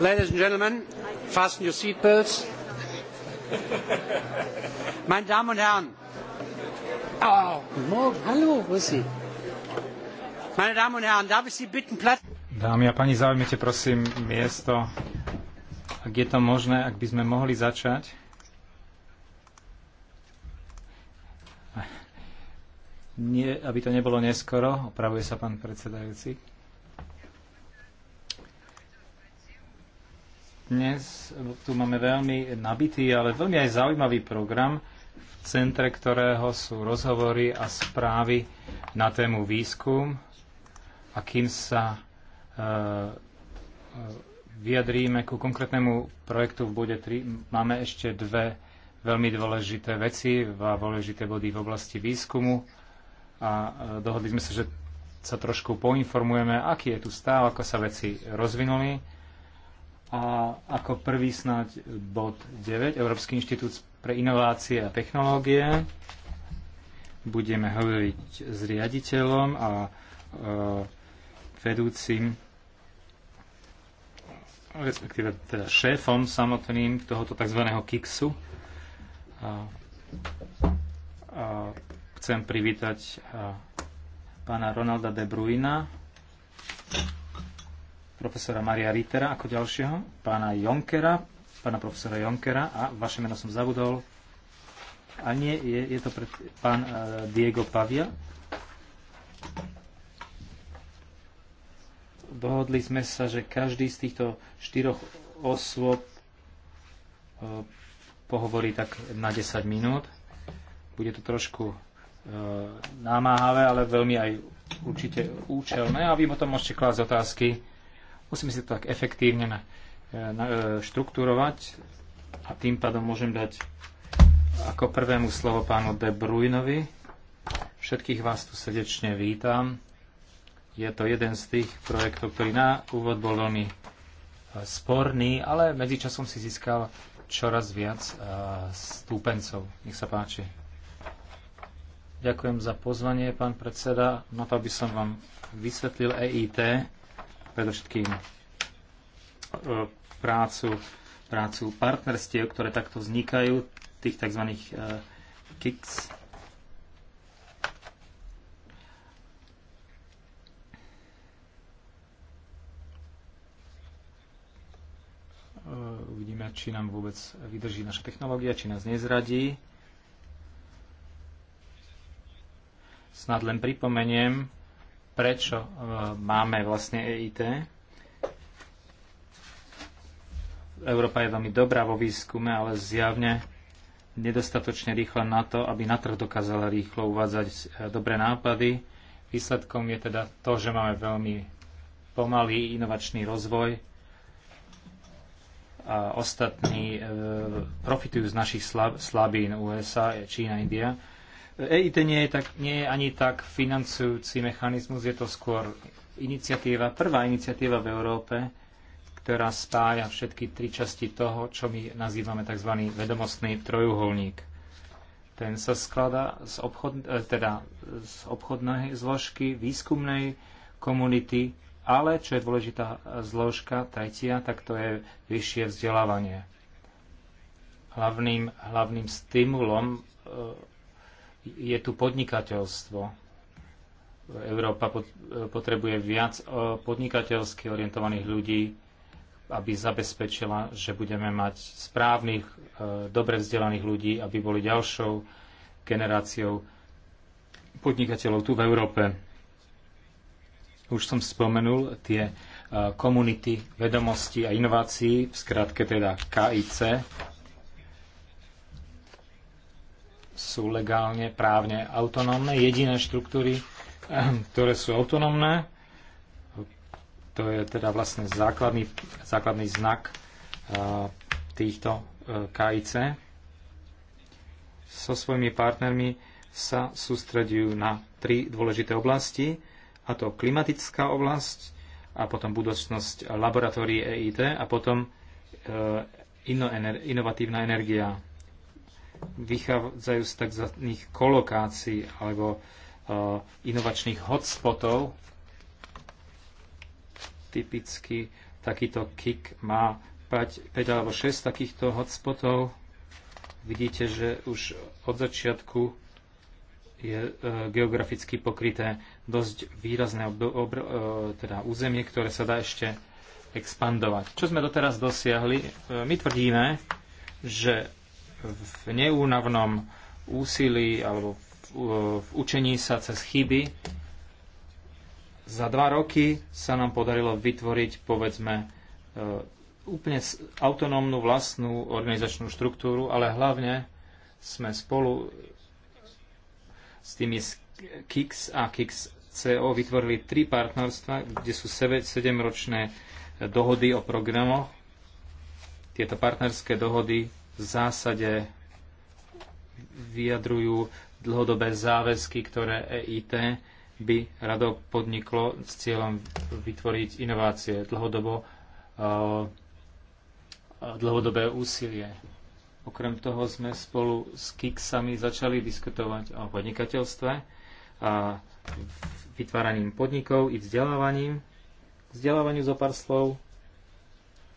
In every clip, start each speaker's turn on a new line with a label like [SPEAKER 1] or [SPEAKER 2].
[SPEAKER 1] Ladies and gentlemen, fasten your seatbelts. Meine Damen und Herren, oh, morgen, hallo, wo ist sie? Meine Damen und Herren, darf ich Sie bitten, Platz...
[SPEAKER 2] Dámy a páni, zaujmite prosím miesto. Ak je to možné, ak by sme mohli začať. Nie, aby to nebolo neskoro, opravuje sa pán predsedajúci. Dnes tu máme veľmi nabitý, ale veľmi aj zaujímavý program, v centre ktorého sú rozhovory a správy na tému výskum. A kým sa e, e, vyjadríme ku konkrétnemu projektu v bode 3, máme ešte dve veľmi dôležité veci, dva dôležité body v oblasti výskumu a e, dohodli sme sa, že sa trošku poinformujeme, aký je tu stav, ako sa veci rozvinuli a ako prvý snáď bod 9, Európsky inštitút pre inovácie a technológie. Budeme hovoriť s riaditeľom a e, vedúcim, respektíve teda šéfom samotným tohoto tzv. KIXu. A, a chcem privítať a, e, pána Ronalda de Bruina, profesora Maria Rittera ako ďalšieho, pána Jonkera, pána profesora Jonkera a vaše meno som zabudol. A nie, je, je to pred, pán eh, Diego Pavia. dohodli sme sa, že každý z týchto štyroch osôb eh, pohovorí tak na 10 minút. Bude to trošku eh, námáhavé, ale veľmi aj určite účelné a vy potom môžete klásť otázky Musíme si to tak efektívne e, e, štruktúrovať a tým pádom môžem dať ako prvému slovo pánu De Bruynovi. Všetkých vás tu srdečne vítam. Je to jeden z tých projektov, ktorý na úvod bol veľmi e, sporný, ale medzičasom si získal čoraz viac stúpencov. Nech sa páči. Ďakujem za pozvanie, pán predseda. Na to, aby som vám vysvetlil EIT, predovšetkým e, prácu, prácu partnerstiev, ktoré takto vznikajú, tých tzv. E, kicks. E, uvidíme, či nám vôbec vydrží naša technológia, či nás nezradí. Snad len pripomeniem, prečo e, máme vlastne EIT. Európa je veľmi dobrá vo výskume, ale zjavne nedostatočne rýchla na to, aby na trh dokázala rýchlo uvádzať e, dobré nápady. Výsledkom je teda to, že máme veľmi pomalý inovačný rozvoj a ostatní e, profitujú z našich slab, slabín USA, Čína, India EIT nie je, tak, nie je ani tak financujúci mechanizmus, je to skôr iniciatíva, prvá iniciatíva v Európe, ktorá spája všetky tri časti toho, čo my nazývame tzv. vedomostný trojuholník. Ten sa skladá z, obchod, e, teda z obchodnej zložky, výskumnej komunity, ale čo je dôležitá zložka, tretia, tak to je vyššie vzdelávanie. Hlavným, hlavným stimulom e, je tu podnikateľstvo. Európa potrebuje viac e, podnikateľsky orientovaných ľudí, aby zabezpečila, že budeme mať správnych, e, dobre vzdelaných ľudí, aby boli ďalšou generáciou podnikateľov tu v Európe. Už som spomenul tie e, komunity vedomostí a inovácií, v skratke teda KIC, sú legálne, právne autonómne. Jediné štruktúry, ehm, ktoré sú autonómne, to je teda vlastne základný, základný znak ehm, týchto ehm, KIC. So svojimi partnermi sa sústredujú na tri dôležité oblasti, a to klimatická oblasť, a potom budúcnosť laboratórií EIT a potom inovatívna energia vychádzajú z tzv. kolokácií alebo eh, inovačných hotspotov. Typicky takýto kick má 5, 5 alebo 6 takýchto hotspotov. Vidíte, že už od začiatku je eh, geograficky pokryté dosť výrazné eh, teda územie, ktoré sa dá ešte expandovať. Čo sme doteraz dosiahli? My tvrdíme, že v neúnavnom úsilí alebo e, v učení sa cez chyby. Za dva roky sa nám podarilo vytvoriť, povedzme, e, úplne autonómnu vlastnú organizačnú štruktúru, ale hlavne sme spolu s tými KIX a KIX CO vytvorili tri partnerstva, kde sú 7-ročné dohody o programoch. Tieto partnerské dohody v zásade vyjadrujú dlhodobé záväzky, ktoré EIT by rado podniklo s cieľom vytvoriť inovácie, dlhodobo, eh, dlhodobé úsilie. Okrem toho sme spolu s KIKSami začali diskutovať o podnikateľstve a vytváraním podnikov i vzdelávaním. Vzdelávaniu zo pár slov,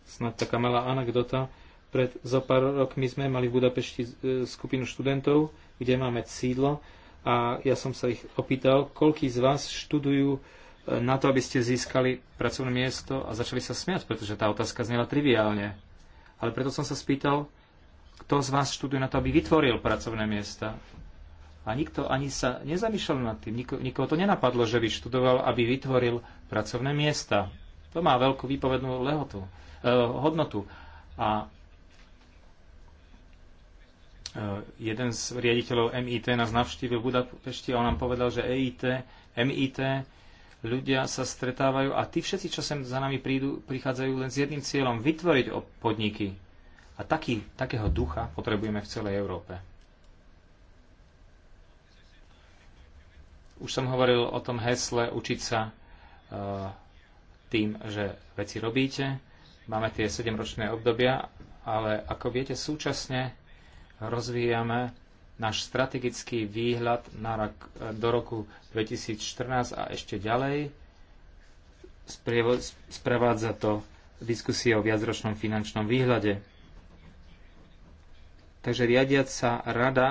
[SPEAKER 2] snad taká malá anekdota. Pred zo pár rokmi sme mali v Budapešti e, skupinu študentov, kde máme sídlo a ja som sa ich opýtal, koľký z vás študujú e, na to, aby ste získali pracovné miesto a začali sa smiať, pretože tá otázka znela triviálne. Ale preto som sa spýtal, kto z vás študuje na to, aby vytvoril pracovné miesta? A nikto ani sa nezamýšľal nad tým, Niko, nikoho to nenapadlo, že by študoval, aby vytvoril pracovné miesta. To má veľkú výpovednú lehotu, eh, hodnotu. A Eh, jeden z riaditeľov MIT nás navštívil v Budapešti a on nám povedal, že EIT, MIT, ľudia sa stretávajú a tí všetci, čo sem za nami prídu, prichádzajú len s jedným cieľom, vytvoriť podniky. A taký, takého ducha potrebujeme v celej Európe. Už som hovoril o tom hesle učiť sa uh, tým, že veci robíte. Máme tie 7-ročné obdobia, ale ako viete, súčasne rozvíjame náš strategický výhľad na rok, do roku 2014 a ešte ďalej. Sprevádza to diskusie o viacročnom finančnom výhľade. Takže riadiaca rada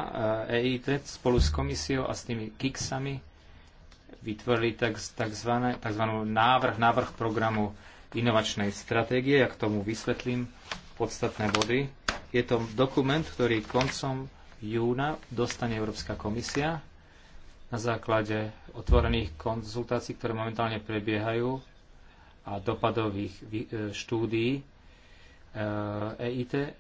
[SPEAKER 2] EIT e spolu s komisiou a s tými KICS-ami vytvorili tzv. tzv. návrh, návrh programu inovačnej stratégie. Ja k tomu vysvetlím podstatné body. Je to dokument, ktorý koncom júna dostane Európska komisia na základe otvorených konzultácií, ktoré momentálne prebiehajú a dopadových e, štúdií EIT e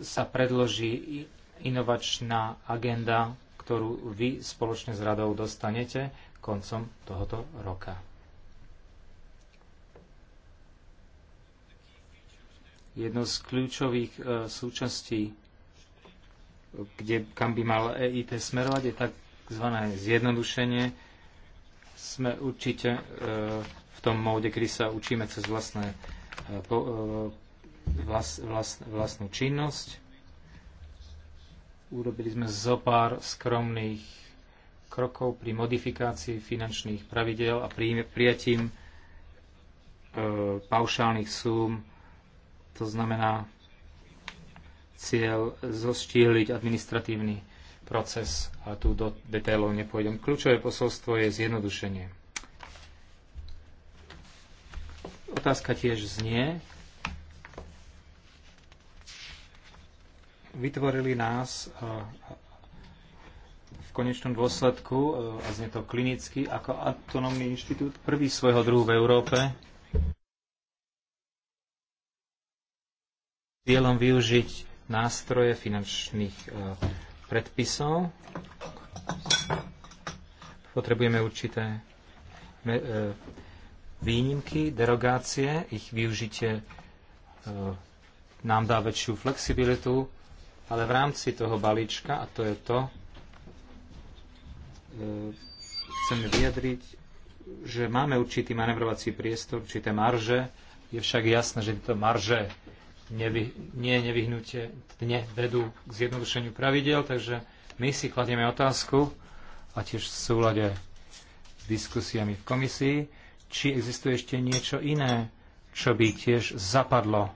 [SPEAKER 2] sa predloží inovačná agenda, ktorú vy spoločne s radou dostanete koncom tohoto roka. Jedno z kľúčových e, súčastí, kde, kam by mal EIT smerovať, je tzv. zjednodušenie. Sme určite e, v tom móde, kedy sa učíme cez vlastné, e, vlast, vlastnú činnosť. Urobili sme zo pár skromných krokov pri modifikácii finančných pravidel a pri, prijatím paušálnych súm to znamená cieľ zoštíhliť administratívny proces a tu do detailov nepôjdem. Kľúčové posolstvo je zjednodušenie. Otázka tiež znie. Vytvorili nás v konečnom dôsledku, a znie to klinicky, ako autonómny inštitút, prvý svojho druhu v Európe, cieľom využiť nástroje finančných e, predpisov. Potrebujeme určité e, výnimky, derogácie, ich využitie e, nám dá väčšiu flexibilitu, ale v rámci toho balíčka, a to je to, chceme vyjadriť, že máme určitý manevrovací priestor, určité marže. Je však jasné, že tieto marže nevy, nie nevyhnutie dne vedú k zjednodušeniu pravidel, takže my si kladieme otázku a tiež v súlade s diskusiami v komisii, či existuje ešte niečo iné, čo by tiež zapadlo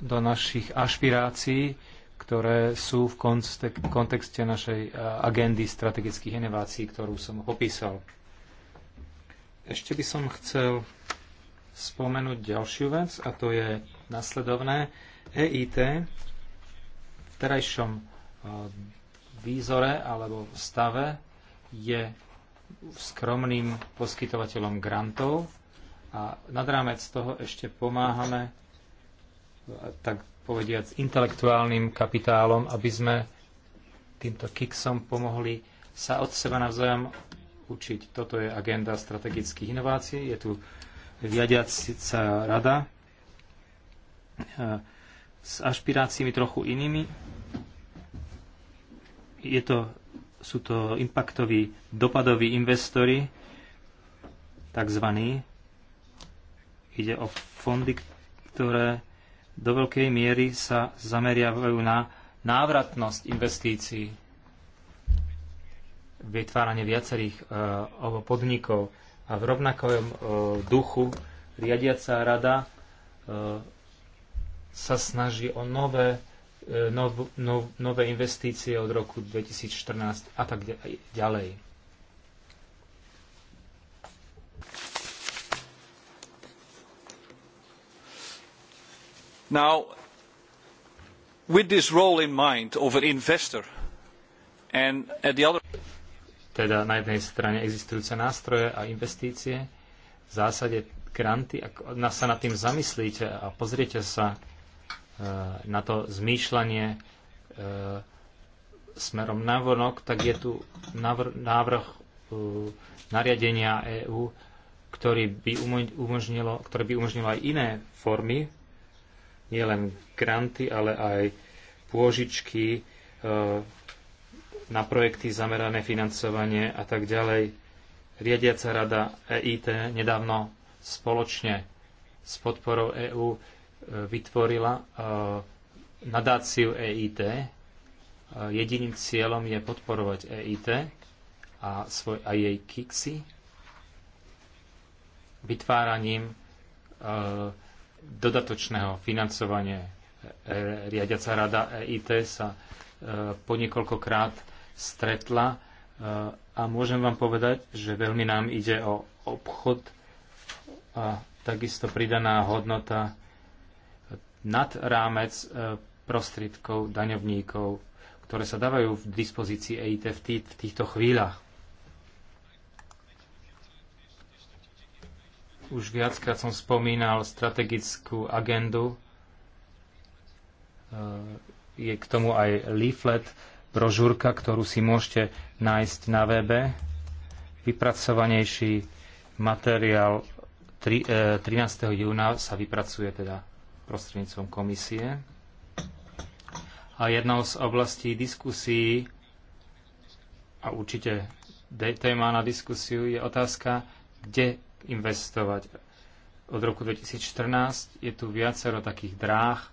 [SPEAKER 2] do našich ašpirácií, ktoré sú v kontexte našej eh, agendy strategických inovácií, ktorú som popísal. Ešte by som chcel spomenúť ďalšiu vec, a to je nasledovné. EIT v terajšom e, výzore alebo stave je skromným poskytovateľom grantov a nad rámec toho ešte pomáhame e, tak povediať, s intelektuálnym kapitálom, aby sme týmto kiksom pomohli sa od seba navzájom učiť. Toto je agenda strategických inovácií. Je tu riadiaca rada, Eh, s ašpiráciami trochu inými. Je to, sú to impaktoví dopadoví investori, takzvaní. Ide o fondy, ktoré do veľkej miery sa zameriavajú na návratnosť investícií, vytváranie viacerých uh, podnikov a v rovnakom uh, duchu riadiaca rada uh, sa snaží o nové, e, nov, nov, nové investície od roku 2014 a tak ďalej.
[SPEAKER 3] Now, with this role in mind of an investor and at the other
[SPEAKER 2] teda na jednej strane existujúce nástroje a investície, v zásade granty, ak sa nad tým zamyslíte a pozriete sa Eh, na to zmýšľanie eh, smerom vonok, tak je tu návrh eh, nariadenia EÚ, ktorý by umožnilo, ktoré by umožnilo aj iné formy, nielen granty, ale aj pôžičky na projekty zamerané financovanie a tak ďalej. Riadiaca rada EIT nedávno spoločne s podporou EÚ vytvorila e, nadáciu EIT. E, jediným cieľom je podporovať EIT a, svoj, a jej kiksy vytváraním e, dodatočného financovania. Riadiaca rada EIT sa po niekoľkokrát stretla a môžem vám povedať, že veľmi nám ide o obchod a takisto pridaná hodnota nad rámec e, prostriedkov daňovníkov, ktoré sa dávajú v dispozícii EIT v, tý, v týchto chvíľach. Už viackrát som spomínal strategickú agendu. E, je k tomu aj leaflet, brožúrka, ktorú si môžete nájsť na webe. Vypracovanejší materiál 13. E, júna sa vypracuje teda prostredníctvom komisie. A jednou z oblastí diskusí a určite téma na diskusiu je otázka, kde investovať. Od roku 2014 je tu viacero takých dráh, e,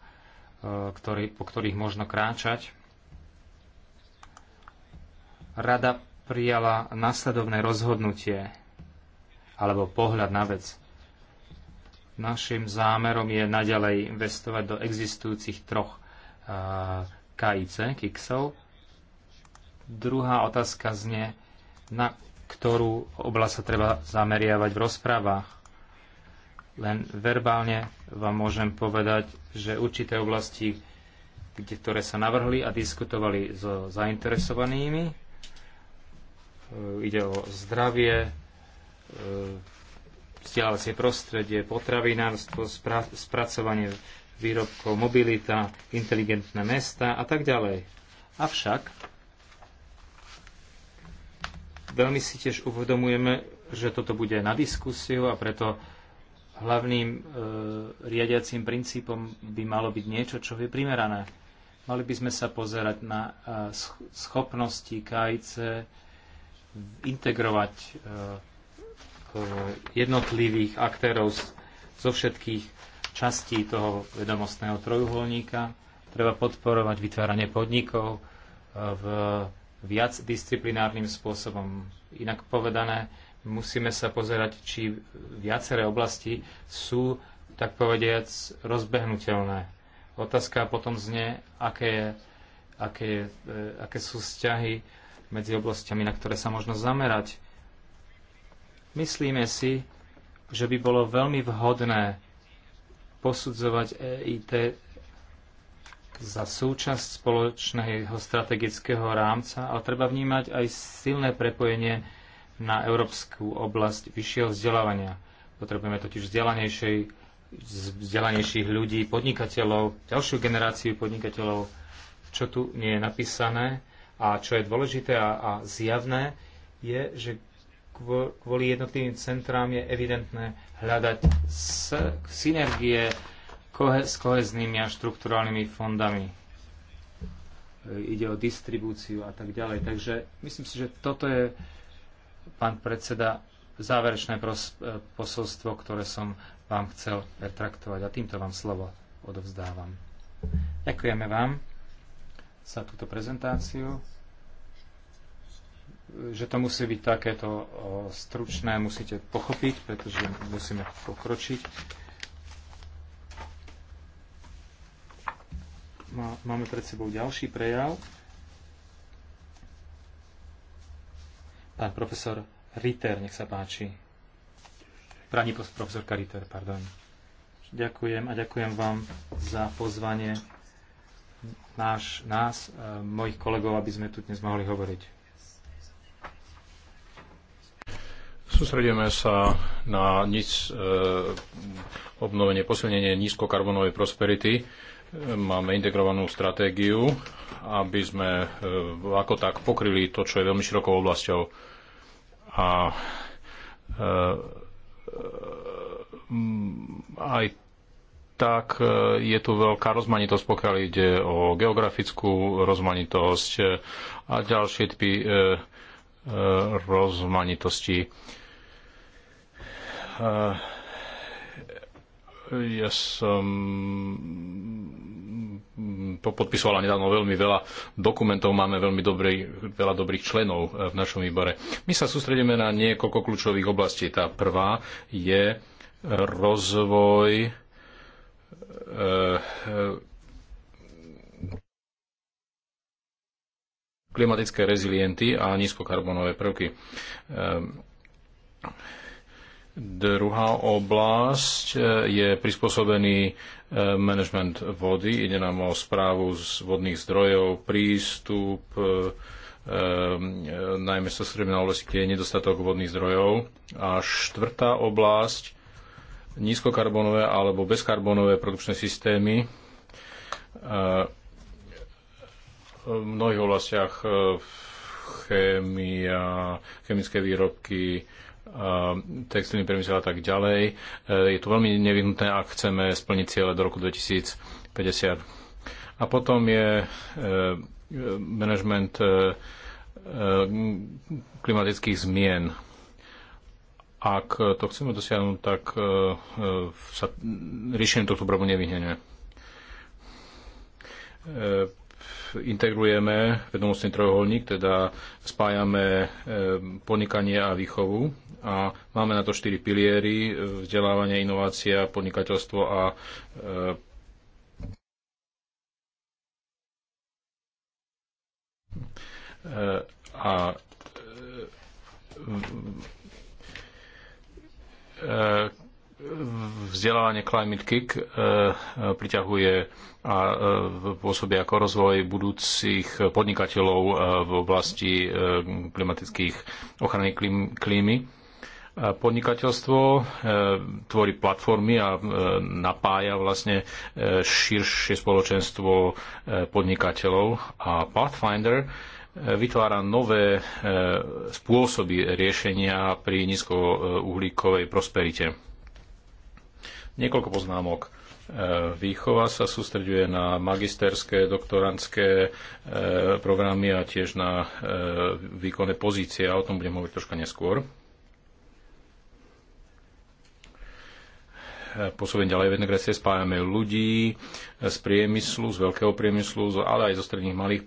[SPEAKER 2] ktorý, po ktorých možno kráčať. Rada prijala nasledovné rozhodnutie alebo pohľad na vec. Našim zámerom je naďalej investovať do existujúcich troch KIC, KIXov. Druhá otázka znie, na ktorú oblasť sa treba zameriavať v rozprávach. Len verbálne vám môžem povedať, že určité oblasti, kde, ktoré sa navrhli a diskutovali so zainteresovanými, e, ide o zdravie, e, vzdelávacie prostredie, potravinárstvo, spra- spracovanie výrobkov, mobilita, inteligentné mesta a tak ďalej. Avšak veľmi si tiež uvedomujeme, že toto bude na diskusiu a preto hlavným e, riadiacím princípom by malo byť niečo, čo je primerané. Mali by sme sa pozerať na e, schopnosti KIC integrovať e, Eh, jednotlivých aktérov zo všetkých častí toho vedomostného trojuholníka. Treba podporovať vytváranie podnikov eh, v viac disciplinárnym spôsobom. Inak povedané, musíme sa pozerať, či viaceré oblasti sú, tak povediac, rozbehnutelné. Otázka potom znie, aké, aké, eh, aké sú vzťahy medzi oblastiami, na ktoré sa možno zamerať Myslíme si, že by bolo veľmi vhodné posudzovať EIT za súčasť spoločného strategického rámca, ale treba vnímať aj silné prepojenie na európsku oblasť vyššieho vzdelávania. Potrebujeme totiž vzdelanejšej, vzdelanejších ľudí, podnikateľov, ďalšiu generáciu podnikateľov, čo tu nie je napísané a čo je dôležité a, a zjavné, je, že kvôli jednotlivým centrám je evidentné hľadať synergie s koheznými a štrukturálnymi fondami. Ide o distribúciu a tak ďalej. Takže myslím si, že toto je, pán predseda, záverečné e, posolstvo, ktoré som vám chcel retraktovať. A týmto vám slovo odovzdávam. Ďakujeme vám za túto prezentáciu že to musí byť takéto stručné, musíte pochopiť, pretože musíme pokročiť. Máme pred sebou ďalší prejav. Pán profesor Ritter, nech sa páči. Pani profesorka Ritter, pardon. Ďakujem a ďakujem vám za pozvanie náš, nás, e, mojich kolegov, aby sme tu dnes mohli hovoriť.
[SPEAKER 4] Sústredíme sa na nic, e, obnovenie, posilnenie nízkokarbonovej prosperity. Máme integrovanú stratégiu, aby sme e, ako tak pokryli to, čo je veľmi širokou oblasťou. A e, aj tak je tu veľká rozmanitosť, pokiaľ ide o geografickú rozmanitosť a ďalšie typy rozmanitosti. Eh, ja som mm, podpisovala nedávno veľmi veľa dokumentov, máme veľmi dobrý, veľa dobrých členov eh, v našom výbore. My sa sústredíme na niekoľko kľúčových oblastí. Tá prvá je rozvoj eh, klimatické rezilienty a nízkokarbonové prvky. Ehm, Druhá oblasť e, je prispôsobený e, management vody. Ide nám o správu z vodných zdrojov, prístup, e, najmä sa stredíme na oblasti, kde je nedostatok vodných zdrojov. A štvrtá oblasť nízkokarbonové alebo bezkarbonové produkčné systémy. V mnohých oblastiach chémia, chemické výrobky, Ehm, textilný priemysel a tak ďalej. Ehm, je to veľmi nevyhnutné, ak chceme splniť cieľe do roku 2050. A potom je ehm, management klimatických zmien. Ak to chceme dosiahnuť, tak sa riešenie tohto problému nevyhneme integrujeme vedomostný trojuholník, teda spájame e, podnikanie a výchovu a máme na to štyri piliery, vzdelávanie, inovácia, podnikateľstvo a e, a e, e vzdelávanie Climate Kick eh, priťahuje a eh, pôsobí ako rozvoj budúcich podnikateľov eh, v oblasti klimatických ochrany klímy. Podnikateľstvo tvorí platformy a napája vlastne širšie spoločenstvo podnikateľov a Pathfinder vytvára nové spôsoby riešenia pri nízkouhlíkovej prosperite Niekoľko poznámok. E, výchova sa sústreďuje na magisterské, doktorantské e, programy a tiež na e, výkonné pozície. A o tom budem hovoriť troška neskôr. posúvať ďalej v integrácie, spájame ľudí z priemyslu, z veľkého priemyslu, ale aj zo stredných malých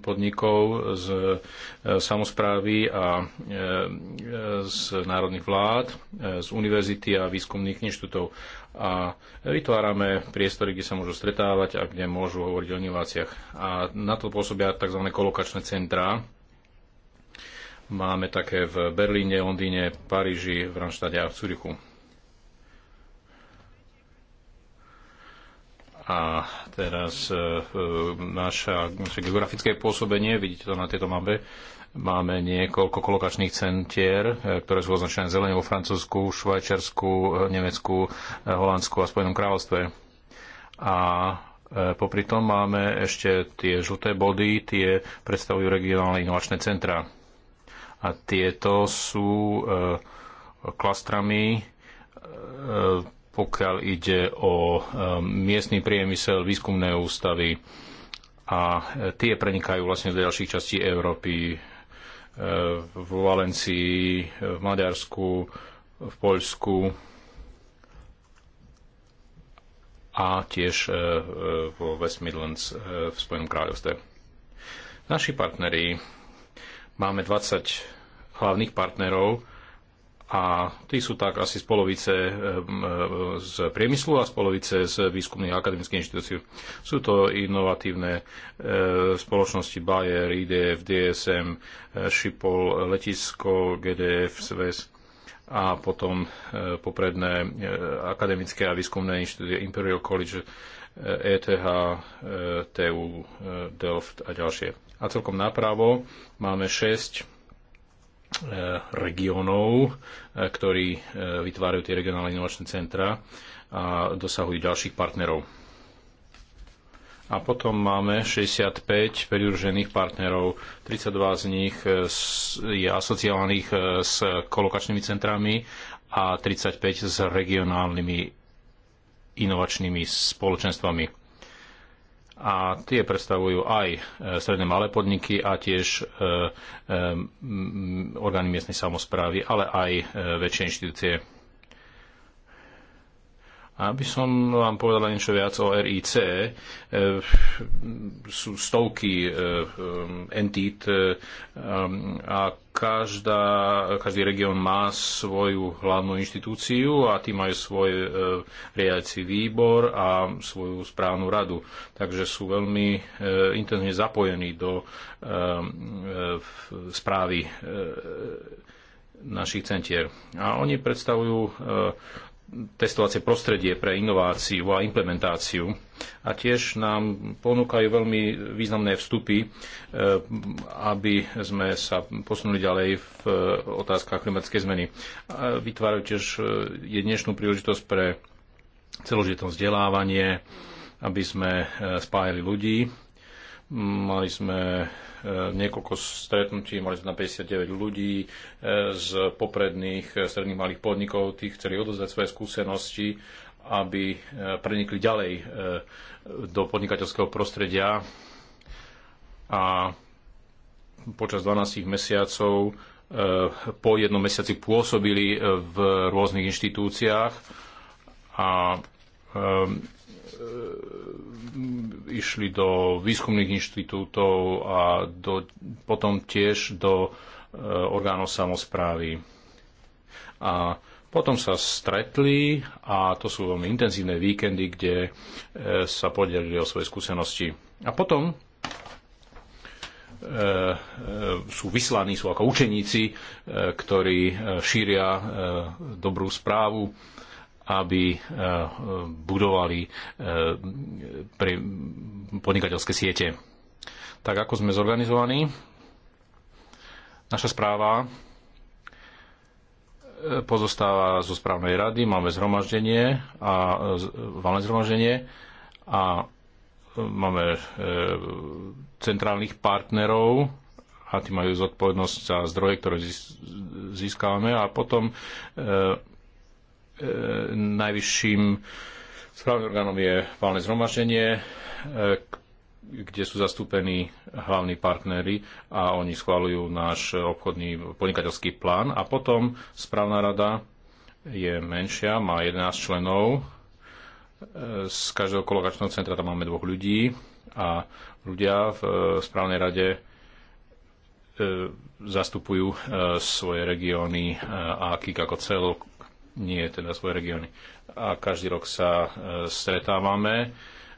[SPEAKER 4] podnikov, z e, samozprávy a e, e, z národných vlád, z univerzity a výskumných inštitútov. A vytvárame priestory, kde sa môžu stretávať a kde môžu hovoriť o inováciách. A na to pôsobia tzv. kolokačné centrá, Máme také v Berlíne, Londýne, Paríži, v a v Curichu. A teraz e, e, naša, naše geografické pôsobenie, vidíte to na tejto mape, máme niekoľko kolokačných centier, e, ktoré sú označené zelené vo Francúzsku, Švajčiarsku, Nemecku, Holandsku a Spojenom kráľovstve. A popri tom máme ešte tie žlté body, tie predstavujú regionálne inovačné centra. A tieto sú klastrami pokiaľ ide o um, miestny priemysel, výskumné ústavy a e, tie prenikajú vlastne do ďalších častí Európy e, v Valencii, v Maďarsku, v Poľsku a tiež e, vo West Midlands v Spojenom kráľovstve. Naši partneri, máme 20 hlavných partnerov, a tí sú tak asi z polovice z priemyslu a z polovice z výskumných akademických inštitúcií. Sú to inovatívne e, spoločnosti Bayer, IDF, DSM, Šipol, e, Letisko, GDF, SVES a potom e, popredné akademické a výskumné inštitúcie Imperial College, ETH, TU, Delft a ďalšie. A celkom napravo máme 6 Eh, regiónov, eh, ktorí eh, vytvárajú tie regionálne inovačné centra a dosahujú ďalších partnerov. A potom máme 65 pridružených partnerov, 32 z nich je asociovaných s kolokačnými centrami a 35 s regionálnymi inovačnými spoločenstvami a tie predstavujú aj e, stredné malé podniky a tiež e, e, orgány miestnej samozprávy, ale aj väčšie inštitúcie. Aby som vám povedala niečo viac o RIC, sú stovky entít a Každá, každý región má svoju hlavnú inštitúciu a tí majú svoj e, riadiaci výbor a svoju správnu radu. Takže sú veľmi e, intenzívne zapojení do e, e, správy e, našich centier. A oni predstavujú e, testovacie prostredie pre inováciu a implementáciu a tiež nám ponúkajú veľmi významné vstupy, e, aby sme sa posunuli ďalej v e, otázkach klimatskej zmeny. Vytvárajú tiež e, jednešnú príležitosť pre celožitné vzdelávanie, aby sme spájali ľudí. Mali sme niekoľko stretnutí, mali sme na 59 ľudí z popredných stredných malých podnikov, tých chceli odozdať svoje skúsenosti aby e, prenikli ďalej e, do podnikateľského prostredia a počas 12 mesiacov e, po jednom mesiaci pôsobili v rôznych inštitúciách a išli do výskumných inštitútov a do, potom tiež do orgánov samozprávy. A potom sa stretli a to sú veľmi intenzívne víkendy, kde e, sa podelili o svoje skúsenosti. A potom e, e, sú vyslaní, sú ako učeníci, ktorí šíria dobrú správu, aby budovali podnikateľské siete. Tak ako sme zorganizovaní, naša správa pozostáva zo správnej rady, máme zhromaždenie a valné zhromaždenie a e, máme e, centrálnych partnerov a tí majú zodpovednosť za zdroje, ktoré získavame. a potom e, najvyšším správnym orgánom je valné zhromaždenie, kde sú zastúpení hlavní partnery a oni schvalujú náš obchodný podnikateľský plán. A potom správna rada je menšia, má 11 členov. E, z každého kolokačného centra tam máme dvoch ľudí a ľudia v e, správnej rade e, zastupujú svoje regióny a KIK ako celok, nie teda svoje regióny. A každý rok sa stretávame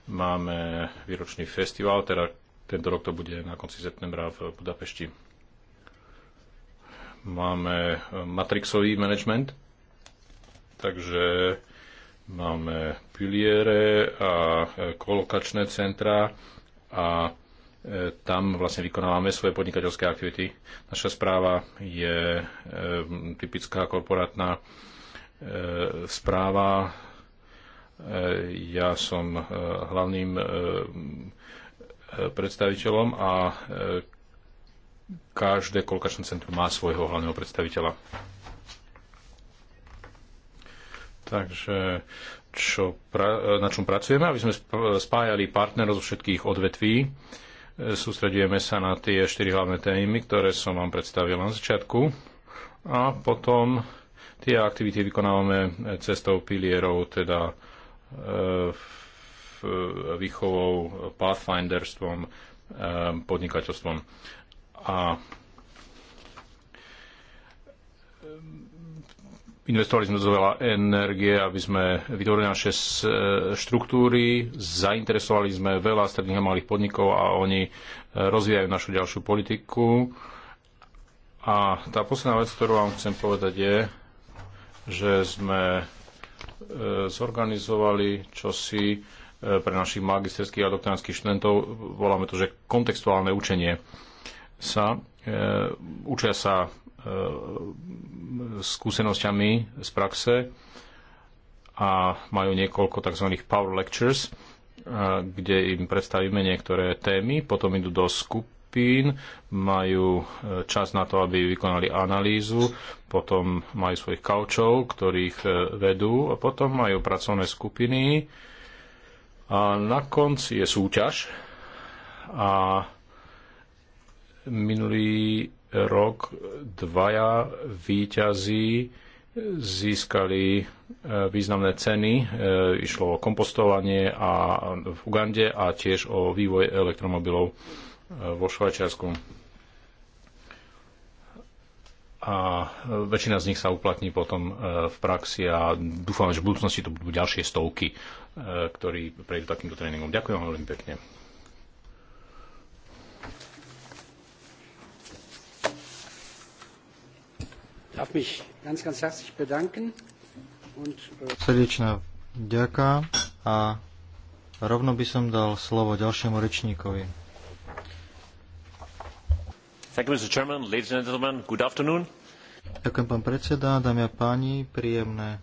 [SPEAKER 4] máme výročný festival, teda tento rok to bude na konci septembra v Budapešti. Máme e, matrixový management, takže máme piliere a e, kolokačné centra a e, tam vlastne vykonávame svoje podnikateľské aktivity. Naša správa je typická korporátna správa E, ja som e, hlavným e, predstaviteľom a každé kolkačné centrum má svojho hlavného predstaviteľa. Takže čo, pra, na čom pracujeme, aby sme spájali partnerov zo všetkých odvetví. Sústredujeme sa na tie štyri hlavné témy, ktoré som vám predstavil na začiatku. A potom tie aktivity vykonávame cestou pilierov, teda výchovou, pathfinderstvom, podnikateľstvom. A investovali sme veľa energie, aby sme vytvorili naše štruktúry, zainteresovali sme veľa stredných a malých podnikov a oni eh, rozvíjajú našu ďalšiu politiku. A tá posledná vec, ktorú vám chcem povedať, je, že sme E, zorganizovali čosi e, pre našich magisterských a doktorandských študentov, voláme to, že kontextuálne učenie sa, e, učia sa skúsenosťami z praxe a majú niekoľko tzv. power lectures, kde im predstavíme niektoré témy, potom idú do skup, skupín, majú e, čas na to, aby vykonali analýzu, potom majú svojich kaučov, ktorých e, vedú a potom majú pracovné skupiny a na konci je súťaž a minulý rok dvaja výťazí získali e, významné ceny. Išlo o kompostovanie a v Ugande a tiež o vývoj elektromobilov vo Švajčiarsku. A väčšina z nich sa uplatní potom e, v praxi a dúfam, že v budúcnosti to budú ďalšie stovky, e, ktorí prejdú takýmto tréningom. Ďakujem vám veľmi pekne.
[SPEAKER 1] Darf mich ganz, ganz herzlich bedanken. Und, äh,
[SPEAKER 5] Srdečná ďaká a rovno by som dal slovo ďalšiemu rečníkovi.
[SPEAKER 4] Mr. Chairman. Ladies and gentlemen, good afternoon.
[SPEAKER 5] Ďakujem, pán predseda, dámy a páni, príjemné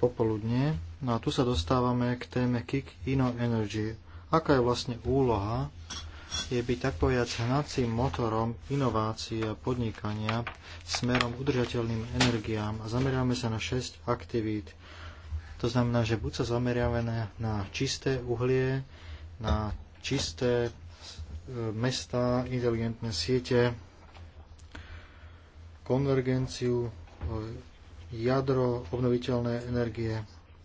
[SPEAKER 5] popoludne. No a tu sa dostávame k téme Kick Ino Energy. Aká je vlastne úloha je byť tak povedať hnacím motorom inovácií a podnikania smerom udržateľným energiám a zameriame sa na 6 aktivít. To znamená, že buď sa zameriame na čisté uhlie, na čisté mesta, inteligentné siete, konvergenciu, jadro, obnoviteľné energie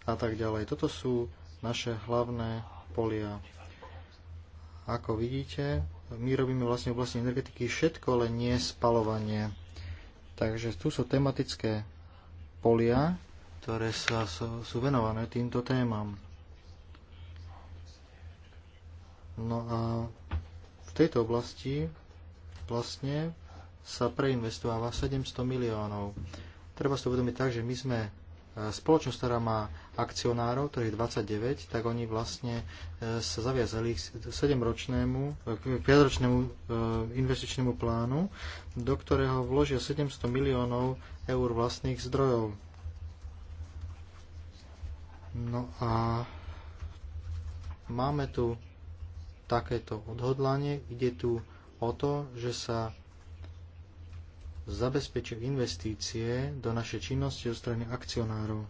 [SPEAKER 5] a tak ďalej. Toto sú naše hlavné polia. Ako vidíte, my robíme vlastne v oblasti energetiky všetko, len nie spalovanie. Takže tu sú tematické polia, ktoré sa, sú, sú venované týmto témam. No a tejto oblasti vlastne sa preinvestováva 700 miliónov. Treba si uvedomiť tak, že my sme e, spoločnosť, ktorá má akcionárov, ktorých 29, tak oni vlastne e, sa zaviazali k 7-ročnému, e, k 5-ročnému investičnému plánu, do ktorého vložia 700 miliónov eur vlastných zdrojov. No a máme tu takéto odhodlanie. Ide tu o to, že sa zabezpečia investície do našej činnosti zo strany akcionárov.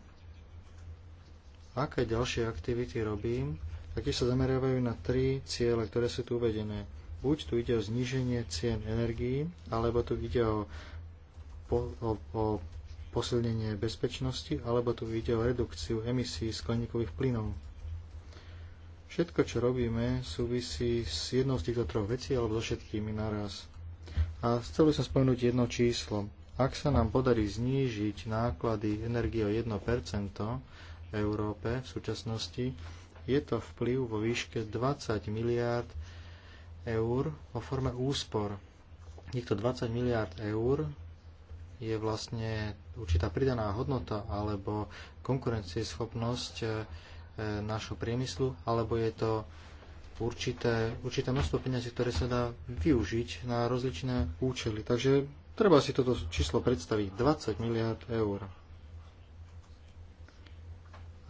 [SPEAKER 5] Aké ďalšie aktivity robím? Taktiež sa zameriavajú na tri ciele, ktoré sú tu uvedené. Buď tu ide o zníženie cien energií, alebo tu ide o, po, o, o posilnenie bezpečnosti, alebo tu ide o redukciu emisí skleníkových plynov. Všetko, čo robíme, súvisí s jednou z týchto troch vecí alebo so všetkými naraz. A chcel by som spomenúť jedno číslo. Ak sa nám podarí znížiť náklady energie o 1% v Európe v súčasnosti, je to vplyv vo výške 20 miliárd eur vo forme úspor. Týchto 20 miliárd eur je vlastne určitá pridaná hodnota alebo konkurencieschopnosť eh, E, nášho priemyslu, alebo je to určité, určité množstvo peniazy, ktoré sa dá využiť na rozličné účely. Takže treba si toto číslo predstaviť. 20 miliard eur.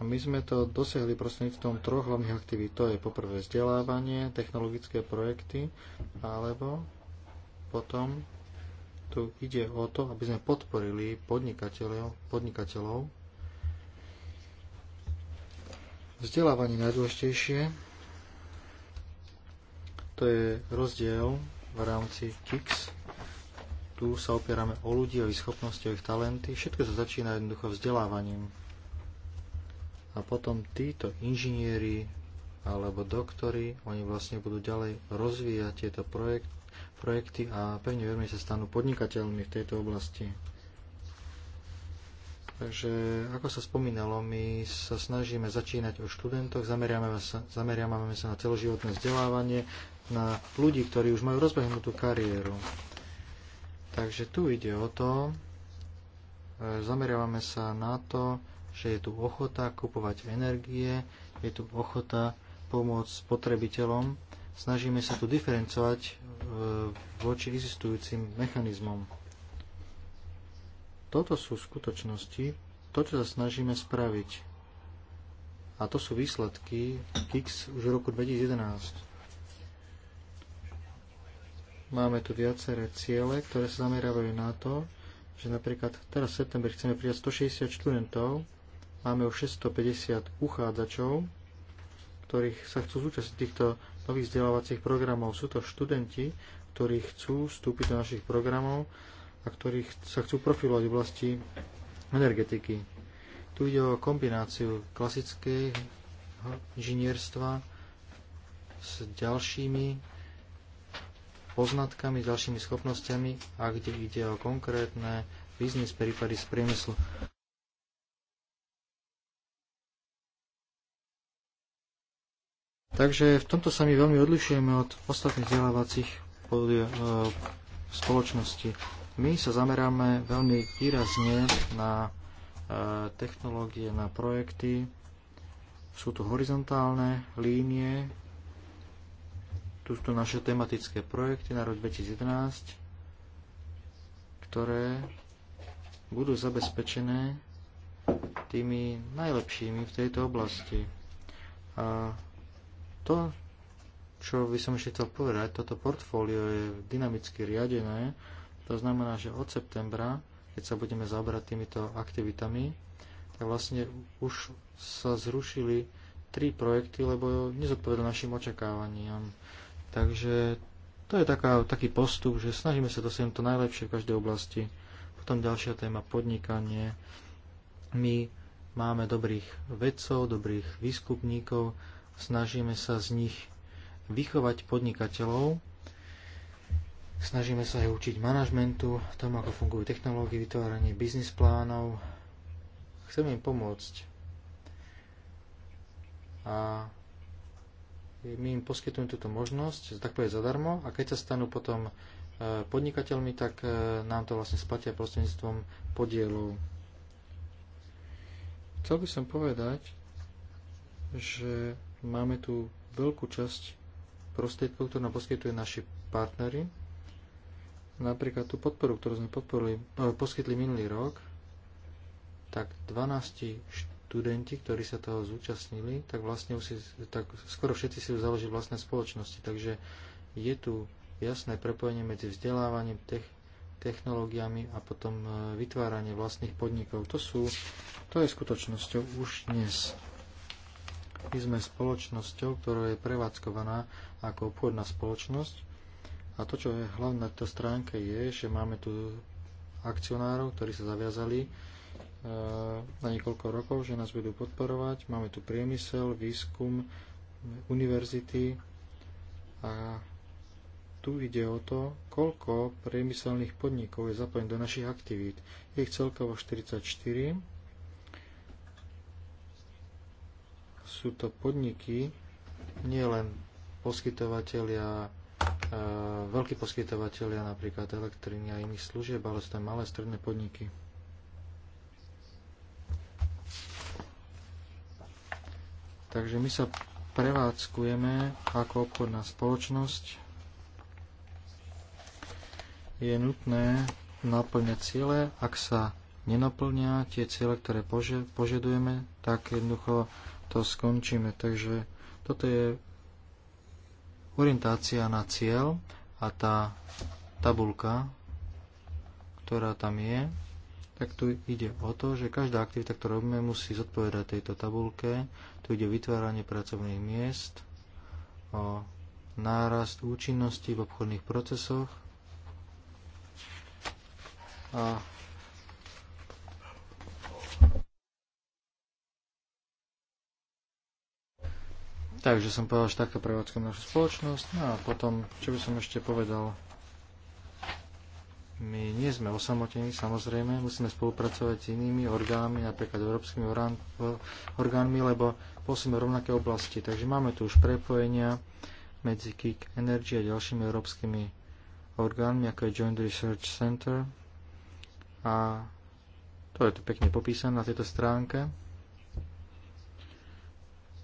[SPEAKER 5] A my sme to dosiahli prostredníctvom troch hlavných aktivít. To je poprvé vzdelávanie, technologické projekty, alebo potom tu ide o to, aby sme podporili podnikateľov, podnikateľov Vzdelávanie najdôležitejšie. To je rozdiel v rámci KIX. Tu sa opierame o ľudí, o ich schopnosti, o ich talenty. Všetko sa začína jednoducho vzdelávaním. A potom títo inžinieri alebo doktory, oni vlastne budú ďalej rozvíjať tieto projekty a pevne verme sa stanú podnikateľmi v tejto oblasti. Takže, ako sa spomínalo, my sa snažíme začínať o študentoch, zameriame sa, zameriavame sa na celoživotné vzdelávanie, na ľudí, ktorí už majú rozbehnutú kariéru. Takže tu ide o to, e, zameriavame sa na to, že je tu ochota kupovať energie, je tu ochota pomôcť spotrebiteľom. Snažíme sa tu diferencovať e, voči existujúcim mechanizmom. Toto sú skutočnosti, to, čo sa snažíme spraviť. A to sú výsledky KIX už v roku 2011. Máme tu viaceré ciele, ktoré sa zameriavajú na to, že napríklad teraz v septembri chceme prijať 160 študentov, máme už 650 uchádzačov, ktorých sa chcú zúčastniť týchto nových vzdelávacích programov. Sú to študenti, ktorí chcú vstúpiť do našich programov a ktorí sa chcú profilovať v oblasti energetiky. Tu ide o kombináciu klasického inžinierstva s ďalšími poznatkami, s ďalšími schopnosťami a kde ide o konkrétne biznis prípady z priemyslu. Takže v tomto sa my veľmi odlišujeme od ostatných vzdelávacích e, spoločností. My sa zameráme veľmi výrazne na e, technológie, na projekty. Sú tu horizontálne línie, tu sú naše tematické projekty na rok 2011, ktoré budú zabezpečené tými najlepšími v tejto oblasti. A to, čo by som ešte chcel povedať, toto portfólio je dynamicky riadené to znamená, že od septembra, keď sa budeme zaoberať týmito aktivitami, tak vlastne už sa zrušili tri projekty, lebo nezodpoveda našim očakávaniam. Takže to je taká, taký postup, že snažíme sa dosiahnuť to najlepšie v každej oblasti. Potom ďalšia téma podnikanie. My máme dobrých vedcov, dobrých výskupníkov, snažíme sa z nich vychovať podnikateľov Snažíme sa aj učiť manažmentu, tomu, ako fungujú technológie, vytváranie biznis plánov. Chceme im pomôcť. A my im poskytujeme túto možnosť, tak povedať zadarmo, a keď sa stanú potom e, podnikateľmi, tak e, nám to vlastne splatia prostredníctvom podielov. Chcel by som povedať, že máme tu veľkú časť prostriedkov, ktoré nám poskytujú naši partnery, napríklad tú podporu, ktorú sme podporili, e, poskytli minulý rok, tak 12 študenti, ktorí sa toho zúčastnili, tak vlastne už si, tak skoro všetci si už založili vlastné spoločnosti. Takže je tu jasné prepojenie medzi vzdelávaním, tech, technológiami a potom e, vytváranie vlastných podnikov. To, sú, to je skutočnosťou už dnes. My sme spoločnosťou, ktorá je prevádzkovaná ako obchodná spoločnosť a to, čo je hlavné na tejto stránke, je, že máme tu akcionárov, ktorí sa zaviazali na e, niekoľko rokov, že nás budú podporovať. Máme tu priemysel, výskum, univerzity a tu ide o to, koľko priemyselných podnikov je zapojených do našich aktivít. Je ich celkovo 44. Sú to podniky, nielen poskytovateľia E, veľkí poskytovateľia napríklad elektriny a iných služieb, ale sú tam malé stredné podniky. Takže my sa prevádzkujeme ako obchodná spoločnosť. Je nutné naplňať ciele. Ak sa nenaplňa tie ciele, ktoré požadujeme, tak jednoducho to skončíme. Takže toto je orientácia na cieľ a tá tabulka, ktorá tam je, tak tu ide o to, že každá aktivita, ktorú robíme, musí zodpovedať tejto tabulke. Tu ide o vytváranie pracovných miest, o nárast účinnosti v obchodných procesoch a Takže som povedal, že takto prevádzka našu spoločnosť. No a potom, čo by som ešte povedal, my nie sme osamotení, samozrejme, musíme spolupracovať s inými orgánmi, napríklad európskymi orgánmi, lebo posíme rovnaké oblasti. Takže máme tu už prepojenia medzi KIK Energy a ďalšími európskymi orgánmi, ako je Joint Research Center. A to je tu pekne popísané na tejto stránke.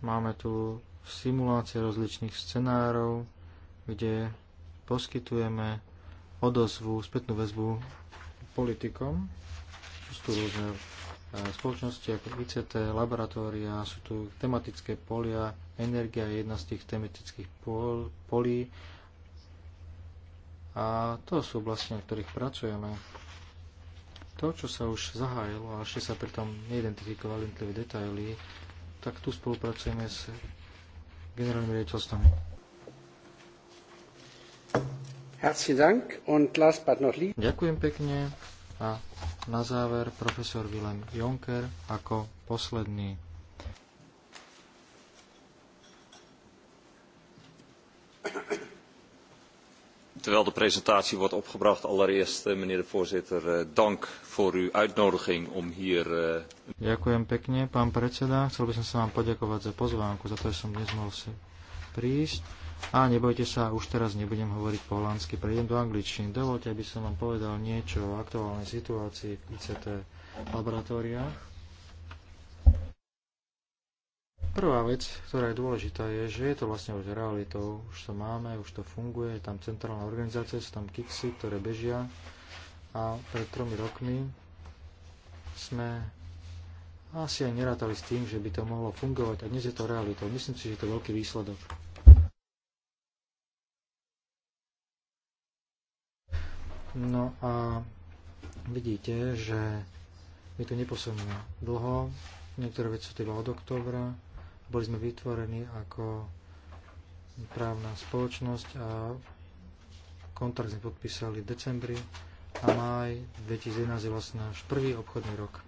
[SPEAKER 5] Máme tu simulácie rozličných scenárov, kde poskytujeme odozvu, spätnú väzbu politikom. Sú tu rôzne e, spoločnosti ako ICT, laboratória, sú tu tematické polia, energia je jedna z tých tematických pol, polí a to sú oblasti, na ktorých pracujeme. To, čo sa už zahájilo, a ešte sa pritom neidentifikovali jednotlivé detaily, tak tu spolupracujeme s generálnymi riaditeľstvami. Ďakujem pekne a na záver profesor Willem Jonker ako posledný.
[SPEAKER 2] terwijl de presentatie wordt opgebracht, allereerst, eh, meneer de voorzitter, eh, dank voor uw uitnodiging om hier... Eh,
[SPEAKER 5] Ďakujem pekne, pán predseda. Chcel by som sa vám poďakovať za pozvánku, za to, že som dnes mohol si prísť. A nebojte sa, už teraz nebudem hovoriť po holandsky, prejdem do angličtiny. Dovolte, aby som vám povedal niečo o aktuálnej situácii v ICT laboratóriách Prvá vec, ktorá je dôležitá, je, že je to vlastne už realitou. Už to máme, už to funguje, je tam centrálna organizácia, sú tam kiksy, ktoré bežia. A pred tromi rokmi sme asi aj nerátali s tým, že by to mohlo fungovať a dnes je to realitou. Myslím si, že to veľký výsledok. No a vidíte, že je to neposunú dlho. Niektoré veci sú teda od októbra, boli sme vytvorení ako právna spoločnosť a kontrakt sme podpísali v decembri a máj 2011 je vlastne náš prvý obchodný rok.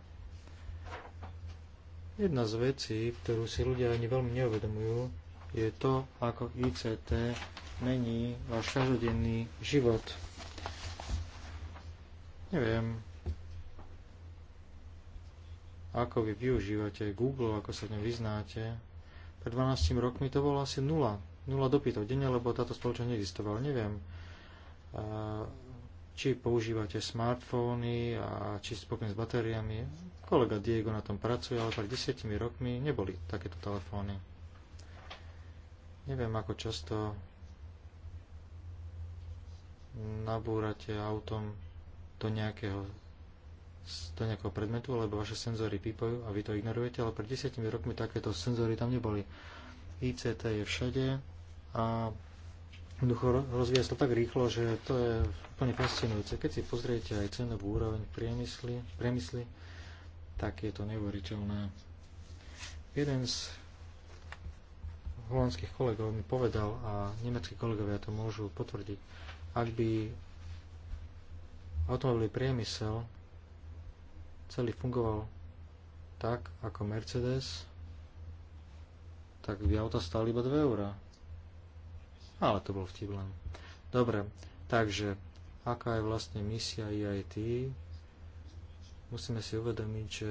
[SPEAKER 5] Jedna z vecí, ktorú si ľudia ani veľmi neuvedomujú, je to, ako ICT mení váš každodenný život. Neviem, ako vy využívate Google, ako sa v ňom vyznáte, pred 12 rokmi to bolo asi 0, 0 dopytov denne, lebo táto spoločnosť neexistovala. Neviem, či používate smartfóny a či spokojne s batériami. Kolega Diego na tom pracuje, ale pred 10 rokmi neboli takéto telefóny. Neviem, ako často nabúrate autom do nejakého do nejakého predmetu, lebo vaše senzory pípajú a vy to ignorujete, ale pred desiatimi rokmi takéto senzory tam neboli. ICT je všade a jednoducho rozvíja sa to tak rýchlo, že to je úplne fascinujúce. Keď si pozriete aj cenovú úroveň priemysly, priemysly, tak je to neuveriteľné. Jeden z holandských kolegov mi povedal, a nemeckí kolegovia to môžu potvrdiť, ak by automobilový priemysel celý fungoval tak, ako Mercedes, tak by auta stali iba 2 eurá. Ale to bol vtip len. Dobre, takže aká je vlastne misia EIT? Musíme si uvedomiť, že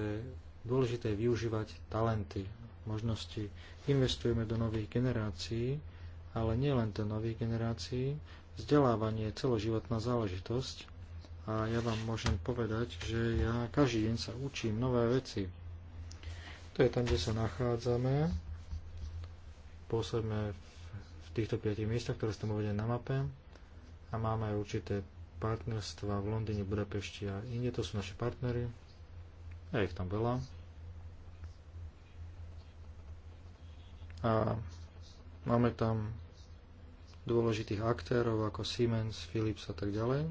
[SPEAKER 5] dôležité je využívať talenty, možnosti. Investujeme do nových generácií, ale nielen do nových generácií. Vzdelávanie je celoživotná záležitosť a ja vám môžem povedať, že ja každý deň sa učím nové veci. To je tam, kde sa nachádzame. Pôsobíme v týchto 5 miestach, ktoré som uvedené na mape a máme aj určité partnerstva v Londýne, Budapešti a inde. To sú naši partnery. ja ich tam veľa. A máme tam dôležitých aktérov ako Siemens, Philips a tak ďalej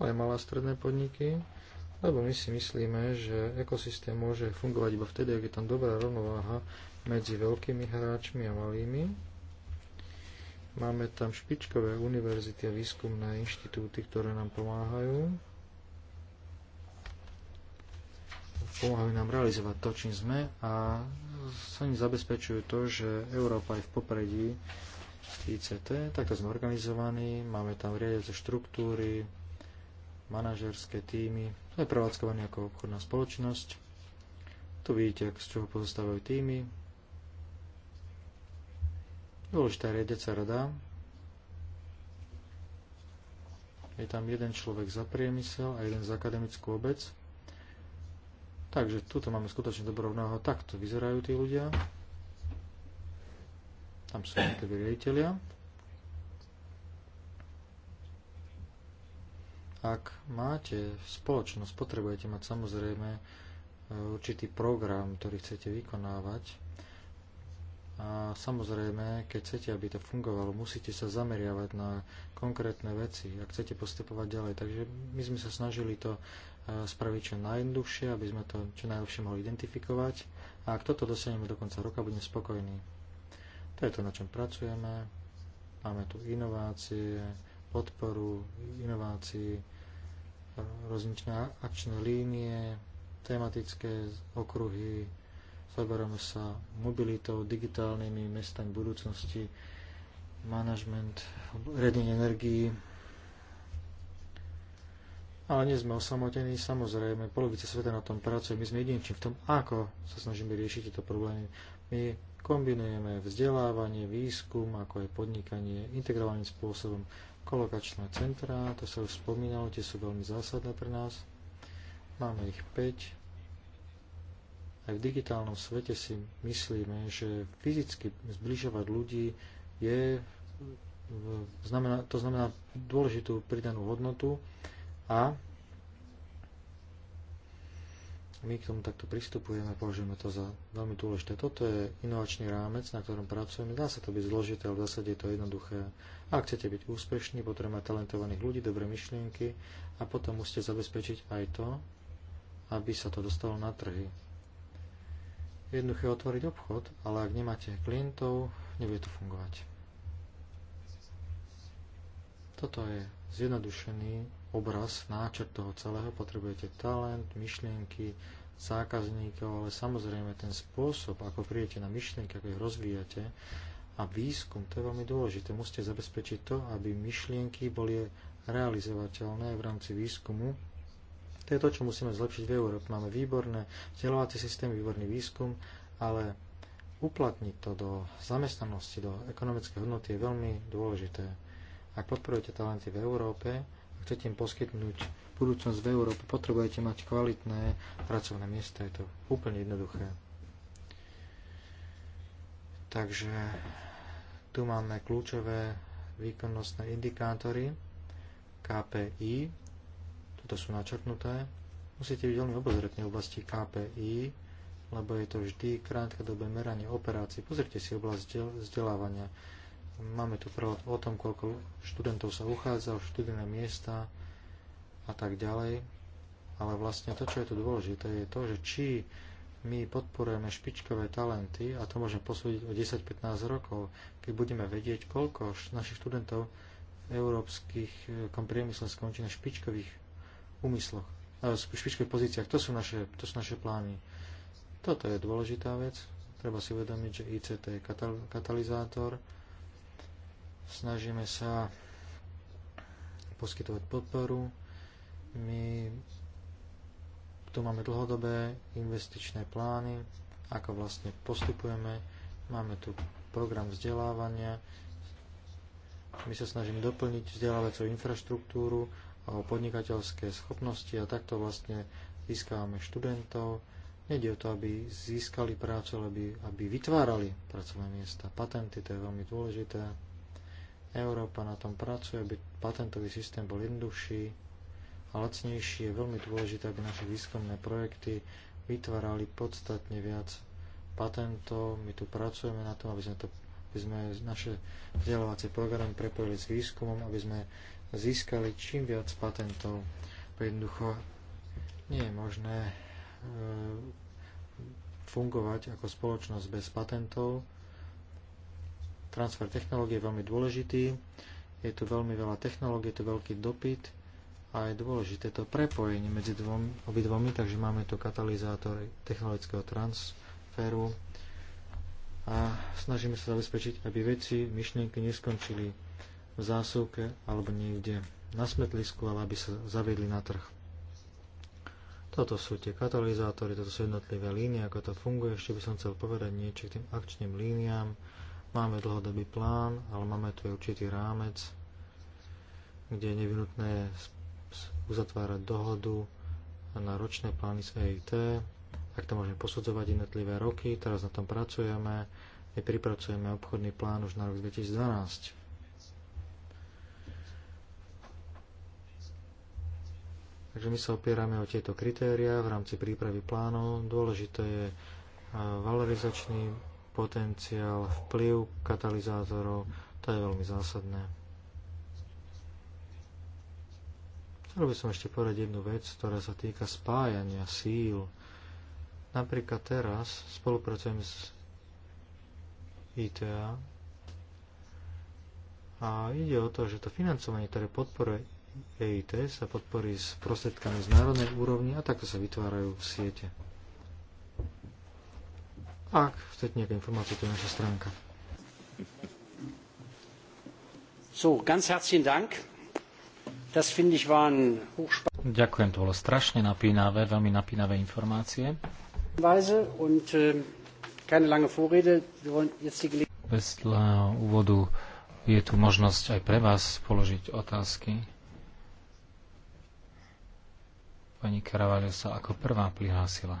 [SPEAKER 5] ale malé a stredné podniky, lebo my si myslíme, že ekosystém môže fungovať iba vtedy, ak je tam dobrá rovnováha medzi veľkými hráčmi a malými. Máme tam špičkové univerzity a výskumné inštitúty, ktoré nám pomáhajú. Pomáhajú nám realizovať to, čím sme a sa im zabezpečujú to, že Európa je v popredí ICT, takto sme organizovaní, máme tam riadiace štruktúry, manažerské týmy. To je prevádzkované ako obchodná spoločnosť. Tu vidíte, z čoho pozostávajú týmy. Dôležitá riadiaca rada. Je tam jeden človek za priemysel a jeden za akademickú obec. Takže tuto máme skutočne dobrou Takto vyzerajú tí ľudia. Tam sú nejaké riaditeľia. Ak máte spoločnosť, potrebujete mať samozrejme e, určitý program, ktorý chcete vykonávať. A samozrejme, keď chcete, aby to fungovalo, musíte sa zameriavať na konkrétne veci, ak chcete postupovať ďalej. Takže my sme sa snažili to e, spraviť čo najjednoduchšie, aby sme to čo najlepšie mohli identifikovať. A ak toto dosiahneme do konca roka, budem spokojní. To je to, na čom pracujeme. Máme tu inovácie, podporu inovácií, rozličné akčné línie, tematické okruhy, zaberáme sa mobilitou, digitálnymi mestami budúcnosti, manažment, riadenie energií. Ale nie sme osamotení, samozrejme, polovica sveta na tom pracuje, my sme jedinečí v tom, ako sa snažíme riešiť tieto problémy. My kombinujeme vzdelávanie, výskum, ako aj podnikanie integrovaným spôsobom. Kolokačné centrá, to sa už spomínalo, tie sú veľmi zásadné pre nás. Máme ich 5. Aj v digitálnom svete si myslíme, že fyzicky zbližovať ľudí je, znamená, to znamená dôležitú pridanú hodnotu a my k tomu takto pristupujeme, považujeme to za veľmi dôležité. Toto je inovačný rámec, na ktorom pracujeme. Dá sa to byť zložité, ale v zásade je to jednoduché. Ak chcete byť úspešní, potrebujeme talentovaných ľudí, dobré myšlienky a potom musíte zabezpečiť aj to, aby sa to dostalo na trhy. Jednoduché otvoriť obchod, ale ak nemáte klientov, nebude to fungovať. Toto je zjednodušený obraz, náčrt toho celého, potrebujete talent, myšlienky, zákazníkov, ale samozrejme ten spôsob, ako prídete na myšlienky, ako ich rozvíjate a výskum, to je veľmi dôležité. Musíte zabezpečiť to, aby myšlienky boli realizovateľné v rámci výskumu. To je to, čo musíme zlepšiť v Európe. Máme výborné vzdelávacie systémy, výborný výskum, ale uplatniť to do zamestnanosti, do ekonomickej hodnoty je veľmi dôležité. Ak podporujete talenty v Európe, chcete im poskytnúť budúcnosť v Európe, potrebujete mať kvalitné pracovné miesta. Je to úplne jednoduché. Takže tu máme kľúčové výkonnostné indikátory KPI. Toto sú načrtnuté. Musíte byť veľmi obozretní v oblasti KPI, lebo je to vždy krátkodobé meranie operácií. Pozrite si oblasť vzdelávania. Del- Máme tu prvod o tom, koľko študentov sa uchádza o študijné miesta a tak ďalej. Ale vlastne to, čo je tu dôležité, je to, že či my podporujeme špičkové talenty, a to môžeme posúdiť o 10-15 rokov, keď budeme vedieť, koľko našich študentov v európskych eh, priemysle skončí na špičkových úmysloch, eh, špičkových pozíciách. To sú, naše, to sú naše plány. Toto je dôležitá vec. Treba si uvedomiť, že ICT je katalizátor Snažíme sa poskytovať podporu. My tu máme dlhodobé investičné plány, ako vlastne postupujeme. Máme tu program vzdelávania. My sa snažíme doplniť vzdelávaciu infraštruktúru a o podnikateľské schopnosti a takto vlastne získávame študentov. Nede o to, aby získali prácu, ale aby, aby vytvárali pracovné miesta. Patenty, to je veľmi dôležité. Európa na tom pracuje, aby patentový systém bol jednoduchší a lacnejší. Je veľmi dôležité, aby naše výskumné projekty vytvárali podstatne viac patentov. My tu pracujeme na tom, aby sme, to, aby sme naše vzdelávacie programy prepojili s výskumom, aby sme získali čím viac patentov. Jednoducho nie je možné e, fungovať ako spoločnosť bez patentov transfer technológie je veľmi dôležitý. Je tu veľmi veľa technológie, je tu veľký dopyt a je dôležité to prepojenie medzi dvom, obidvomi, takže máme tu katalizátor technologického transferu a snažíme sa zabezpečiť, aby veci, myšlienky neskončili v zásuvke alebo niekde na smetlisku, ale aby sa zaviedli na trh. Toto sú tie katalizátory, toto sú jednotlivé línie, ako to funguje. Ešte by som chcel povedať niečo k tým akčným líniám. Máme dlhodobý plán, ale máme tu aj určitý rámec, kde je nevinutné uzatvárať dohodu na ročné plány z EIT, ak to môžeme posudzovať jednotlivé roky, teraz na tom pracujeme, my pripracujeme obchodný plán už na rok 2012. Takže my sa opierame o tieto kritéria v rámci prípravy plánov. Dôležité je valorizačný potenciál, vplyv katalizátorov, to je veľmi zásadné. Chcel by som ešte povedať jednu vec, ktorá sa týka spájania síl. Napríklad teraz spolupracujem s ITA a ide o to, že to financovanie, ktoré podporuje EIT, sa podporí s prostriedkami z národnej úrovni a takto sa vytvárajú siete. Ak chcete nejaké informácie, to je naša stránka.
[SPEAKER 1] So, ganz herzlichen Dank. Das finde ich war ein
[SPEAKER 2] Ďakujem, to bolo strašne napínavé, veľmi napínavé informácie.
[SPEAKER 1] Und, äh, keine lange Vorrede. Wir wollen jetzt die
[SPEAKER 2] Bez úvodu je tu možnosť aj pre vás položiť otázky. Pani Karavalio sa ako prvá prihlásila.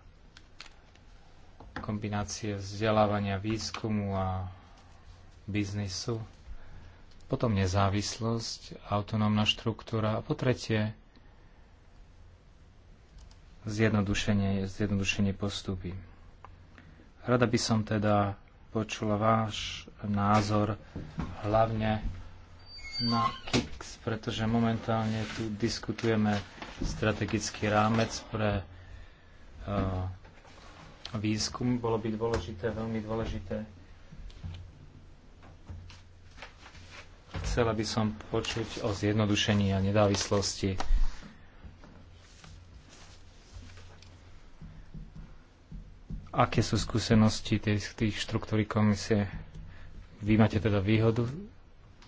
[SPEAKER 2] kombinácie vzdelávania, výskumu a biznisu, potom nezávislosť, autonómna štruktúra a po tretie zjednodušenie, zjednodušenie postupy. Rada by som teda počula váš názor hlavne na KIX, pretože momentálne tu diskutujeme strategický rámec pre uh, výskum bolo by dôležité, veľmi dôležité. Chcela by som počuť o zjednodušení a nedávislosti. Aké sú skúsenosti tých, tých štruktúry komisie? Vy máte teda výhodu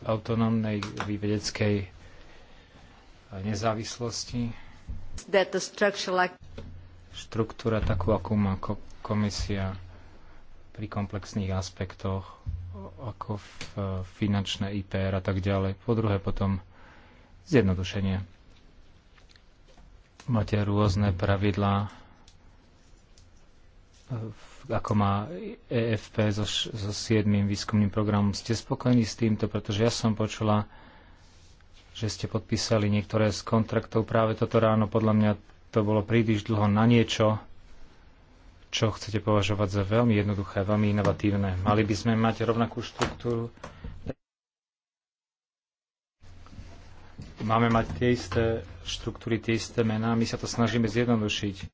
[SPEAKER 2] autonómnej vedeckej nezávislosti?
[SPEAKER 5] That the structure like
[SPEAKER 2] štruktúra takú, akú má komisia pri komplexných aspektoch, ako v eh, finančné IPR a tak ďalej. Po druhé potom zjednodušenie. Máte rôzne pravidlá, eh, ako má EFP so, so 7. výskumným programom. Ste spokojní s týmto? Pretože ja som počula, že ste podpísali niektoré z kontraktov práve toto ráno. Podľa mňa to bolo príliš dlho na niečo, čo chcete považovať za veľmi jednoduché, veľmi inovatívne. Mali by sme mať rovnakú štruktúru. Máme mať tie isté štruktúry, tie isté mená. My sa to snažíme zjednodušiť.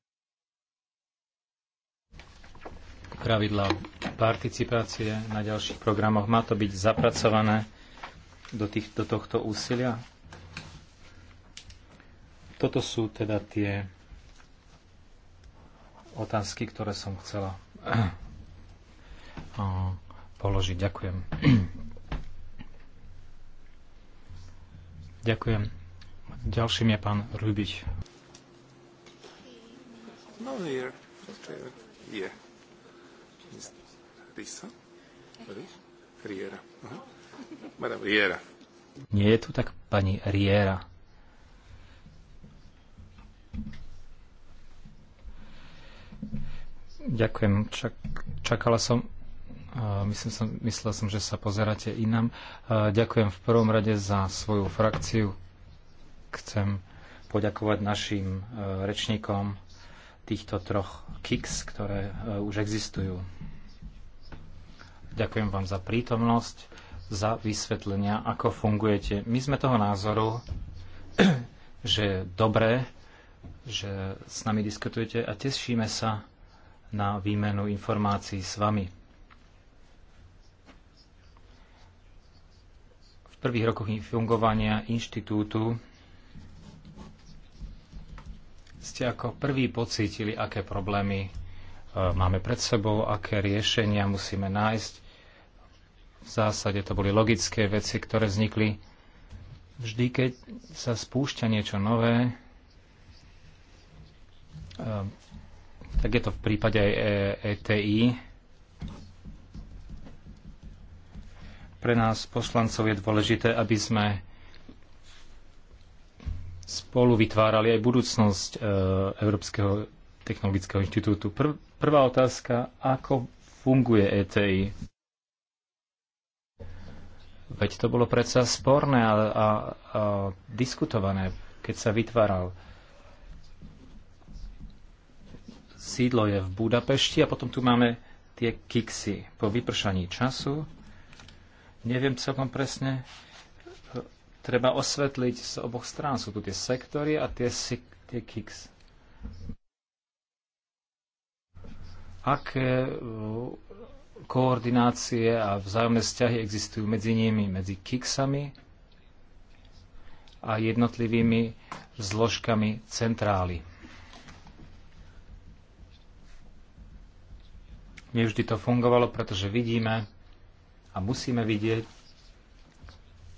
[SPEAKER 2] Pravidla participácie na ďalších programoch. Má to byť zapracované do, tých, do tohto úsilia? Toto sú teda tie otázky, ktoré som chcela položiť. Ďakujem. Ďakujem. Ďalším je pán Rubič.
[SPEAKER 3] No, here. Yeah. Risa? Riera. Madame Riera.
[SPEAKER 2] Nie je tu tak pani Riera. Ďakujem. Čakala som. Myslím som, myslel som, že sa pozeráte inám. Ďakujem v prvom rade za svoju frakciu. Chcem poďakovať našim e, rečníkom týchto troch KICS, ktoré e, už existujú. Ďakujem vám za prítomnosť, za vysvetlenia, ako fungujete. My sme toho názoru, že je dobré, že s nami diskutujete a tešíme sa na výmenu informácií s vami. V prvých rokoch fungovania inštitútu ste ako prvý pocítili, aké problémy e, máme pred sebou, aké riešenia musíme nájsť. V zásade to boli logické veci, ktoré vznikli vždy, keď sa spúšťa niečo nové, e, tak je to v prípade aj e, ETI. Pre nás poslancov je dôležité, aby sme spolu vytvárali aj budúcnosť e, Európskeho technologického inštitútu. Pr- prvá otázka, ako funguje ETI? Veď to bolo predsa sporné a, a, a diskutované, keď sa vytváral sídlo je v Budapešti a potom tu máme tie kiksy po vypršaní času. Neviem celkom presne, e, treba osvetliť z oboch strán. Sú tu tie sektory a tie, tie kiks. Aké e, koordinácie a vzájomné vzťahy existujú medzi nimi, medzi kiksami a jednotlivými zložkami centrály. Nevždy to fungovalo, pretože vidíme a musíme vidieť,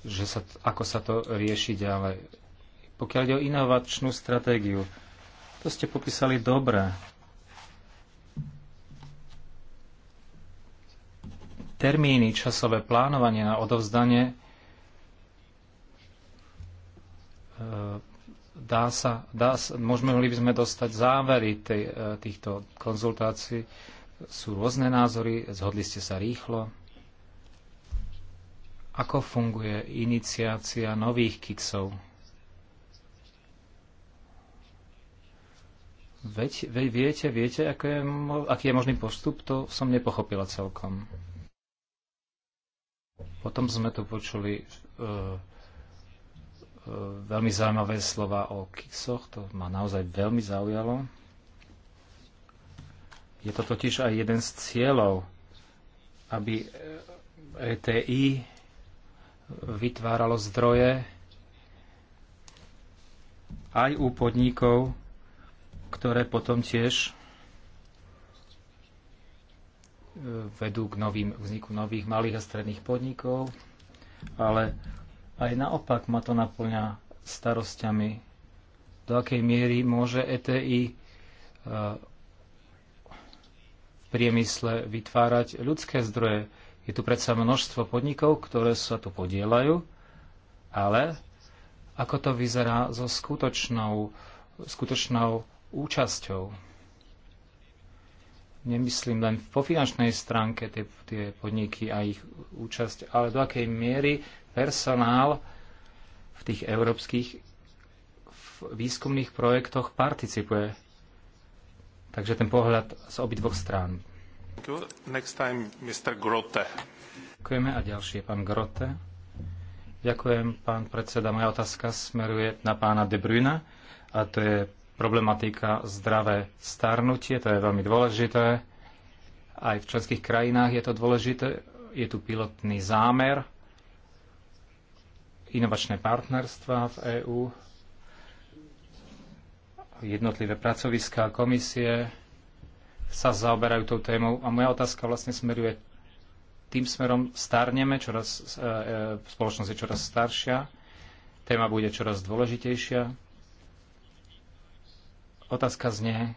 [SPEAKER 2] že sa, ako sa to rieši ďalej. Pokiaľ ide o inovačnú stratégiu, to ste popísali dobre. Termíny, časové plánovanie na odovzdanie e, dá sa, dá sa, môžeme, mohli by sme dostať závery tej, e, týchto konzultácií sú rôzne názory, zhodli ste sa rýchlo. Ako funguje iniciácia nových kiksov? Veď, veď viete, viete, ako je, aký je možný postup? To som nepochopila celkom. Potom sme tu počuli e, e, veľmi zaujímavé slova o kiksoch, to ma naozaj veľmi zaujalo. Je to totiž aj jeden z cieľov, aby ETI vytváralo zdroje aj u podnikov, ktoré potom tiež e, vedú k novým, vzniku nových malých a stredných podnikov, ale aj naopak ma to naplňa starosťami, do akej miery môže ETI e, priemysle vytvárať ľudské zdroje. Je tu predsa množstvo podnikov, ktoré sa tu podielajú, ale ako to vyzerá so skutočnou, skutočnou účasťou? nemyslím len po finančnej stránke tie, tie podniky a ich účasť, ale do akej miery personál v tých európskych výskumných projektoch participuje. Takže ten pohľad z obidvoch strán.
[SPEAKER 3] Next time, Mr. Grote.
[SPEAKER 2] Ďakujeme a ďalší je pán Grote. Ďakujem, pán predseda. Moja otázka smeruje na pána De Bruyna a to je problematika zdravé starnutie, to je veľmi dôležité. Aj v členských krajinách je to dôležité. Je tu pilotný zámer, inovačné partnerstva v EÚ jednotlivé pracoviská a komisie sa zaoberajú tou témou a moja otázka vlastne smeruje tým smerom starneme, čoraz, e, e, spoločnosť je čoraz staršia, téma bude čoraz dôležitejšia. Otázka znie,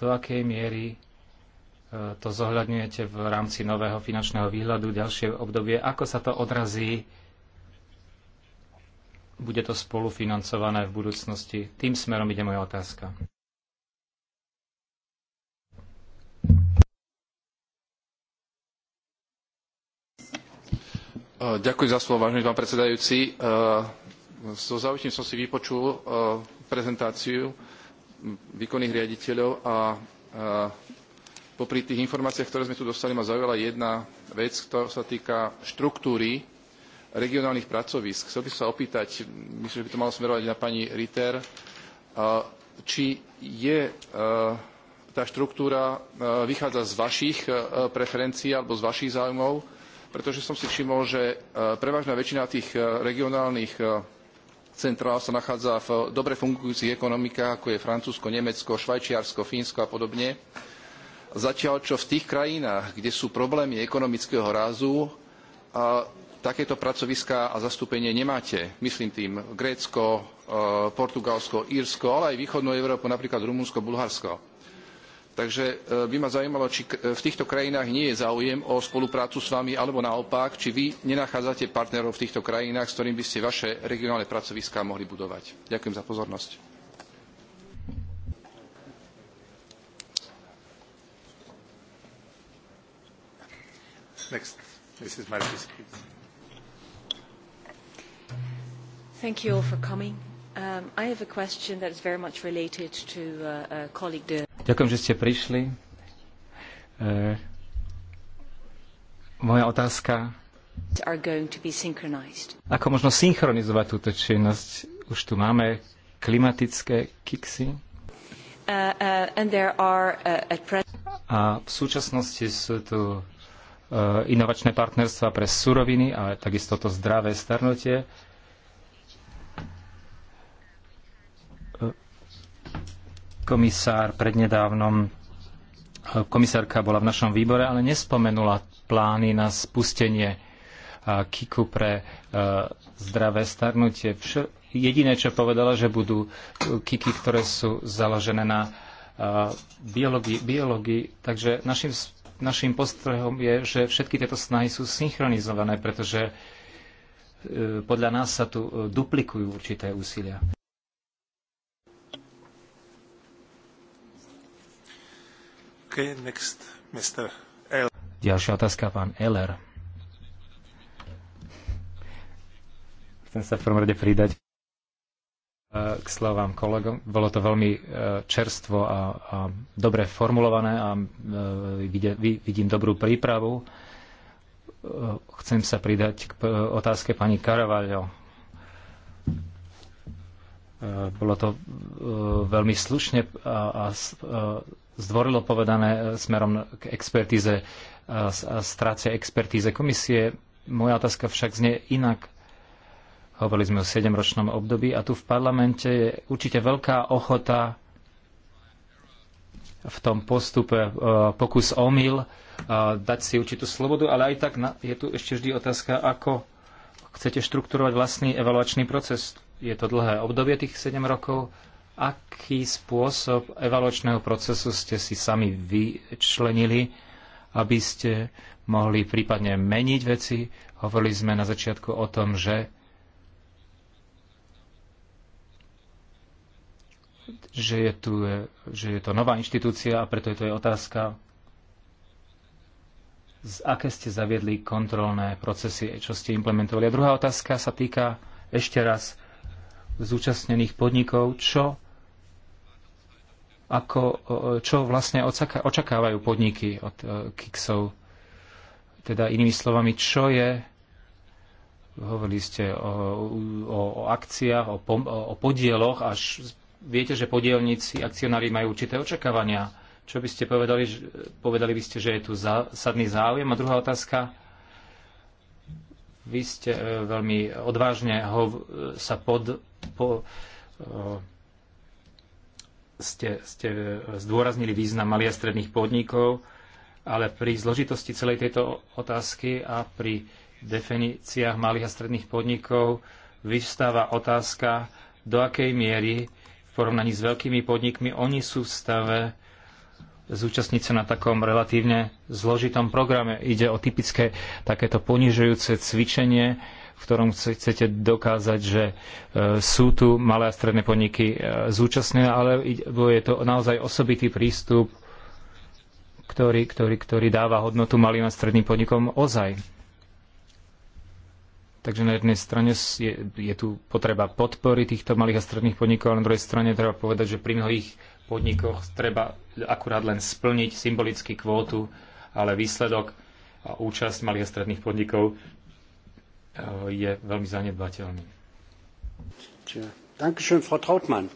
[SPEAKER 2] do akej miery e, to zohľadňujete v rámci nového finančného výhľadu ďalšie obdobie, ako sa to odrazí bude to spolufinancované v budúcnosti. Tým smerom ide moja otázka.
[SPEAKER 3] E, ďakujem za slovo, vážený pán predsedajúci. E, so záujmom som si vypočul e, prezentáciu výkonných riaditeľov a popri tých informáciách, ktoré sme tu dostali, ma zaujala jedna vec, ktorá sa týka štruktúry regionálnych pracovísk. Chcel by som sa opýtať, myslím, že by to malo smerovať na pani Ritter, či je tá štruktúra vychádza z vašich preferencií alebo z vašich záujmov, pretože som si všimol, že prevažná väčšina tých regionálnych centrál sa nachádza v dobre fungujúcich ekonomikách, ako je Francúzsko, Nemecko, Švajčiarsko, Fínsko a podobne. Zatiaľ, čo v tých krajinách, kde sú problémy ekonomického rázu, takéto pracoviská a zastúpenie nemáte. Myslím tým Grécko, e, Portugalsko, Írsko, ale aj východnú Európu, napríklad Rumunsko, Bulharsko. Takže e, by ma zaujímalo, či v týchto krajinách nie je záujem o spoluprácu s vami, alebo naopak, či vy nenachádzate partnerov v týchto krajinách, s ktorým by ste vaše regionálne pracoviská mohli budovať. Ďakujem za pozornosť. Next. Mrs. please. Thank you all for coming. Um, I have a question that is very much related to uh, uh, colleague de...
[SPEAKER 2] Ďakujem, že ste prišli. Uh, moja otázka
[SPEAKER 3] are going to be synchronized.
[SPEAKER 2] Ako možno synchronizovať túto činnosť? Už tu máme klimatické kiksy.
[SPEAKER 3] Uh, uh, and there are, uh, at pres-
[SPEAKER 2] A v súčasnosti sú tu uh, inovačné partnerstva pre suroviny a takisto to zdravé starnutie. Uh, komisár prednedávnom komisárka bola v našom výbore, ale nespomenula plány na spustenie e, kiku pre e, zdravé starnutie. Jediné, čo povedala, že budú e, kiky, ktoré sú založené na biológii. biológii. Takže našim, našim postrehom je, že všetky tieto snahy sú synchronizované, pretože podľa nás sa tu duplikujú určité úsilia.
[SPEAKER 3] Okay, next, Ďalšia
[SPEAKER 2] otázka, pán Eller. Chcem sa v prvom rade pridať e, k slovám kolegom. Bolo to veľmi e, čerstvo a, a dobre formulované a e, vidím dobrú prípravu. Chcem sa pridať k otázke pani Caravaglio. Bolo to veľmi slušne a, a, a zdvorilo povedané e, smerom k expertíze, e, strácia expertíze komisie. Moja otázka však znie inak. Hovorili sme o 7-ročnom období a tu v parlamente je určite veľká ochota v tom postupe e, pokus omyl, dať si určitú slobodu, ale aj tak je tu ešte vždy otázka, ako chcete štrukturovať vlastný evaluačný proces. Je to dlhé obdobie tých 7 rokov, aký spôsob evaluačného procesu ste si sami vyčlenili, aby ste mohli prípadne meniť veci. Hovorili sme na začiatku o tom, že že je, tu, že je to nová inštitúcia a preto je to je otázka, z aké ste zaviedli kontrolné procesy, čo ste implementovali. A druhá otázka sa týka ešte raz zúčastnených podnikov, čo ako, e, čo vlastne očakávajú podniky od e, Kiksov. Teda inými slovami, čo je, hovorili ste o, o, o akciách, o, o podieloch, až viete, že podielníci, akcionári majú určité očakávania. Čo by ste povedali, povedali by ste, že je tu zásadný záujem? A druhá otázka, vy ste e, veľmi odvážne ho, sa pod, po, ste, ste zdôraznili význam malých a stredných podnikov, ale pri zložitosti celej tejto otázky a pri definíciách malých a stredných podnikov vyvstáva otázka, do akej miery v porovnaní s veľkými podnikmi oni sú v stave zúčastniť sa na takom relatívne zložitom programe. Ide o typické takéto ponižujúce cvičenie, v ktorom chcete dokázať, že e, sú tu malé a stredné podniky e, zúčastnené, ale je to naozaj osobitý prístup, ktorý, ktorý, ktorý dáva hodnotu malým a stredným podnikom ozaj. Takže na jednej strane je, je tu potreba podpory týchto malých a stredných podnikov, ale na druhej strane treba povedať, že pri mnohých podnikoch treba akurát len splniť symbolicky kvótu, ale výsledok a účasť malých a stredných podnikov Eh, je veľmi zanedbateľný.
[SPEAKER 1] Dankeschön, Frau Trautmann.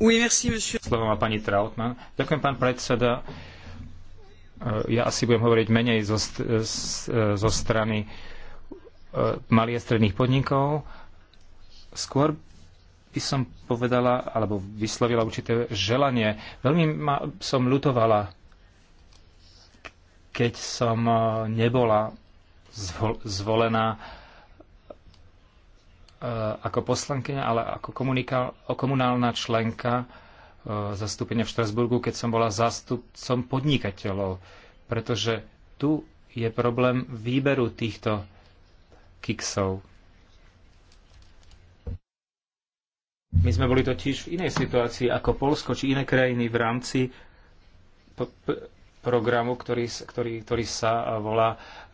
[SPEAKER 2] Oui, merci, monsieur. Slovo má pani Trautmann. Ďakujem, pán predseda. Eh, ja asi budem hovoriť menej zo, eh, zo strany malých a stredných podnikov. Skôr by som povedala, alebo vyslovila určité želanie. Veľmi ma, som ľutovala, keď som nebola zvolená eh, ako poslankyňa, ale ako komunálna členka eh, zastúpenia v Štrasburgu, keď som bola zástupcom podnikateľov. Pretože tu je problém výberu týchto kiksov. My sme boli totiž v inej situácii ako Polsko či iné krajiny v rámci programu, ktorý, ktorý, ktorý sa eh, volá eh,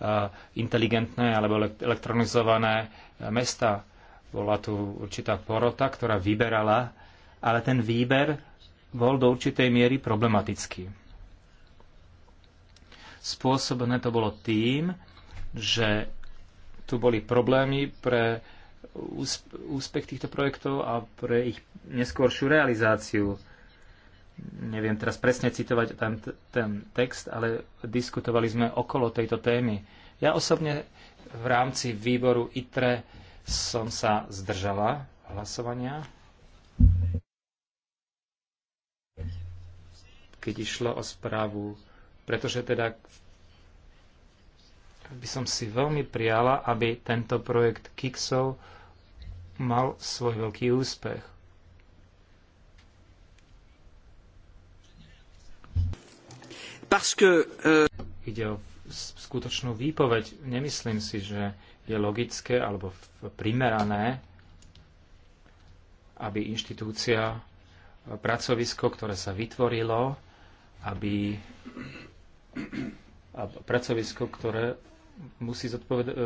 [SPEAKER 2] inteligentné alebo elektronizované eh, mesta. Bola tu určitá porota, ktorá vyberala, ale ten výber bol do určitej miery problematický. Spôsobené to bolo tým, že tu boli problémy pre úspech týchto projektov a pre ich neskôršiu realizáciu neviem teraz presne citovať tam ten text, ale diskutovali sme okolo tejto témy. Ja osobne v rámci výboru ITRE som sa zdržala hlasovania. Keď išlo o správu, pretože teda by som si veľmi prijala, aby tento projekt Kixov mal svoj veľký úspech. Euh, Ide o skutočnú výpoveď. Nemyslím si, že je logické alebo primerané, aby inštitúcia, e, pracovisko, ktoré sa vytvorilo, aby a pracovisko, ktoré musí zodpovedať e,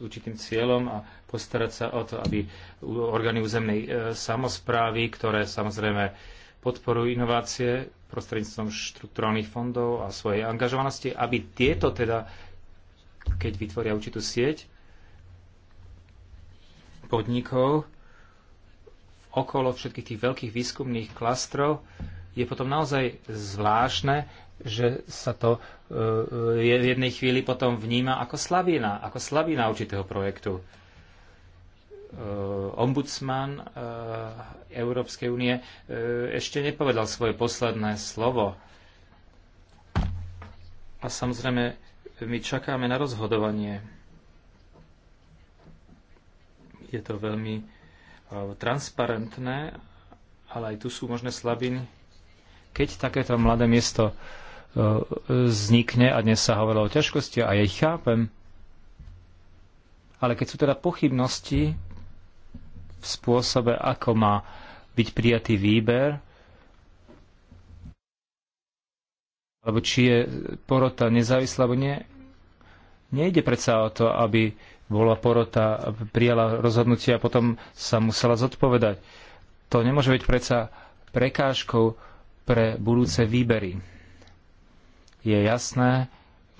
[SPEAKER 2] určitým cieľom a postarať sa o to, aby orgány územnej e, samozprávy, ktoré samozrejme podporujú inovácie prostredníctvom štrukturálnych fondov a svojej angažovanosti, aby tieto teda, keď vytvoria určitú sieť podnikov okolo všetkých tých veľkých výskumných klastrov, je potom naozaj zvláštne, že sa to e, e, v jednej chvíli potom vníma ako slabina, ako slabina určitého projektu. Eh, ombudsman eh, Európskej únie eh, ešte nepovedal svoje posledné slovo. A samozrejme, my čakáme na rozhodovanie. Je to veľmi transparentné, ale aj tu sú možné slabiny. Keď takéto mladé miesto vznikne a dnes sa hovorilo o ťažkosti a ja ich chápem, ale keď sú teda pochybnosti, spôsobe, ako má byť prijatý výber, alebo či je porota nezávislá, alebo nie. Nejde predsa o to, aby bola porota, prijala rozhodnutie a potom sa musela zodpovedať. To nemôže byť predsa prekážkou pre budúce výbery. Je jasné,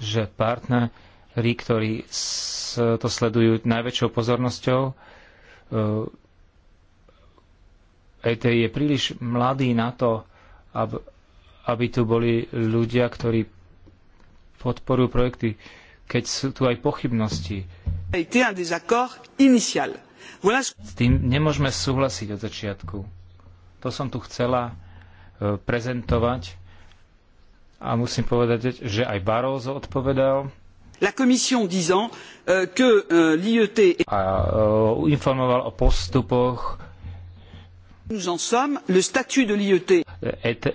[SPEAKER 2] že partneri, ktorí to sledujú najväčšou pozornosťou, e, ET je príliš mladý na to, aby, aby tu boli ľudia, ktorí podporujú projekty, keď sú tu aj pochybnosti. S tým nemôžeme súhlasiť od začiatku. To som tu chcela e, prezentovať a musím povedať, že aj Barroso odpovedal. La commission disant uh, que uh, A uh, informoval o postupoch E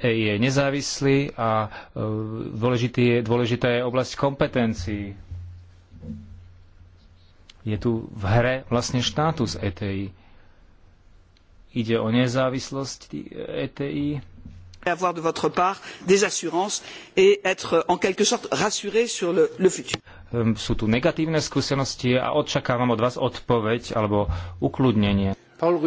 [SPEAKER 2] e je nezávislý a e, dôležitý je, dôležitá je oblasť kompetencií. Je tu v hre vlastne štátus ETI. Ide o nezávislosť ETI, avoir de votre part des assurances et être en quelque sorte rassuré sur le, le futur. Sú tu negatívne skúsenosti a očakávam od vás odpoveď alebo ukludnenie. Paul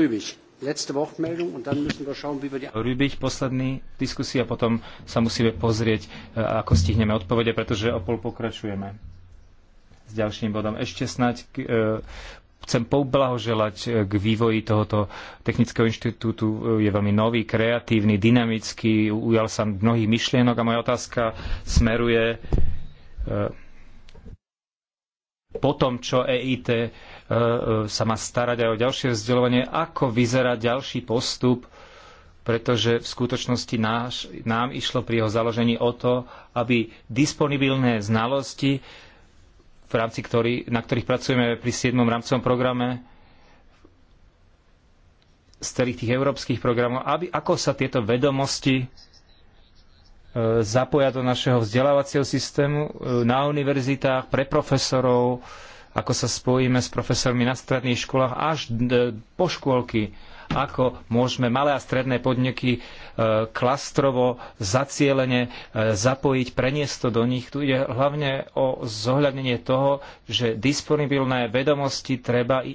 [SPEAKER 2] Rübich, posledný diskusí a potom sa musíme pozrieť, e, ako stihneme odpovede, pretože o pol pokračujeme s ďalším bodom. Ešte snáď e, chcem poublahoželať e, k vývoji tohoto technického inštitútu. Je veľmi nový, kreatívny, dynamický, ujal sa mnohých myšlienok a moja otázka smeruje po tom, čo EIT E, sa má starať aj o ďalšie vzdelovanie, ako vyzerá ďalší postup, pretože v skutočnosti náš, nám išlo pri jeho založení o to, aby disponibilné znalosti, v rámci ktorý, na ktorých pracujeme pri 7. rámcovom programe, z celých tých európskych programov, aby, ako sa tieto vedomosti e, zapoja do našeho vzdelávacieho systému e, na univerzitách, pre profesorov, ako sa spojíme s profesormi na stredných školách až e, po škôlky, ako môžeme malé a stredné podniky e, klastrovo, zacielene e, zapojiť, preniesť to do nich. Tu ide hlavne o zohľadnenie toho, že disponibilné vedomosti treba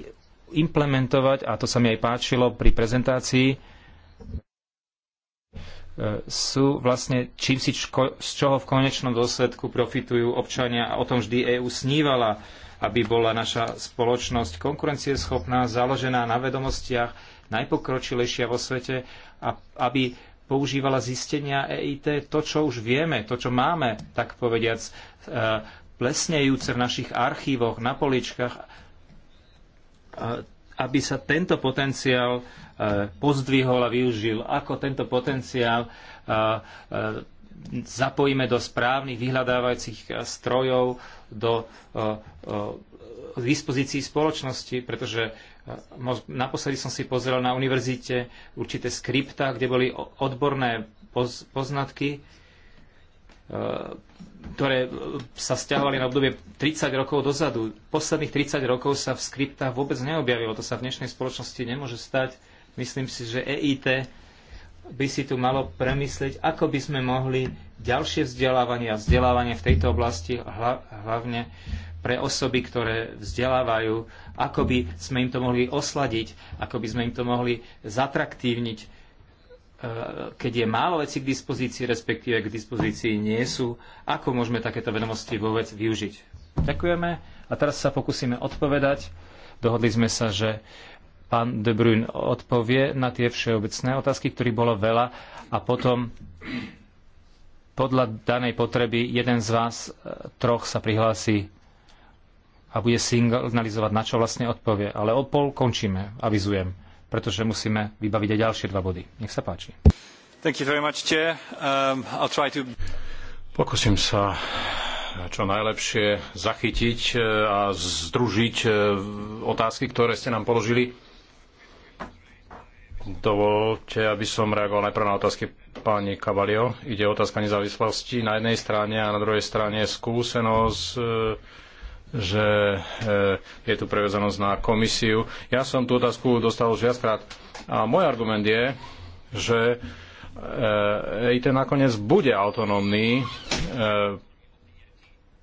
[SPEAKER 2] implementovať, a to sa mi aj páčilo pri prezentácii, sú vlastne čím si, z čoho v konečnom dôsledku profitujú občania a o tom vždy EÚ snívala aby bola naša spoločnosť konkurencieschopná, založená na vedomostiach, najpokročilejšia vo svete a aby používala zistenia EIT, to, čo už vieme, to, čo máme, tak povediac, e, plesnejúce v našich archívoch, na poličkách, e, aby sa tento potenciál e, pozdvihol a využil, ako tento potenciál zapojíme do správnych vyhľadávajúcich strojov, do e, e, dispozícií spoločnosti, pretože e, naposledy som si pozrel na univerzite určité skripta, kde boli odborné poznatky, ktoré sa stiahovali na obdobie 30 rokov dozadu. Posledných 30 rokov sa v skriptách vôbec neobjavilo. To sa v dnešnej spoločnosti nemôže stať. Myslím si, že EIT by si tu malo premyslieť, ako by sme mohli ďalšie vzdelávanie a vzdelávanie v tejto oblasti, hlavne pre osoby, ktoré vzdelávajú, ako by sme im to mohli osladiť, ako by sme im to mohli zatraktívniť, e, keď je málo vecí k dispozícii, respektíve k dispozícii nie sú, ako môžeme takéto vedomosti vôbec využiť. Ďakujeme a teraz sa pokúsime odpovedať. Dohodli sme sa, že Pán De Bruyne odpovie na tie všeobecné otázky, ktorých bolo veľa a potom podľa danej potreby jeden z vás e, troch sa prihlási a bude signalizovať, na čo vlastne odpovie. Ale o pol končíme, avizujem, pretože musíme vybaviť aj ďalšie dva body. Nech sa páči.
[SPEAKER 3] Much, um, to...
[SPEAKER 2] Pokúsim sa
[SPEAKER 4] čo najlepšie zachytiť e, a združiť e, otázky, ktoré ste nám položili. Dovolte, aby som reagoval najprv na otázky pani Cavalio. Ide o otázka nezávislosti na jednej strane a na druhej strane skúsenosť, e, že e, je tu prevezanosť na komisiu. Ja som tú otázku dostal už viackrát a môj argument je, že EIT e nakoniec bude autonómny.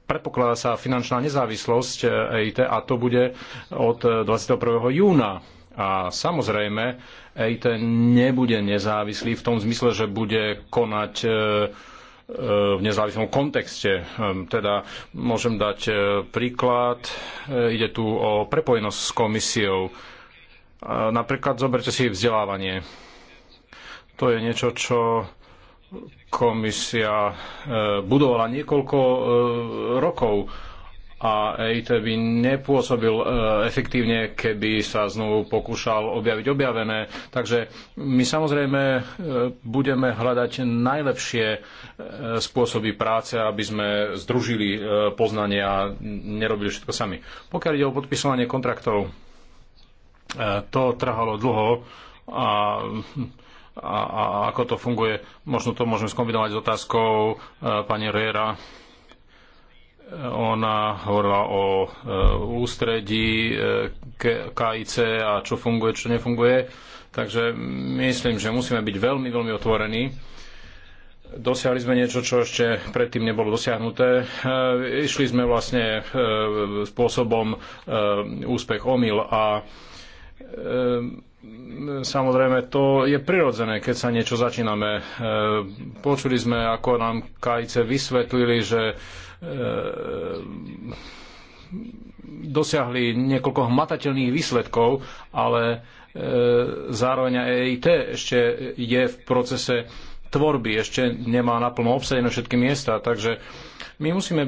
[SPEAKER 4] Predpokladá sa finančná nezávislosť EIT a to bude od 21. júna a samozrejme, EIT nebude nezávislý v tom zmysle, že bude konať e, e, v nezávislom kontexte. Ehm, teda môžem dať e, príklad. Ide tu o prepojenosť s komisiou. Napríklad zoberte si vzdelávanie. To je niečo, čo komisia budovala niekoľko rokov a EIT by nepôsobil e, efektívne, keby sa znovu pokúšal objaviť objavené. Takže my samozrejme e, budeme hľadať najlepšie e, spôsoby práce, aby sme združili poznanie a nerobili všetko sami. Pokiaľ ide o podpisovanie kontraktov, to trhalo dlho a a, a ako to funguje, možno to môžeme skombinovať s otázkou e, pani Riera ona hovorila o e, ústredí e, KIC a čo funguje, čo nefunguje. Takže myslím, že musíme byť veľmi, veľmi otvorení. Dosiahli sme niečo, čo ešte predtým nebolo dosiahnuté. E, išli sme vlastne spôsobom úspech omyl a Samozrejme, to je prirodzené, keď sa niečo začíname. E, počuli sme, ako nám kajce vysvetlili, že e, dosiahli niekoľko hmatateľných výsledkov, ale e, zároveň EIT ešte je v procese tvorby ešte nemá naplno obsadené všetky miesta, takže my musíme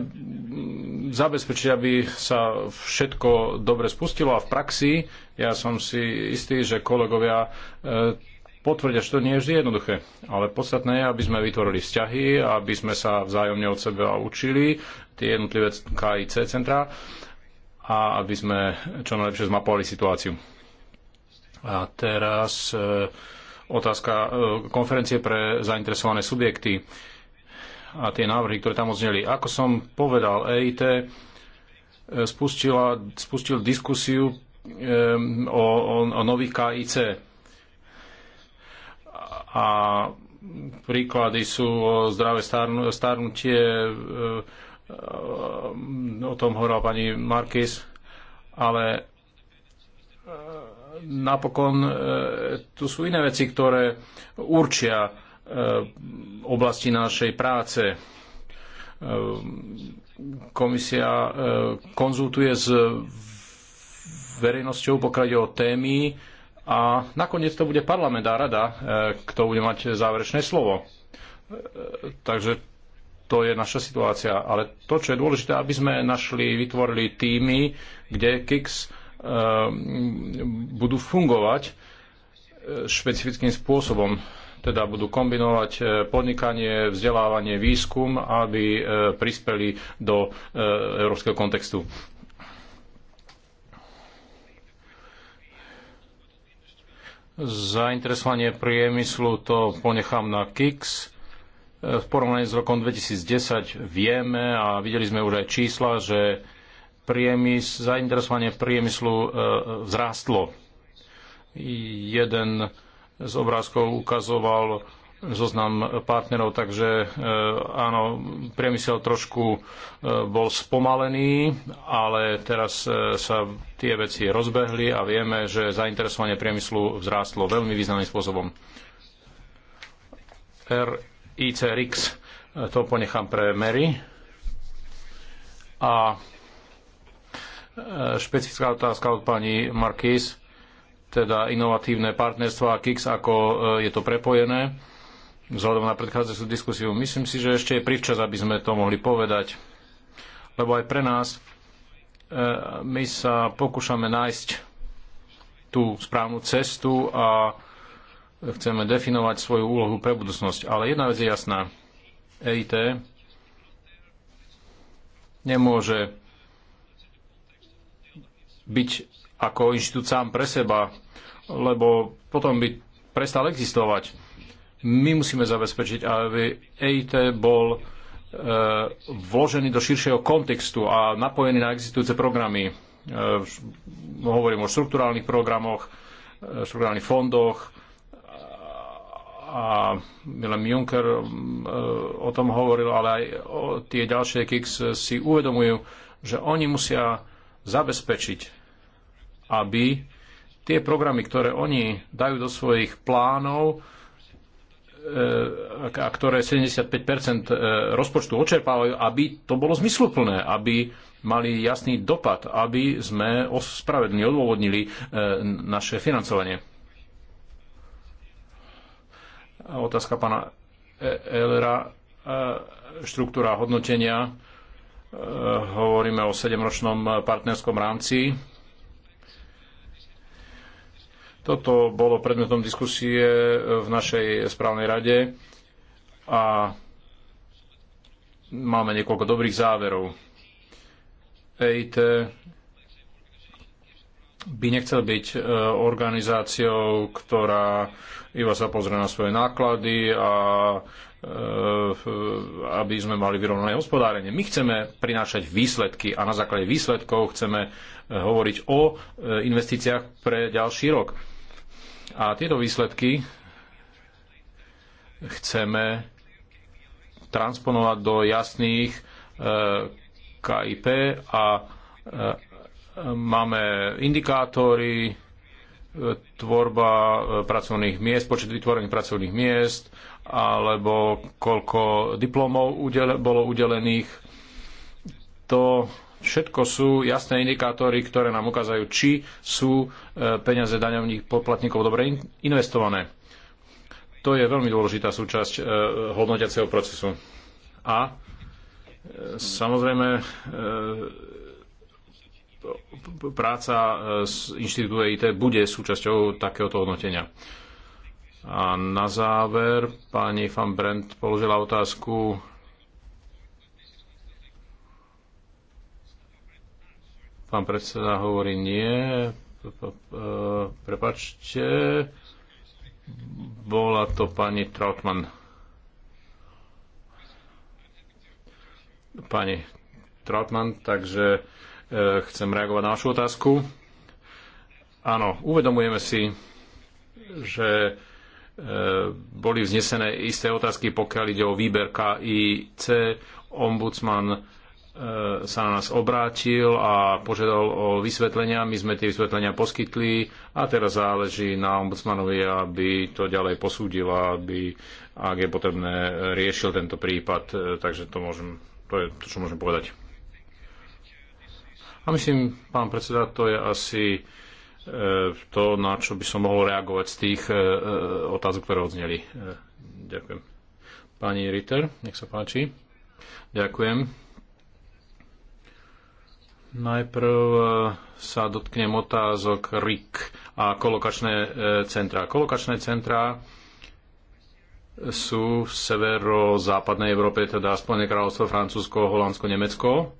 [SPEAKER 4] zabezpečiť, aby sa všetko dobre spustilo a v praxi, ja som si istý, že kolegovia e, potvrdia, že to nie je vždy jednoduché, ale podstatné je, aby sme vytvorili vzťahy, aby sme sa vzájomne od seba učili, tie jednotlivé KIC centra. a aby sme čo najlepšie zmapovali situáciu. A teraz e, otázka e, konferencie pre zainteresované subjekty a tie návrhy, ktoré tam odzneli. Ako som povedal, EIT e, spustila, spustil diskusiu e, o, o, o nových KIC. A príklady sú o zdravé starnutie, o tom hovorila pani Markis, ale napokon e, tu sú iné veci, ktoré určia e, oblasti našej práce. E, komisia konzultuje s verejnosťou, pokiaľ ide o témy a nakoniec to bude parlament a rada, kto bude mať záverečné slovo. Takže to je naša situácia. Ale to, čo je dôležité, aby sme našli, vytvorili týmy, kde KIX Ehm, budú fungovať e, špecifickým spôsobom. Teda budú kombinovať e, podnikanie, vzdelávanie, výskum, aby e, prispeli do európskeho kontextu. Zainteresovanie priemyslu to ponechám na KIX. V porovnaní s rokom 2010 vieme a videli sme už aj čísla, že priemys, zainteresovanie priemyslu e, vzrástlo. Jeden z obrázkov ukazoval zoznam partnerov, takže e, áno, priemysel trošku e, bol spomalený, ale teraz sa tie veci rozbehli a vieme, že zainteresovanie priemyslu vzrástlo veľmi významným spôsobom. RICRX to ponechám pre Mary. A E, špecifická otázka od pani Markis, teda inovatívne partnerstvo a KIX, ako e, je to prepojené vzhľadom na predchádzajúcu diskusiu. Myslím si, že ešte je privčas, aby sme to mohli povedať, lebo aj pre nás e, my sa pokúšame nájsť tú správnu cestu a chceme definovať svoju úlohu pre budúcnosť. Ale jedna vec je jasná. EIT nemôže byť ako inštitút sám pre seba, lebo potom by prestal existovať. My musíme zabezpečiť, aby EIT bol e, vložený do širšieho kontextu a napojený na existujúce programy. E, hovorím o štrukturálnych programoch, e, štrukturálnych fondoch a Milan Juncker o tom hovoril, ale aj o tie ďalšie KIX si uvedomujú, že oni musia zabezpečiť aby tie programy, ktoré oni dajú do svojich plánov e, a ktoré 75 e, rozpočtu očerpávajú, aby to bolo zmysluplné, aby mali jasný dopad, aby sme ospravedlni, odôvodnili e, naše financovanie. Otázka pána Elera, štruktúra hodnotenia. Hovoríme o sedemročnom partnerskom rámci toto bolo predmetom diskusie v našej správnej rade a máme niekoľko dobrých záverov. EIT by nechcel byť e, organizáciou, ktorá iba sa pozrie na svoje náklady a e, aby sme mali vyrovnané hospodárenie. My chceme prinášať výsledky a na základe výsledkov chceme e, hovoriť o investíciách pre ďalší rok. A tieto výsledky chceme transponovať do jasných e, KIP a e, máme indikátory, e, tvorba pracovných miest, počet vytvorených pracovných miest, alebo koľko diplomov udele, bolo udelených. To Všetko sú jasné indikátory, ktoré nám ukazujú, či sú e, peniaze daňovných poplatníkov dobre investované. To je veľmi dôležitá súčasť e, hodnotiaceho procesu. A e, samozrejme práca z inštitútu EIT bude súčasťou takéhoto hodnotenia. A na záver pani van Brent položila otázku Pán predseda hovorí nie. E, prepačte. Bola to pani Trautmann. Pani Trautmann, takže e, chcem reagovať na vašu otázku. Áno, uvedomujeme si, že e, boli vznesené isté otázky, pokiaľ ide o výber KIC. Ombudsman E, sa na nás obrátil a požiadal o vysvetlenia. My sme tie vysvetlenia poskytli a teraz záleží na ombudsmanovi, aby to ďalej posúdil, aby, ak je potrebné, riešil tento prípad. E, takže to, môžem, to je to, čo môžem povedať. A myslím, pán predseda, to je asi e, to, na čo by som mohol reagovať z tých otázok, ktoré odzneli. Ďakujem. Pani Ritter, nech sa páči. Ďakujem. Najprv e, sa dotknem otázok RIK a kolokačné e, centra. Kolokačné centrá sú v severozápadnej Európe, teda Spojené kráľovstvo, Francúzsko, Holandsko, Nemecko.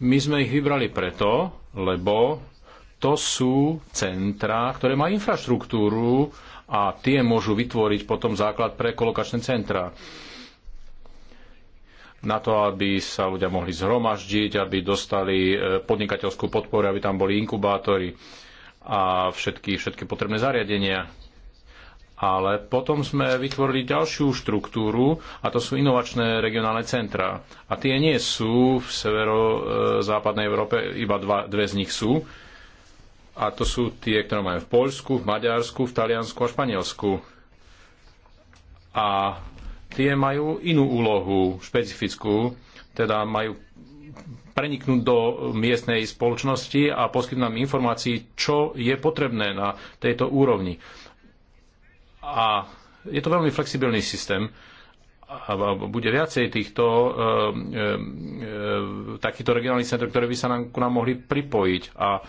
[SPEAKER 4] My sme ich vybrali preto, lebo to sú centra, ktoré majú infraštruktúru a tie môžu vytvoriť potom základ pre kolokačné centra na to, aby sa ľudia mohli zhromaždiť, aby dostali e, podnikateľskú podporu, aby tam boli inkubátory a všetky, všetky potrebné zariadenia. Ale potom sme vytvorili ďalšiu štruktúru a to sú inovačné regionálne centra. A tie nie sú v severozápadnej e, Európe, iba dva, dve z nich sú. A to sú tie, ktoré máme v Poľsku, v Maďarsku, v Taliansku a Španielsku. A tie majú inú úlohu, špecifickú, teda majú preniknúť do miestnej spoločnosti a poskytnúť nám informácií, čo je potrebné na tejto úrovni. A je to veľmi flexibilný systém a bude viacej týchto e, e, e takýchto regionálnych centrov, ktoré by sa nám, k nám mohli pripojiť. A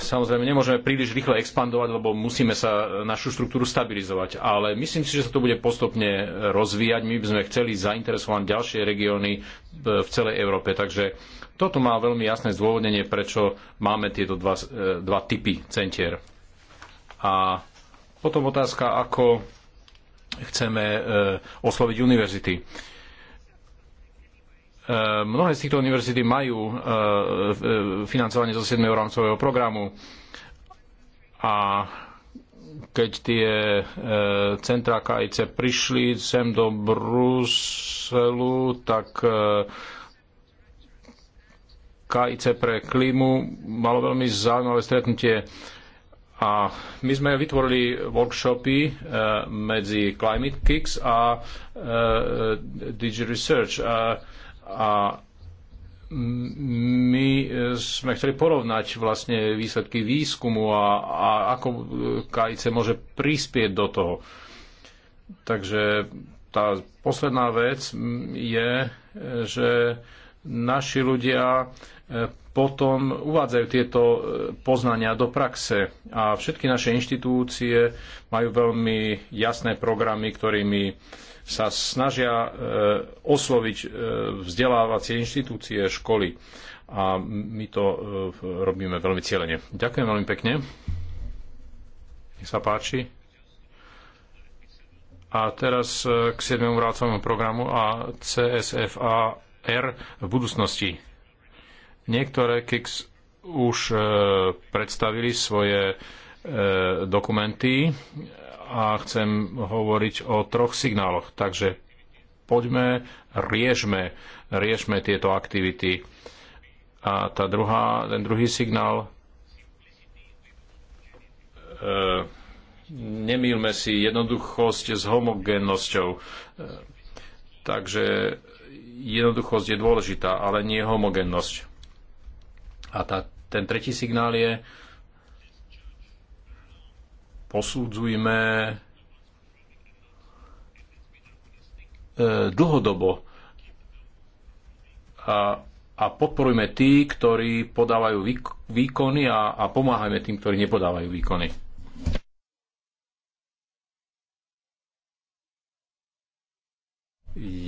[SPEAKER 4] Samozrejme, nemôžeme príliš rýchle expandovať, lebo musíme sa e, našu štruktúru stabilizovať. Ale myslím si, že sa to bude postupne rozvíjať. My by sme chceli zainteresovať ďalšie regióny e, v celej Európe. Takže toto má veľmi jasné zdôvodnenie, prečo máme tieto dva, e, dva typy centier. A potom otázka, ako chceme osloviť univerzity Eh, mnohé z týchto univerzity majú eh, eh, financovanie zo 7. rámcového programu a keď tie centrá KIC prišli sem do Bruselu, tak KIC pre klímu malo veľmi zaujímavé stretnutie a my sme vytvorili workshopy medzi Climate Kicks a Digi Research. a a my e, sme chceli porovnať vlastne výsledky výskumu a, a ako KIC môže prispieť do toho. Takže tá posledná vec je, že naši ľudia e, potom uvádzajú tieto e, poznania do praxe a všetky naše inštitúcie majú veľmi jasné programy, ktorými sa snažia e, osloviť e, vzdelávacie inštitúcie, školy. A my to e, robíme veľmi cieľene. Ďakujem veľmi pekne. Nech sa páči. A teraz k 7. rácovému programu a CSFAR v budúcnosti. Niektoré KIX už predstavili svoje dokumenty a chcem hovoriť o troch signáloch. Takže poďme, riešme, riešme tieto aktivity. A tá druhá, ten druhý signál, e, nemýlme si jednoduchosť s homogénnosťou. E, takže jednoduchosť je dôležitá, ale nie homogénnosť. A tá, ten tretí signál je, posúdzujme e, dlhodobo a, a podporujme tí, ktorí podávajú výkony a, a pomáhajme tým, ktorí nepodávajú výkony.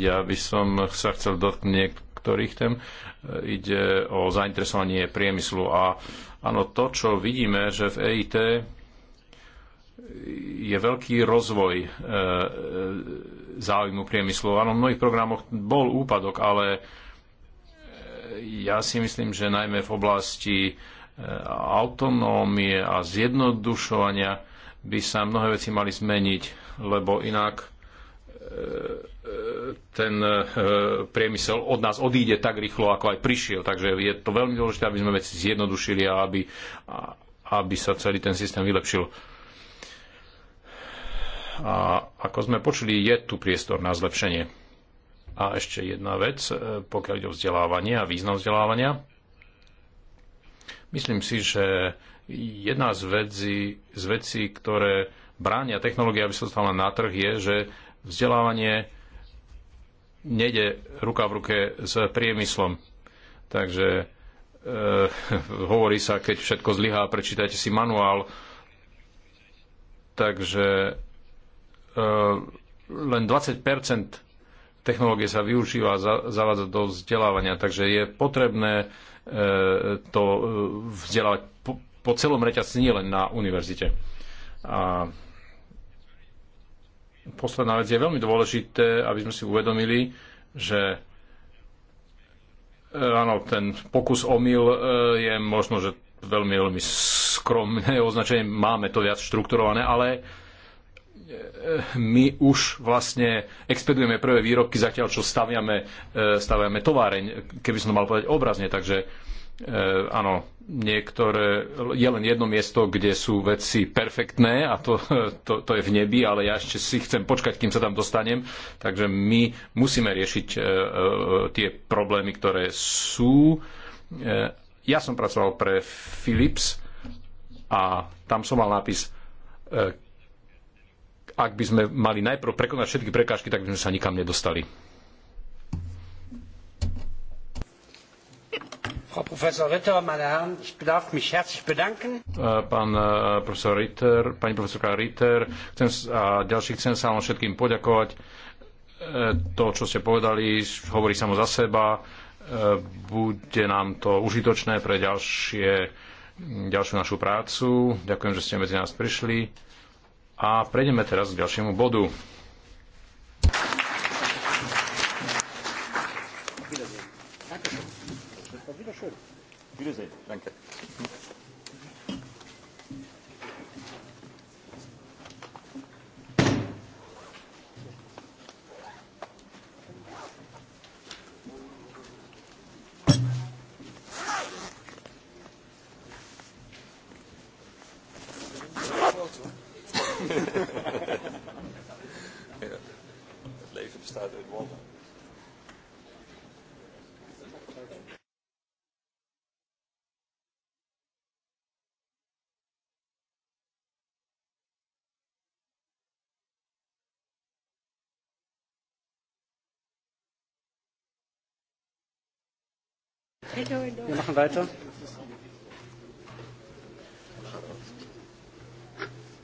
[SPEAKER 4] Ja by som sa chcel dotknúť niektorých tém. E, ide o zainteresovanie priemyslu a áno, to, čo vidíme, že v EIT je veľký rozvoj e, e, záujmu priemyslu. Áno, v mnohých programoch bol úpadok, ale e, ja si myslím, že najmä v oblasti autonómie a zjednodušovania by sa mnohé veci mali zmeniť, lebo inak ten priemysel od nás odíde tak rýchlo, ako aj prišiel. Takže je to veľmi dôležité, aby sme veci zjednodušili a aby, aby sa celý ten systém vylepšil a ako sme počuli, je tu priestor na zlepšenie. A ešte jedna vec, e, pokiaľ ide o vzdelávanie a význam vzdelávania. Myslím si, že jedna z vecí, z vecí ktoré bránia technológia, aby sa dostala na trh, je, že vzdelávanie nejde ruka v ruke s priemyslom. Takže e, hovorí sa, keď všetko zlyhá, prečítajte si manuál. Takže E, len 20 technológie sa využíva a zavádza do vzdelávania, takže je potrebné e, to e, vzdelávať po, po celom reťazci, nie len na univerzite. A posledná vec je veľmi dôležité, aby sme si uvedomili, že áno, ten pokus omyl je možno, že veľmi, veľmi skromné označenie, máme to viac štrukturované, ale my už vlastne expedujeme prvé výrobky zatiaľ, čo staviame, e, staviame továreň, keby som to mal povedať obrazne. Takže e, áno, niektoré, je len jedno miesto, kde sú veci perfektné a to, to, to je v nebi, ale ja ešte si chcem počkať, kým sa tam dostanem. Takže my musíme riešiť e, tie problémy, ktoré sú. Ja som pracoval pre Philips a tam som mal nápis ak by sme mali najprv prekonať všetky prekážky, tak by sme sa nikam nedostali.
[SPEAKER 1] Frau Professor Ritter, meine Herren, ich darf mich herzlich bedanken.
[SPEAKER 4] Pán profesor Ritter, pani profesorka Ritter, chcem, a ďalší chcem sa vám všetkým poďakovať. E, to, čo ste povedali, hovorí samo za seba. E, bude nám to užitočné pre ďalšie, ďalšiu našu prácu. Ďakujem, že ste medzi nás prišli. A prejdeme teraz k ďalšiemu bodu.
[SPEAKER 5] Wiedersehen. Danke.
[SPEAKER 3] Wir machen weiter.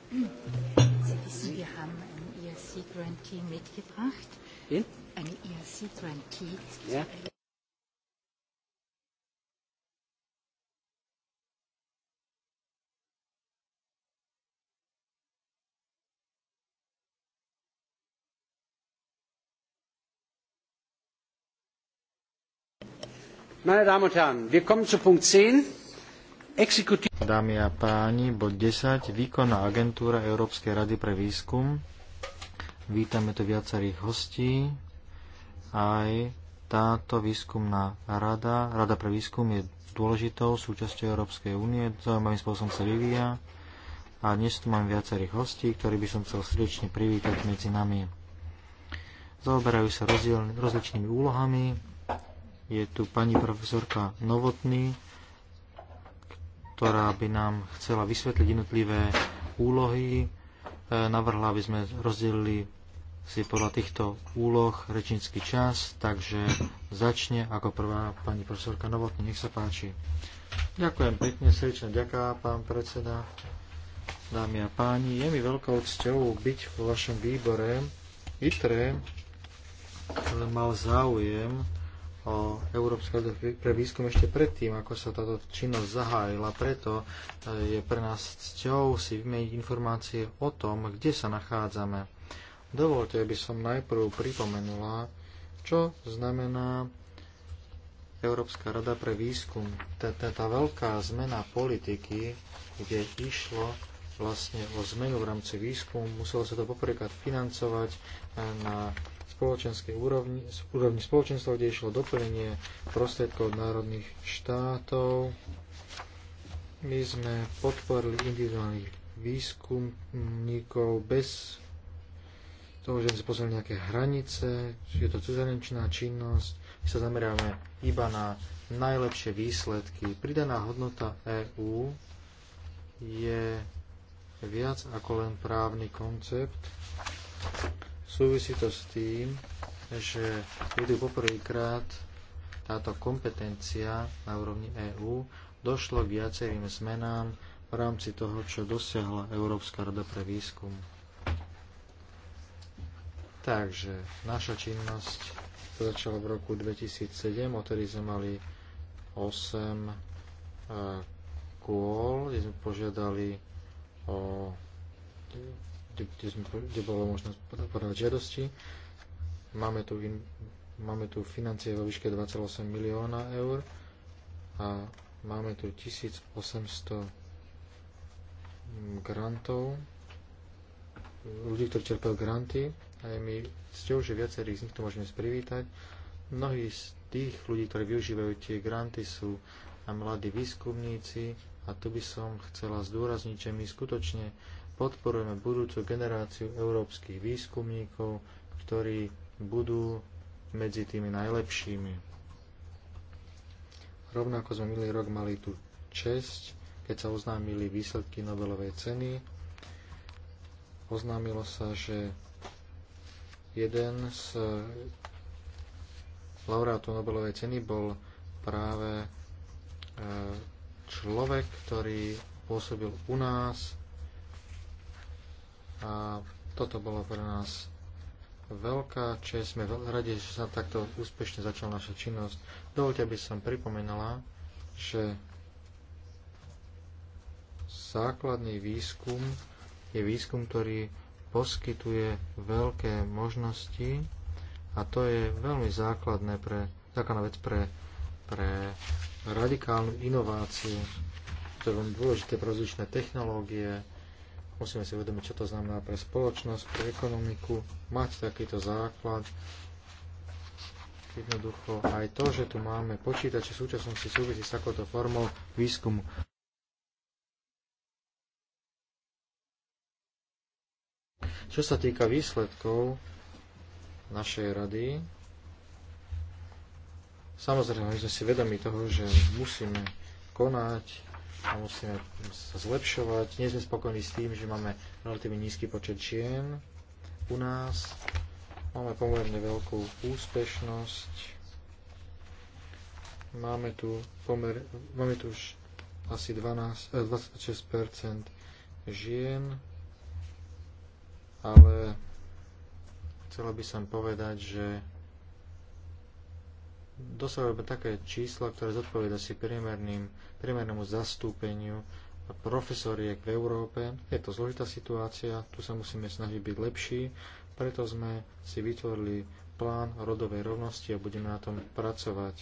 [SPEAKER 3] Sie wissen, wir haben einen ERC-Grantee mitgebracht. Wen? Eine ERC-Grantee.
[SPEAKER 1] Ja. Meine Damen und Herren, wir kommen zu Punkt 10.
[SPEAKER 5] Exekutiv... Dámy a páni, bod 10. Výkonná agentúra Európskej rady pre výskum. Vítame tu viacerých hostí. Aj táto výskumná rada, rada pre výskum je dôležitou súčasťou Európskej únie, zaujímavým spôsobom sa vyvíja. A dnes tu mám viacerých hostí, ktorí by som chcel srdečne privítať medzi nami. Zaoberajú sa rozdiel, rozličnými úlohami, je tu pani profesorka Novotný, ktorá by nám chcela vysvetliť jednotlivé úlohy. E, navrhla, aby sme rozdelili si podľa týchto úloh rečnícky čas, takže začne ako prvá pani profesorka Novotný. Nech sa páči. Ďakujem pekne, srdečne ďaká, pán predseda. Dámy a páni, je mi veľkou cťou byť vo vašom výbore. ITRE e, mal záujem o Európskej rade pre výskum ešte predtým, ako sa táto činnosť zahájila. Preto e, je pre nás cťou si vymeniť informácie o tom, kde sa nachádzame. Dovolte, aby som najprv pripomenula, čo znamená Európska rada pre výskum. Tá, tá, tá veľká zmena politiky, kde išlo vlastne o zmenu v rámci výskumu, muselo sa to poprvýkrát financovať e, na spoločenskej úrovni, úrovni spoločenstva, kde išlo doplnenie prostriedkov od národných štátov. My sme podporili individuálnych výskumníkov bez toho, že by sme pozreli nejaké hranice, je to cudzorenčná činnosť, my sa zameráme iba na najlepšie výsledky. Pridaná hodnota EÚ je viac ako len právny koncept. Súvisí to s tým, že je tu poprvýkrát táto kompetencia na úrovni EÚ došlo k viacerým zmenám v rámci toho, čo dosiahla Európska rada pre výskum. Takže naša činnosť začala v roku 2007, odtedy sme mali 8 eh, kôl, kde sme požiadali o kde, sme, kde bolo možno podávať žiadosti. Máme tu, in, máme tu financie vo výške 2,8 milióna eur a máme tu 1800 grantov, ľudí, ktorí čerpajú granty a my mi cťou, že viacerých z nich to môžeme privítať. Mnohí z tých ľudí, ktorí využívajú tie granty, sú mladí výskumníci a tu by som chcela zdôrazniť, že my skutočne podporujeme budúcu generáciu európskych výskumníkov, ktorí budú medzi tými najlepšími. Rovnako sme minulý rok mali tú česť, keď sa oznámili výsledky Nobelovej ceny. Oznámilo sa, že jeden z laureátov Nobelovej ceny bol práve e, človek, ktorý pôsobil u nás a toto bolo pre nás veľká čest. Sme radi, že sa takto úspešne začala naša činnosť. Dovolte, aby som pripomenala, že základný výskum je výskum, ktorý poskytuje veľké možnosti a to je veľmi základné pre, základná vec pre, pre radikálnu inováciu, to je veľmi dôležité pre rozličné technológie, Musíme si uvedomiť, čo to znamená pre spoločnosť, pre ekonomiku, mať takýto základ. Jednoducho aj to, že tu máme počítače v súčasnosti súvisí s takouto formou výskumu. Čo sa týka výsledkov našej rady, samozrejme, my sme si vedomi toho, že musíme konať, a musíme sa zlepšovať. Nie sme spokojní s tým, že máme relatívne nízky počet žien u nás. Máme pomerne veľkú úspešnosť. Máme tu, pomer, máme tu už asi 12, 26% eh, žien, ale chcela by som povedať, že dosahujeme také čísla, ktoré zodpoveda si priemerným, priemernému zastúpeniu profesoriek v Európe. Je to zložitá situácia, tu sa musíme snažiť byť lepší, preto sme si vytvorili plán rodovej rovnosti a budeme na tom pracovať.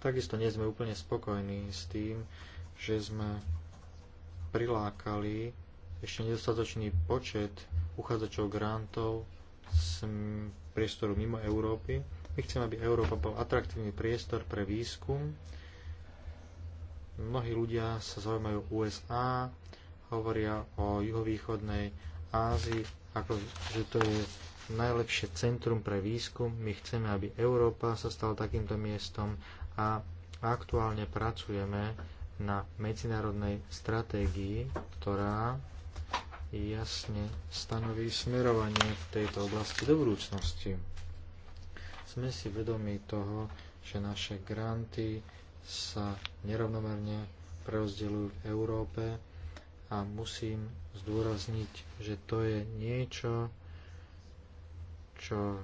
[SPEAKER 5] Takisto nie sme úplne spokojní s tým, že sme prilákali ešte nedostatočný počet uchádzačov grantov z priestoru mimo Európy my chceme, aby Európa bol atraktívny priestor pre výskum. Mnohí ľudia sa zaujímajú USA, hovoria o juhovýchodnej Ázii, ako že to je najlepšie centrum pre výskum. My chceme, aby Európa sa stala takýmto miestom a aktuálne pracujeme na medzinárodnej stratégii, ktorá jasne stanoví smerovanie v tejto oblasti do budúcnosti. Sme si vedomi toho, že naše granty sa nerovnomerne preozdeľujú v Európe a musím zdôrazniť, že to je niečo, čo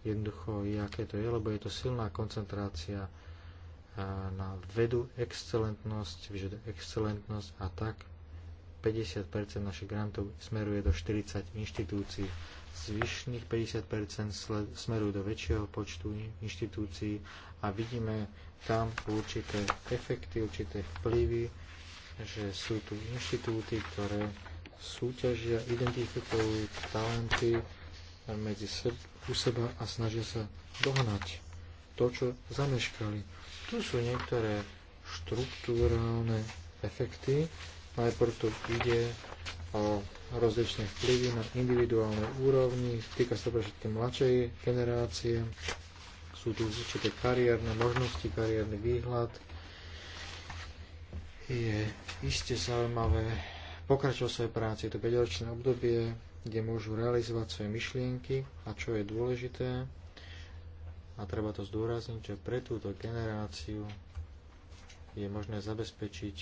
[SPEAKER 5] jednoducho je, aké to je, lebo je to silná koncentrácia na vedu, excelentnosť, vyžaduje excelentnosť a tak 50% našich grantov smeruje do 40 inštitúcií zvyšných 50 smerujú do väčšieho počtu inštitúcií a vidíme tam určité efekty, určité vplyvy, že sú tu inštitúty, ktoré súťažia, identifikujú talenty medzi seb- u seba a snažia sa dohnať to, čo zameškali. Tu sú niektoré štruktúrálne efekty. Najprv tu ide o rozličné vplyvy na individuálnej úrovni, týka sa to pre všetky mladšej generácie, sú tu určité kariérne možnosti, kariérny výhľad. Je iste zaujímavé pokračovať svoje práci, je to 5-ročné obdobie, kde môžu realizovať svoje myšlienky a čo je dôležité, a treba to zdôrazniť, že pre túto generáciu je možné zabezpečiť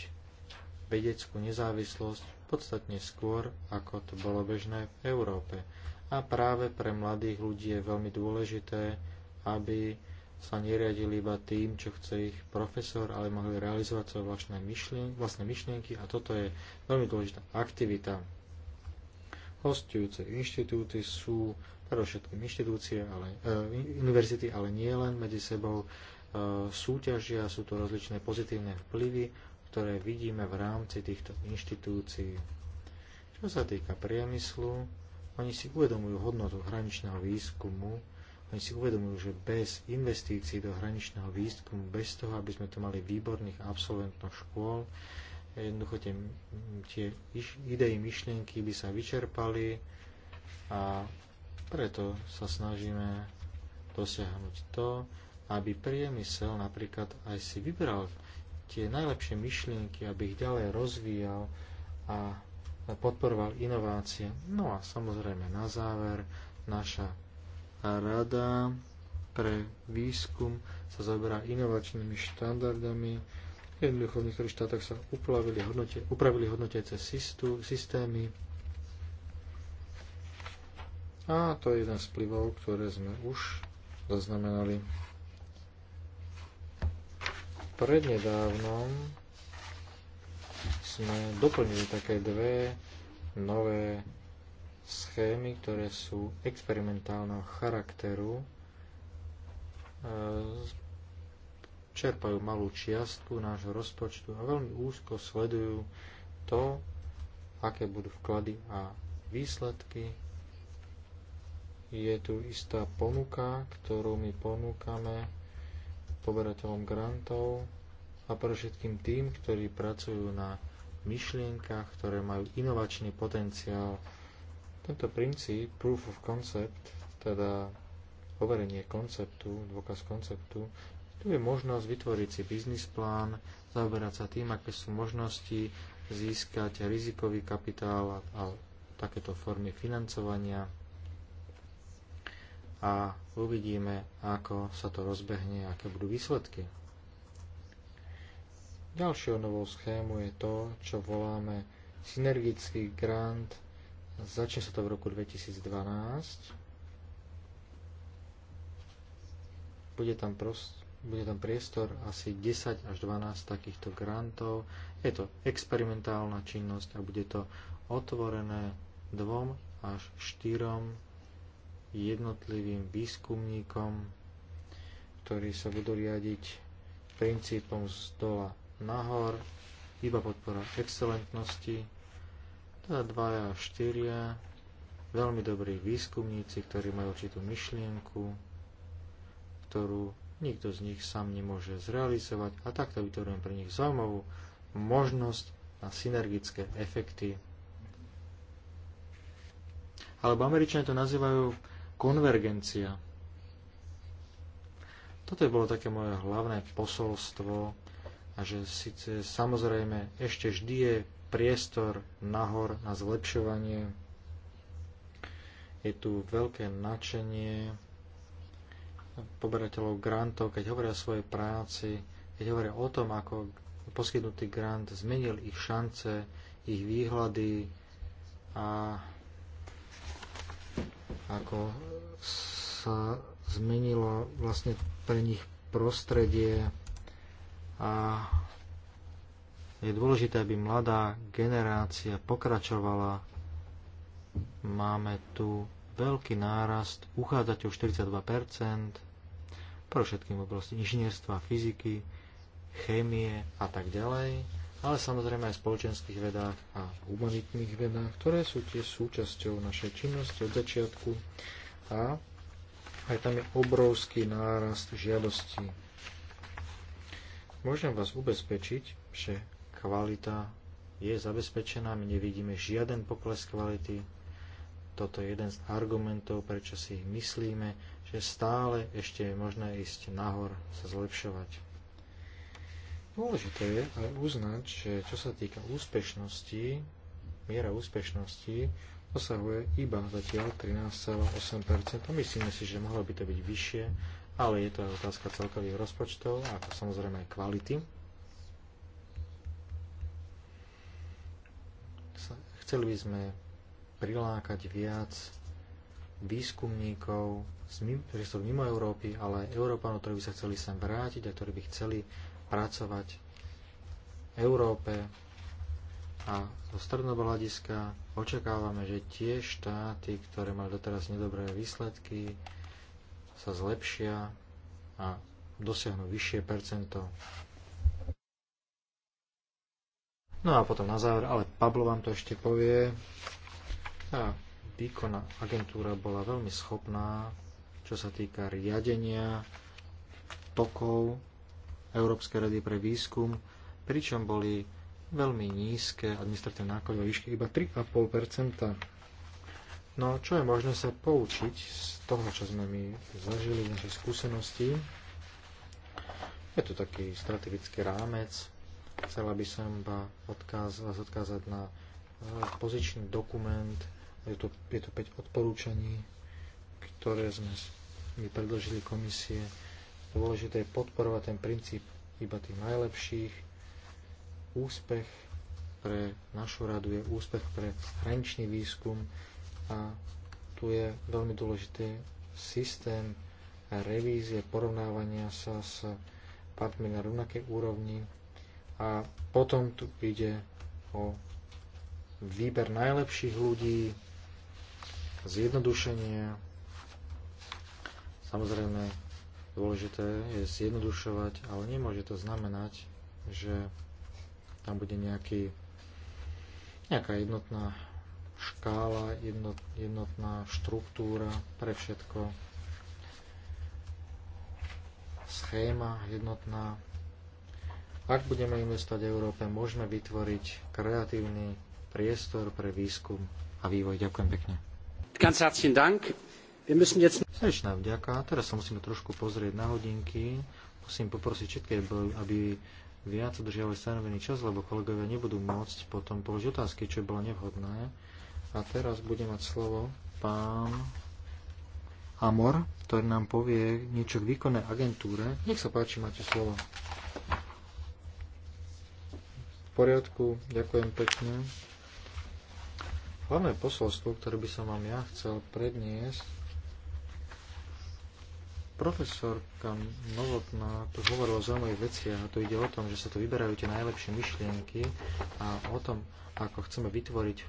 [SPEAKER 5] vedeckú nezávislosť podstatne skôr, ako to bolo bežné v Európe. A práve pre mladých ľudí je veľmi dôležité, aby sa neriadili iba tým, čo chce ich profesor, ale mohli realizovať svoje vlastné myšlienky, vlastné myšlienky a toto je veľmi dôležitá aktivita. Hostujúce inštitúty sú predovšetkým inštitúcie, ale, e, univerzity, ale nie len medzi sebou e, súťažia, sú to rozličné pozitívne vplyvy ktoré vidíme v rámci týchto inštitúcií. Čo sa týka priemyslu, oni si uvedomujú hodnotu hraničného výskumu, oni si uvedomujú, že bez investícií do hraničného výskumu, bez toho, aby sme tu mali výborných absolventov škôl, jednoducho tie, tie idei, myšlienky by sa vyčerpali a preto sa snažíme dosiahnuť to, aby priemysel napríklad aj si vybral tie najlepšie myšlienky, aby ich ďalej rozvíjal a podporoval inovácie. No a samozrejme na záver naša rada pre výskum sa zaoberá inovačnými štandardami. Jednoducho v niektorých štátoch sa upravili, hodnotie, upravili hodnotiace systémy. A to je jeden z plivov, ktoré sme už zaznamenali prednedávnom sme doplnili také dve nové schémy, ktoré sú experimentálneho charakteru. E, čerpajú malú čiastku nášho rozpočtu a veľmi úzko sledujú to, aké budú vklady a výsledky. Je tu istá ponuka, ktorú my ponúkame poberateľom grantov a pre všetkým tým, ktorí pracujú na myšlienkach, ktoré majú inovačný potenciál. Tento princíp, proof of concept, teda overenie konceptu, dôkaz konceptu, tu je možnosť vytvoriť si biznis plán, zaoberať sa tým, aké sú možnosti získať rizikový kapitál a, a takéto formy financovania a uvidíme, ako sa to rozbehne, aké budú výsledky. Ďalšou novou schému je to, čo voláme synergický grant. Začne sa to v roku 2012. Bude tam, prost, bude tam priestor asi 10 až 12 takýchto grantov. Je to experimentálna činnosť a bude to otvorené dvom až štyrom jednotlivým výskumníkom, ktorí sa budú riadiť princípom z dola nahor, iba podpora excelentnosti, teda dvaja a štyria, veľmi dobrí výskumníci, ktorí majú určitú myšlienku, ktorú nikto z nich sám nemôže zrealizovať a takto vytvorujem pre nich zaujímavú možnosť na synergické efekty. Alebo Američania to nazývajú konvergencia. Toto je bolo také moje hlavné posolstvo a že síce samozrejme ešte vždy je priestor nahor na zlepšovanie. Je tu veľké nadšenie poberateľov grantov, keď hovoria o svojej práci, keď hovoria o tom, ako poskytnutý grant zmenil ich šance, ich výhľady a ako sa zmenilo vlastne pre nich prostredie a je dôležité, aby mladá generácia pokračovala. Máme tu veľký nárast uchádzateľov 42%, pre všetkým v oblasti inžinierstva, fyziky, chémie a tak ďalej ale samozrejme aj v spoločenských vedách a humanitných vedách, ktoré sú tiež súčasťou našej činnosti od začiatku a aj tam je obrovský nárast žiadostí. Môžem vás ubezpečiť, že kvalita je zabezpečená, my nevidíme žiaden pokles kvality. Toto je jeden z argumentov, prečo si myslíme, že stále ešte je možné ísť nahor, sa zlepšovať. Dôležité je ale uznať, že čo sa týka úspešnosti, miera úspešnosti dosahuje iba zatiaľ 13,8%. Myslíme si, že mohlo by to byť vyššie, ale je to otázka celkových rozpočtov a to samozrejme aj kvality. Chceli by sme prilákať viac výskumníkov, ktorí sú mimo Európy, ale aj Európanov, ktorí by sa chceli sem vrátiť a ktorí by chceli pracovať v Európe a zo stredného hľadiska očakávame, že tie štáty, ktoré mali doteraz nedobré výsledky, sa zlepšia a dosiahnu vyššie percento. No a potom na záver, ale Pablo vám to ešte povie, tá výkonná agentúra bola veľmi schopná, čo sa týka riadenia tokov Európskej rady pre výskum, pričom boli veľmi nízke administratívne náklady vo výške iba 3,5 No čo je možné sa poučiť z toho, čo sme my zažili v našej skúsenosti? Je to taký strategický rámec. Chcela by som iba odkáz, vás odkázať na eh, pozičný dokument. Je to, je to 5 odporúčaní, ktoré sme my predložili komisie Dôležité je podporovať ten princíp iba tých najlepších. Úspech pre našu radu je úspech pre hraničný výskum a tu je veľmi dôležitý systém revízie, porovnávania sa s partnermi na rovnakej úrovni a potom tu ide o výber najlepších ľudí, zjednodušenie, samozrejme Dôležité je zjednodušovať, ale nemôže to znamenať, že tam bude nejaký, nejaká jednotná škála, jednot, jednotná štruktúra pre všetko, schéma jednotná. Ak budeme investovať v Európe, môžeme vytvoriť kreatívny priestor pre výskum a vývoj. Ďakujem pekne. Ganz herzlichen Dank. Srdečná vďaka. Teraz sa musíme trošku pozrieť na hodinky. Musím poprosiť všetkých, aby viac udržiavali stanovený čas, lebo kolegovia nebudú môcť potom položiť otázky, čo bolo nevhodné. A teraz bude mať slovo pán Amor, ktorý nám povie niečo k výkonnej agentúre. Nech sa páči, máte slovo. V poriadku, ďakujem pekne. Hlavné posolstvo, ktoré by som vám ja chcel predniesť, Profesorka Novotná tu hovorila o zaujímavých veciach a tu ide o tom, že sa tu vyberajú tie najlepšie myšlienky a o tom, ako chceme vytvoriť e,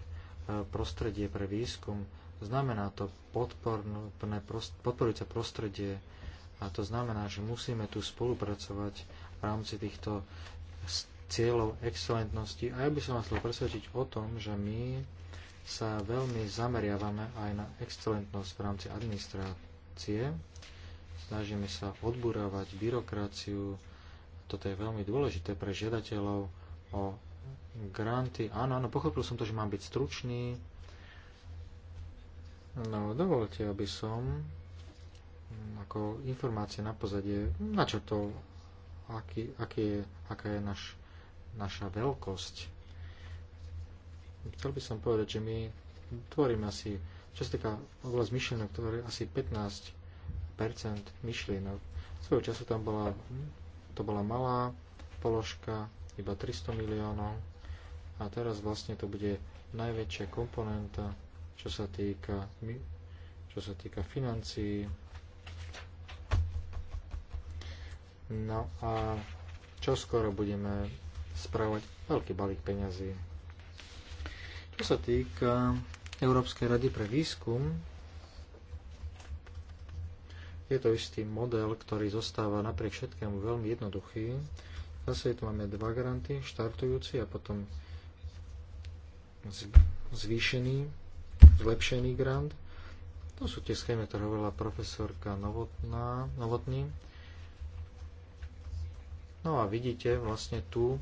[SPEAKER 5] prostredie pre výskum. Znamená to podporné, podporujúce prostredie a to znamená, že musíme tu spolupracovať v rámci týchto cieľov excelentnosti. A ja by som vás chcel presvedčiť o tom, že my sa veľmi zameriavame aj na excelentnosť v rámci administrácie snažíme sa odburávať byrokraciu. Toto je veľmi dôležité pre žiadateľov o granty. Áno, áno, pochopil som to, že mám byť stručný. No, dovolte, aby som ako informácie na pozadie načrtol, aký, aký je, aká je naš, naša veľkosť. Chcel by som povedať, že my tvoríme asi, čo sa týka oblasť myšlienok, ktoré asi 15 myšlienok. Svojho času tam bola, to bola malá položka, iba 300 miliónov a teraz vlastne to bude najväčšia komponenta, čo sa týka, čo sa týka financií. No a čo skoro budeme spravovať veľký balík peňazí. Čo sa týka Európskej rady pre výskum, je to istý model, ktorý zostáva napriek všetkému veľmi jednoduchý. Zase tu máme dva garanty, štartujúci a potom zvýšený, zlepšený grant. To sú tie schémy, ktoré hovorila profesorka Novotná, Novotný. No a vidíte vlastne tu,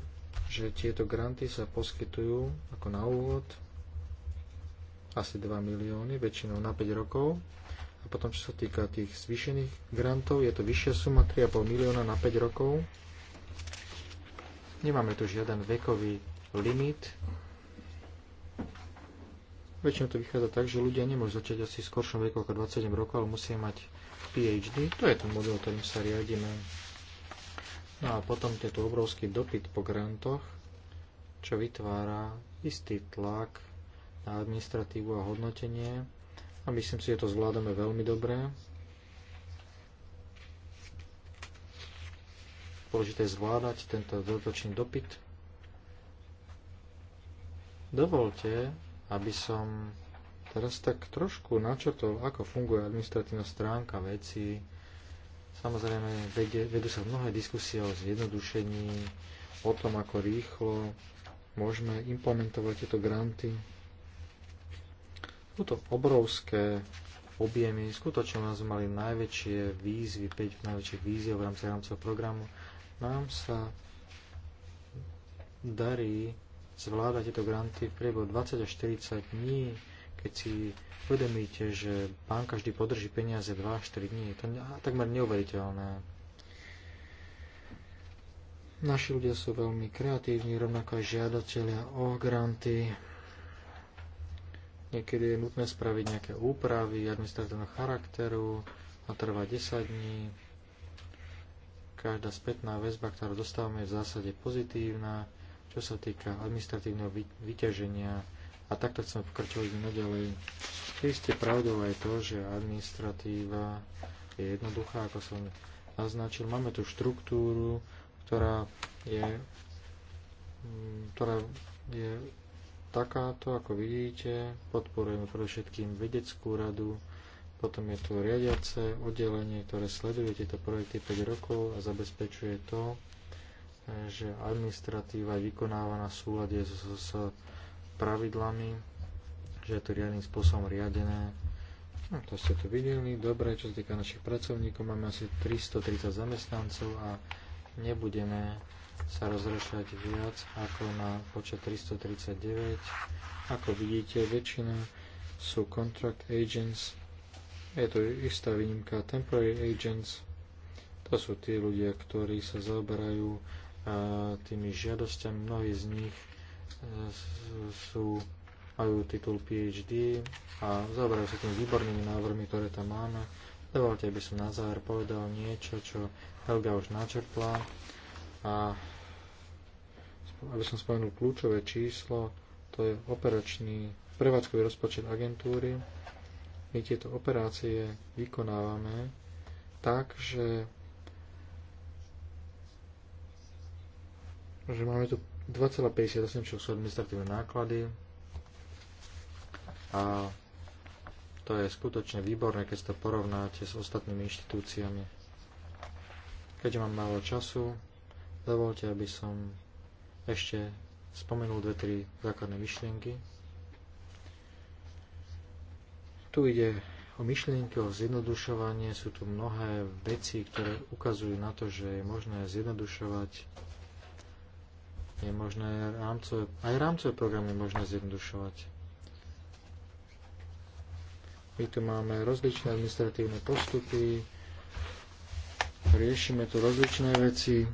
[SPEAKER 5] že tieto granty sa poskytujú ako na úvod asi 2 milióny, väčšinou na 5 rokov. A potom, čo sa týka tých zvýšených grantov, je to vyššia suma 3,5 milióna na 5 rokov. Nemáme tu žiaden vekový limit. Väčšinou to vychádza tak, že ľudia nemôžu začať asi v skoršom veku ako 27 rokov, ale musia mať PhD. To je ten model, ktorým sa riadíme. No a potom je tu obrovský dopyt po grantoch, čo vytvára istý tlak na administratívu a hodnotenie a myslím si, že to zvládame veľmi dobre. Dôležité je zvládať tento dodatočný dopyt. Dovolte, aby som teraz tak trošku načrtol, ako funguje administratívna stránka veci. Samozrejme, vedú sa mnohé diskusie o zjednodušení, o tom, ako rýchlo môžeme implementovať tieto granty. Sú to obrovské objemy, skutočne nás mali najväčšie výzvy, 5 najväčších výziev v rámci rámcového programu. Nám sa darí zvládať tieto granty v priebehu 20 až 40 dní, keď si uvedomíte, že banka vždy podrží peniaze 2 až 4 dní. To je takmer neuveriteľné. Naši ľudia sú veľmi kreatívni, rovnako aj žiadatelia o granty Niekedy je nutné spraviť nejaké úpravy administratívneho charakteru, a trvá 10 dní. Každá spätná väzba, ktorú dostávame, je v zásade pozitívna, čo sa týka administratívneho vyťaženia a takto chceme pokračovať naďalej. Isté pravdou je to, že administratíva je jednoduchá, ako som naznačil. Máme tu štruktúru, ktorá je, mm, ktorá je takáto, ako vidíte. Podporujeme predovšetkým vedeckú radu, potom je tu riadiace oddelenie, ktoré sleduje tieto projekty 5 rokov a zabezpečuje to, že administratíva je vykonávaná v súlade s, s pravidlami, že je to riadným spôsobom riadené. No, to ste tu videli. Dobre, čo sa týka našich pracovníkov, máme asi 330 zamestnancov a nebudeme sa rozrešľať viac ako na počet 339. Ako vidíte, väčšina sú contract agents, je to istá výnimka temporary agents, to sú tí ľudia, ktorí sa zaoberajú tými žiadosťami, mnohí z nich e, sú, majú titul PhD a zaoberajú sa tými výbornými návrhmi, ktoré tam máme. Dovolte, aby som na záver povedal niečo, čo Helga už načrtla a aby som spomenul kľúčové číslo, to je operačný prevádzkový rozpočet agentúry. My tieto operácie vykonávame tak, že, že máme tu 2,58, čo sú administratívne náklady. A to je skutočne výborné, keď to porovnáte s ostatnými inštitúciami. Keďže mám málo času, Dovolte, aby som ešte spomenul dve, tri základné myšlienky. Tu ide o myšlienky, o zjednodušovanie. Sú tu mnohé veci, ktoré ukazujú na to, že je možné zjednodušovať. Je možné rámcové, aj rámcové programy je možné zjednodušovať. My tu máme rozličné administratívne postupy, riešime tu rozličné veci,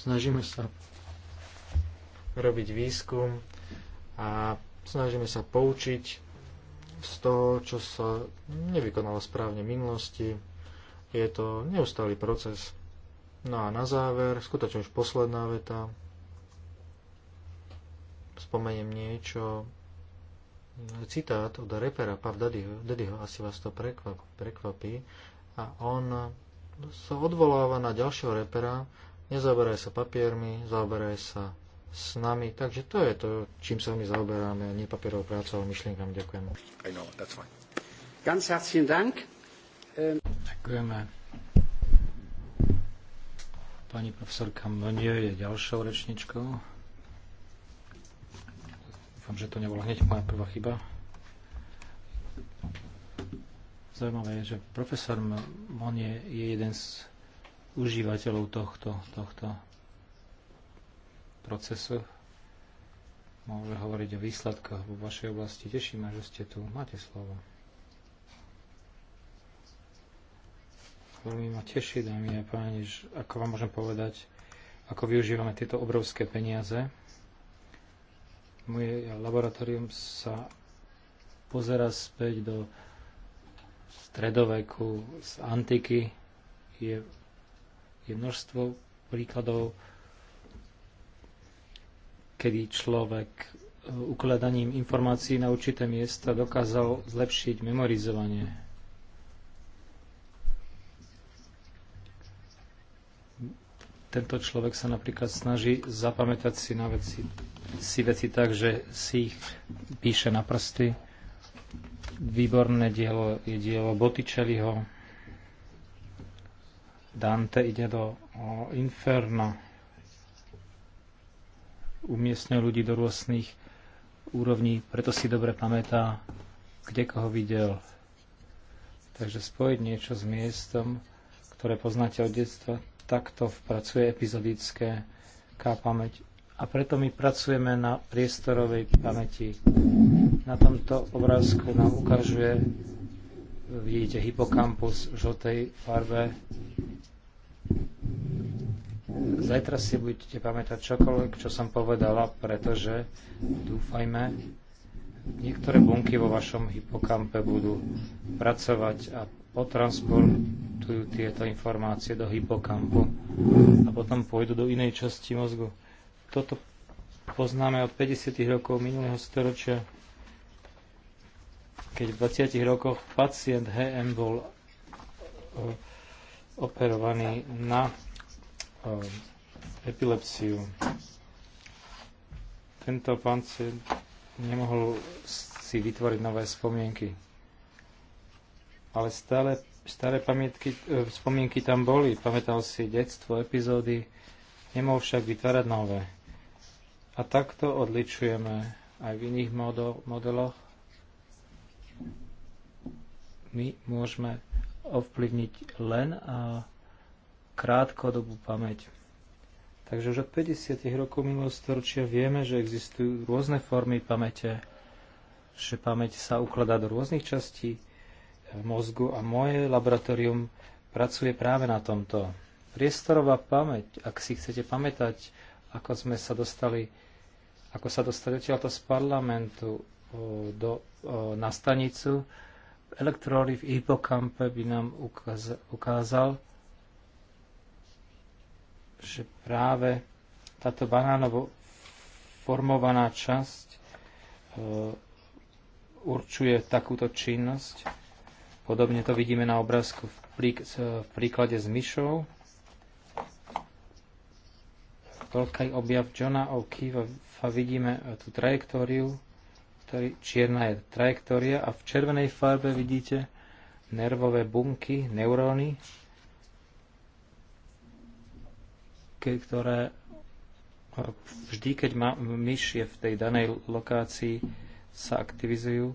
[SPEAKER 5] Snažíme sa robiť výskum a snažíme sa poučiť z toho, čo sa nevykonalo správne v minulosti. Je to neustály proces. No a na záver, skutočne už posledná veta. Spomeniem niečo, citát od repera Pav Daddyho, Dadyho asi vás to prekvapí, prekvapí a on sa odvoláva na ďalšieho repera nezaoberaj sa papiermi, zaoberaj sa s nami. Takže to je to, čím sa my zaoberáme, nie papierovou prácou, ale myšlienkami. Ďakujem.
[SPEAKER 1] Know, Ganz herzlichen Dank. Ähm, Ďakujeme.
[SPEAKER 2] Pani profesorka Mnie je ďalšou rečničkou. Dúfam, že to nebola hneď moja prvá chyba. Zaujímavé je, že profesor Monie je jeden z užívateľov tohto, tohto procesu. Môžem hovoriť o výsledkoch vo vašej oblasti. Teším ma, že ste tu. Máte slovo. Veľmi ma teší, dámy a páni, ako vám môžem povedať, ako využívame tieto obrovské peniaze. Moje laboratórium sa pozera späť do stredoveku, z antiky. Je je množstvo príkladov, kedy človek e, ukladaním informácií na určité miesta dokázal zlepšiť memorizovanie. Tento človek sa napríklad snaží zapamätať si na veci, si veci tak, že si ich píše na prsty. Výborné dielo je dielo Botticelliho, Dante ide do inferna. Umiestňuje ľudí do rôznych úrovní, preto si dobre pamätá, kde koho videl. Takže spojiť niečo s miestom, ktoré poznáte od detstva, takto pracuje epizodické pamäť. A preto my pracujeme na priestorovej pamäti. Na tomto obrázku nám ukazuje Vidíte hypokampus v žltej farbe. Zajtra si budete pamätať čokoľvek, čo som povedala, pretože dúfajme, niektoré bunky vo vašom hypokampe budú pracovať a potransportujú tieto informácie do hypokampu a potom pôjdu do inej časti mozgu. Toto poznáme od 50. rokov minulého storočia keď v 20 rokoch pacient HM bol eh, operovaný na eh, epilepsiu. Tento pacient nemohol si vytvoriť nové spomienky. Ale stále staré pamätky, eh, spomienky tam boli. Pamätal si detstvo, epizódy, nemohol však vytvárať nové. A takto odličujeme aj v iných modeloch my môžeme ovplyvniť len a krátkodobú pamäť. Takže už od 50. rokov minulého storočia vieme, že existujú rôzne formy pamäte, že pamäť sa ukladá do rôznych častí v mozgu a moje laboratórium pracuje práve na tomto. Priestorová pamäť, ak si chcete pamätať, ako sme sa dostali, ako sa dostali odtiaľto z parlamentu do, na stanicu, elektróly v hypokampe by nám ukázal, že práve táto banánovo formovaná časť e, určuje takúto činnosť. Podobne to vidíme na obrázku v, príklade s myšou. Veľký objav Johna O'Keefa vidíme e, tú trajektóriu Čierna je trajektória a v červenej farbe vidíte nervové bunky, neuróny, ktoré e, vždy, keď ma, myš je v tej danej lokácii, sa aktivizujú.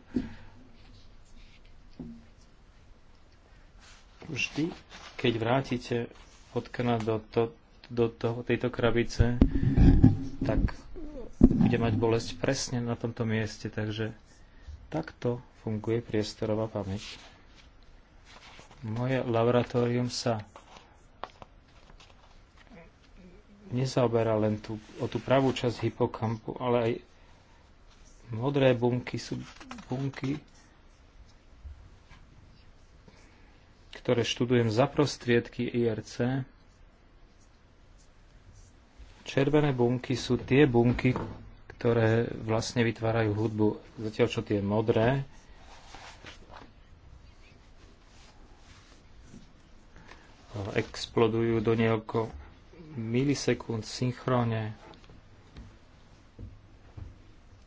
[SPEAKER 2] Vždy, keď vrátite fotkana do, to, do toho, tejto krabice, tak bude mať bolesť presne na tomto mieste, takže takto funguje priestorová pamäť. Moje laboratórium sa nezaoberá len tú, o tú pravú časť hypokampu, ale aj modré bunky sú bunky, ktoré študujem za prostriedky IRC, Červené bunky sú tie bunky, ktoré vlastne vytvárajú hudbu, zatiaľ čo tie modré explodujú do niekoľko milisekúnd synchrone.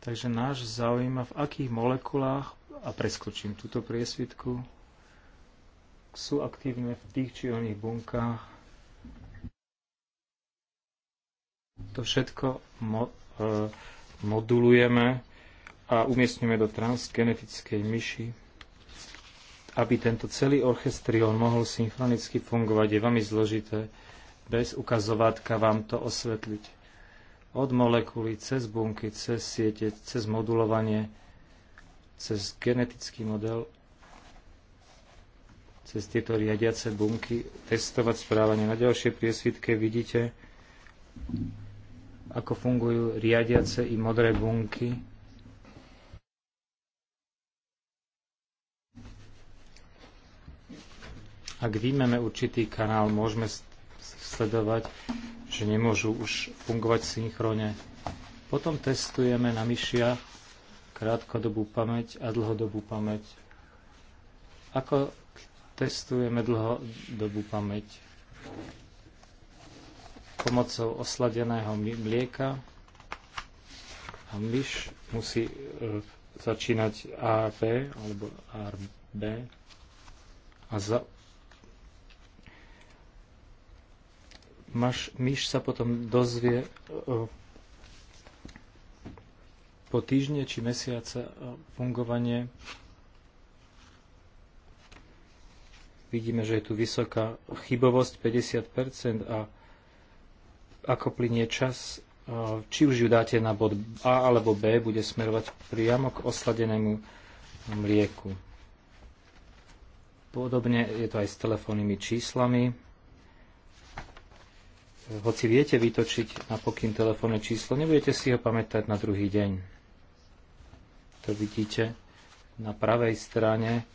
[SPEAKER 2] Takže náš zaujíma, v akých molekulách, a preskočím túto priesvitku, sú aktívne v tých či oných bunkách To všetko mo- e, modulujeme a umiestňujeme do transgenetickej myši, aby tento celý orchestrion mohol synchronicky fungovať, je veľmi zložité. Bez ukazovátka vám to osvetliť. Od molekuly, cez bunky, cez siete, cez modulovanie, cez genetický model, cez tieto riadiace bunky, testovať správanie. Na ďalšej priesvitke vidíte, ako fungujú riadiace i modré bunky. Ak výjmeme určitý kanál, môžeme sledovať, že nemôžu už fungovať synchrone. Potom testujeme na myšiach krátkodobú pamäť a dlhodobú pamäť. Ako testujeme dlhodobú pamäť? pomocou osladeného mlieka a myš musí e, začínať AB alebo RB a za Maš, myš sa potom dozvie e, po týždne či mesiace e, fungovanie vidíme, že je tu vysoká chybovosť 50% a ako plinie čas, e, či už ju dáte na bod A alebo B, bude smerovať priamo k osladenému mlieku. Podobne je to aj s telefónnymi číslami. Hoci viete vytočiť na pokyn telefónne číslo, nebudete si ho pamätať na druhý deň. To vidíte na pravej strane,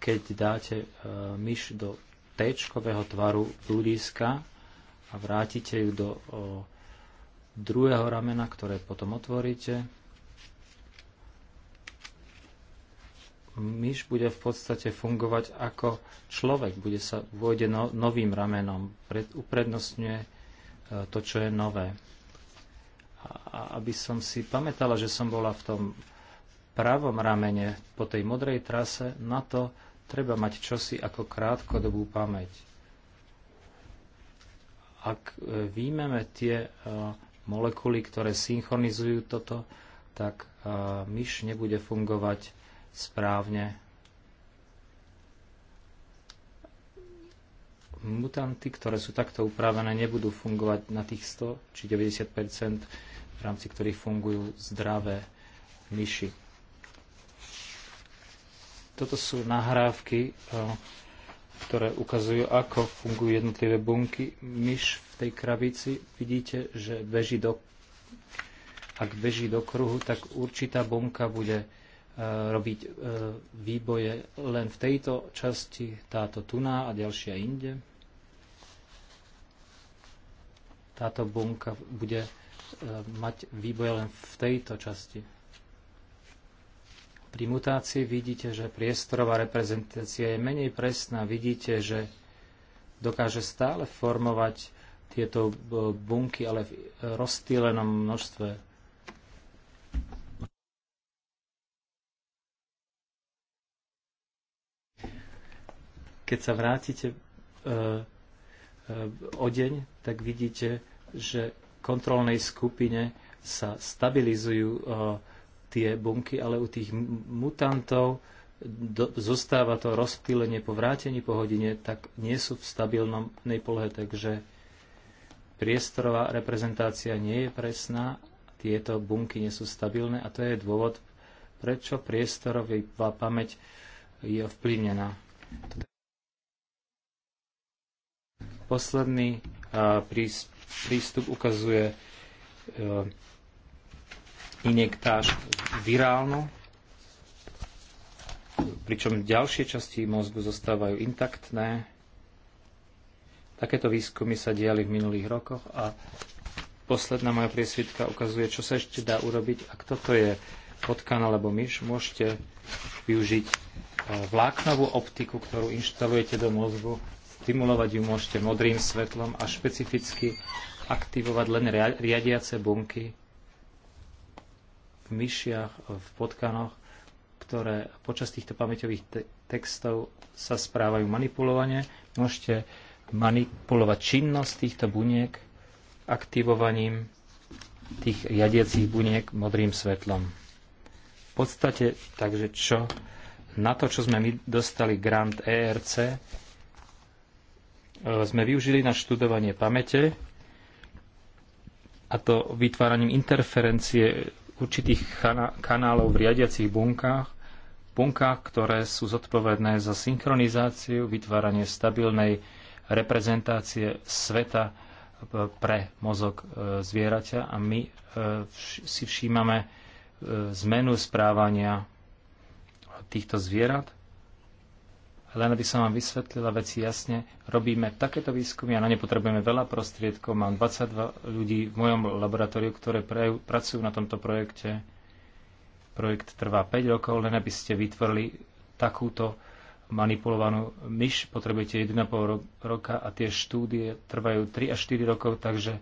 [SPEAKER 2] keď dáte e, myš do t tvaru blúdiska, a vrátite ju do o, druhého ramena, ktoré potom otvoríte. myš bude v podstate fungovať ako človek, bude sa, vôjde no, novým ramenom, pred, uprednostňuje e, to, čo je nové. A, a aby som si pamätala, že som bola v tom pravom ramene po tej modrej trase, na to treba mať čosi ako krátkodobú pamäť. Ak e, výjmeme tie e, molekuly, ktoré synchronizujú toto, tak e, myš nebude fungovať správne. Mutanty, ktoré sú takto upravené, nebudú fungovať na tých 100 či 90 v rámci ktorých fungujú zdravé myši. Toto sú nahrávky, ktoré ukazujú, ako fungujú jednotlivé bunky. Myš v tej krabici vidíte, že beží do, ak beží do kruhu, tak určitá bunka bude e, robiť e, výboje len v tejto časti, táto tuná a ďalšia inde. Táto bunka bude e, mať výboje len v tejto časti. Pri mutácii vidíte, že priestorová reprezentácia je menej presná. Vidíte, že dokáže stále formovať tieto e, bunky, ale v rozstýlenom množstve. Keď sa vrátite e, e, o deň, tak vidíte, že kontrolnej skupine sa stabilizujú tie bunky, ale u tých mutantov do, zostáva to rozptýlenie po vrátení po hodine, tak nie sú v stabilnej polohe, takže priestorová reprezentácia nie je presná, tieto bunky nie sú stabilné a to je dôvod, prečo priestorová pamäť je ovplyvnená. Posledný prístup ukazuje e, injektáž virálnu, pričom ďalšie časti mozgu zostávajú intaktné. Takéto výskumy sa diali v minulých rokoch a posledná moja priesvitka ukazuje, čo sa ešte dá urobiť. Ak toto je potkan alebo myš, môžete využiť e, vláknovú optiku, ktorú inštalujete do mozgu. Stimulovať ju môžete modrým svetlom a špecificky aktivovať len riadiace bunky, v myšiach, v potkanoch, ktoré počas týchto pamäťových te- textov sa správajú manipulovanie. Môžete manipulovať činnosť týchto buniek aktivovaním tých jadiacich buniek modrým svetlom. V podstate, takže čo? Na to, čo sme my dostali grant ERC, e, sme využili na študovanie pamäte a to vytváraním interferencie určitých kanálov v riadiacich bunkách, bunkách, ktoré sú zodpovedné za synchronizáciu, vytváranie stabilnej reprezentácie sveta e, pre mozog e, zvieraťa a my e, si všímame zmenu správania týchto zvierat len aby som vám vysvetlila veci jasne, robíme takéto výskumy a na ne potrebujeme veľa prostriedkov. Mám 22 ľudí v mojom laboratóriu, ktoré pracujú na tomto projekte. Projekt trvá 5 rokov, len aby ste vytvorili takúto manipulovanú myš, potrebujete 1,5 roka a tie štúdie trvajú 3 až 4 rokov, takže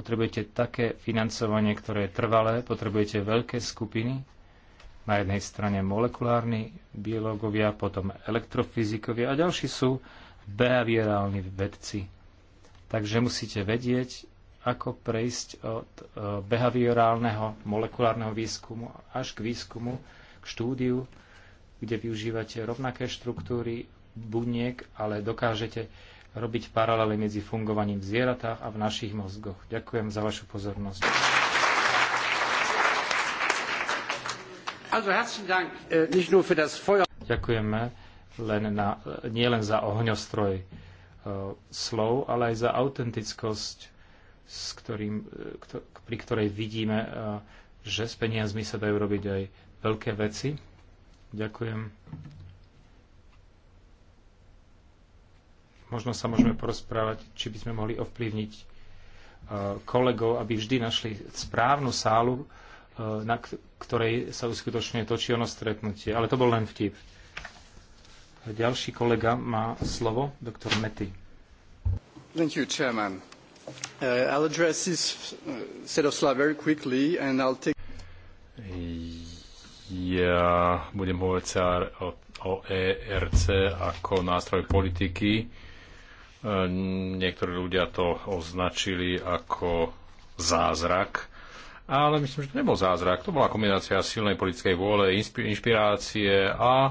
[SPEAKER 2] potrebujete také financovanie, ktoré je trvalé, potrebujete veľké skupiny, na jednej strane molekulárni biológovia, potom elektrofyzikovia a ďalší sú behaviorálni vedci. Takže musíte vedieť, ako prejsť od e, behaviorálneho molekulárneho výskumu až k výskumu, k štúdiu, kde využívate rovnaké štruktúry buniek, ale dokážete robiť paralely medzi fungovaním v zvieratách a v našich mozgoch. Ďakujem za vašu pozornosť.
[SPEAKER 1] Äh,
[SPEAKER 2] Ďakujeme len na, nie len za ohňostroj e, slov, ale aj za autentickosť, s ktorým, äh, kto, pri ktorej vidíme, že s peniazmi sa dajú robiť aj veľké veci. Ďakujem. Možno sa môžeme porozprávať, či by sme mohli ovplyvniť kolegov, aby vždy našli správnu sálu, E, na ktorej sa uskutočne točí ono stretnutie. Ale to bol len vtip. Ďalší kolega má slovo, doktor Mety.
[SPEAKER 3] Thank you, Chairman. Uh, I'll address this uh, set of slides very quickly and I'll take...
[SPEAKER 4] Ja budem hovoriť sa o, o ERC ako nástroj politiky. E, niektorí ľudia to označili ako zázrak ale myslím, že to nebol zázrak. To bola kombinácia silnej politickej vôle, inšpirácie a e,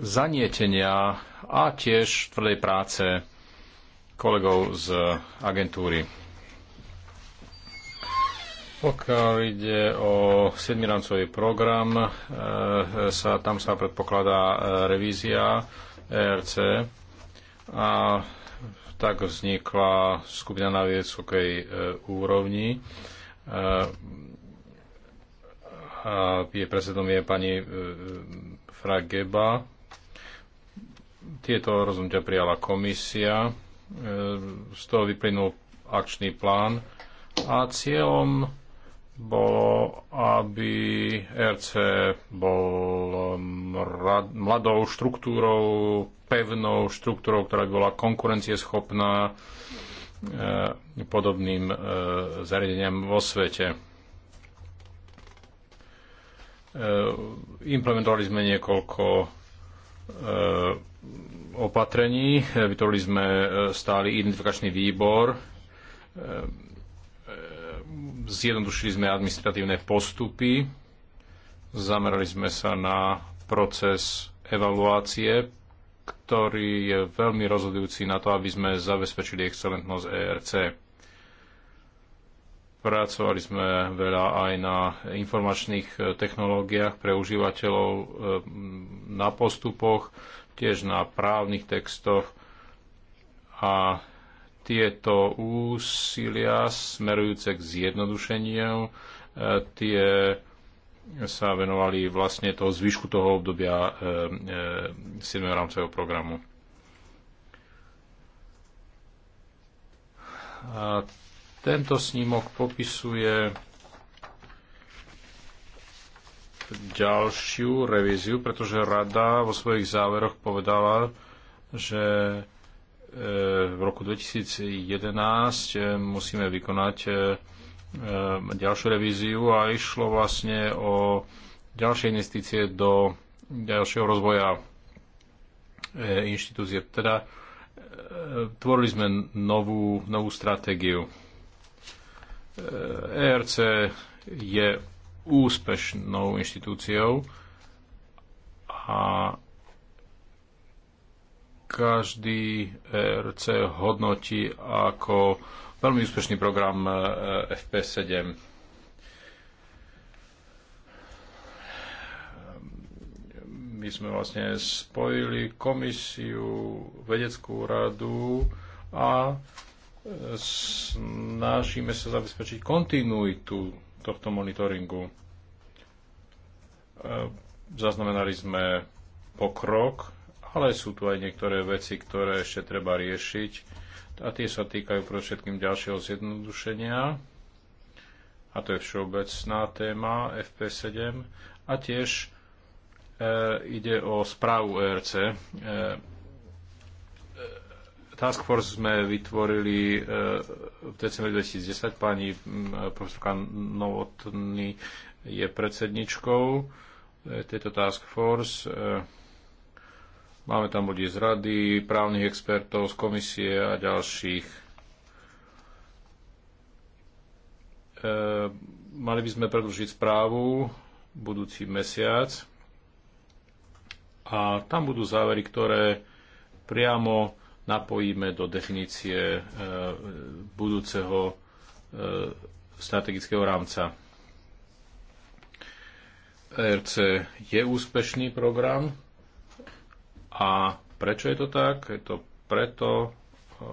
[SPEAKER 4] zanietenia a tiež tvrdej práce kolegov z agentúry. Pokiaľ ide o sedmirancový program, e, sa, tam sa predpokladá e, revízia ERC a tak vznikla skupina na vysokej e, úrovni. E, a je predsedom je pani e, Frageba. Tieto rozhodnutia prijala komisia. z toho vyplynul akčný plán a cieľom bolo, aby RC bol mladou štruktúrou pevnou štruktúrou, ktorá by bola konkurencieschopná e, podobným e, zariadeniam vo svete. E, implementovali sme niekoľko opatrení, vytvorili sme stály identifikačný výbor, zjednodušili sme administratívne postupy, zamerali sme sa na proces evaluácie ktorý je veľmi rozhodujúci na to, aby sme zabezpečili excelentnosť ERC. Pracovali sme veľa aj na informačných e, technológiách pre užívateľov, e, na postupoch, tiež na právnych textoch a tieto úsilia smerujúce k zjednodušeniu, e, tie sa venovali vlastne toho zvyšku toho obdobia e, e, 7. rámcového programu. A tento snímok popisuje ďalšiu revíziu, pretože rada vo svojich záveroch povedala, že e, v roku 2011 e, musíme vykonať e, Ehm, ďalšiu revíziu a išlo vlastne o ďalšie investície do ďalšieho rozvoja ehm, inštitúcie. Teda ehm, tvorili sme novú, novú stratégiu. ERC e je úspešnou inštitúciou a každý ERC hodnotí ako veľmi úspešný program e, e, FP7. My sme vlastne spojili komisiu, vedeckú radu a e, snažíme sa zabezpečiť kontinuitu tohto monitoringu. Zaznamenali sme pokrok, ale sú tu aj niektoré veci, ktoré ešte treba riešiť a tie sa týkajú pre všetkým ďalšieho zjednodušenia a to je všeobecná téma FP7 a tiež e, ide o správu ERC. E, e, task Force sme vytvorili e, v decembri 2010. Pani profesorka Novotný je predsedničkou e, tejto Task Force. E, Máme tam ľudí z rady, právnych expertov, z komisie a ďalších. E, mali by sme predlžiť správu budúci mesiac a tam budú závery, ktoré priamo napojíme do definície e, budúceho e, strategického rámca. ERC je úspešný program, a prečo je to tak? Je to preto, eh,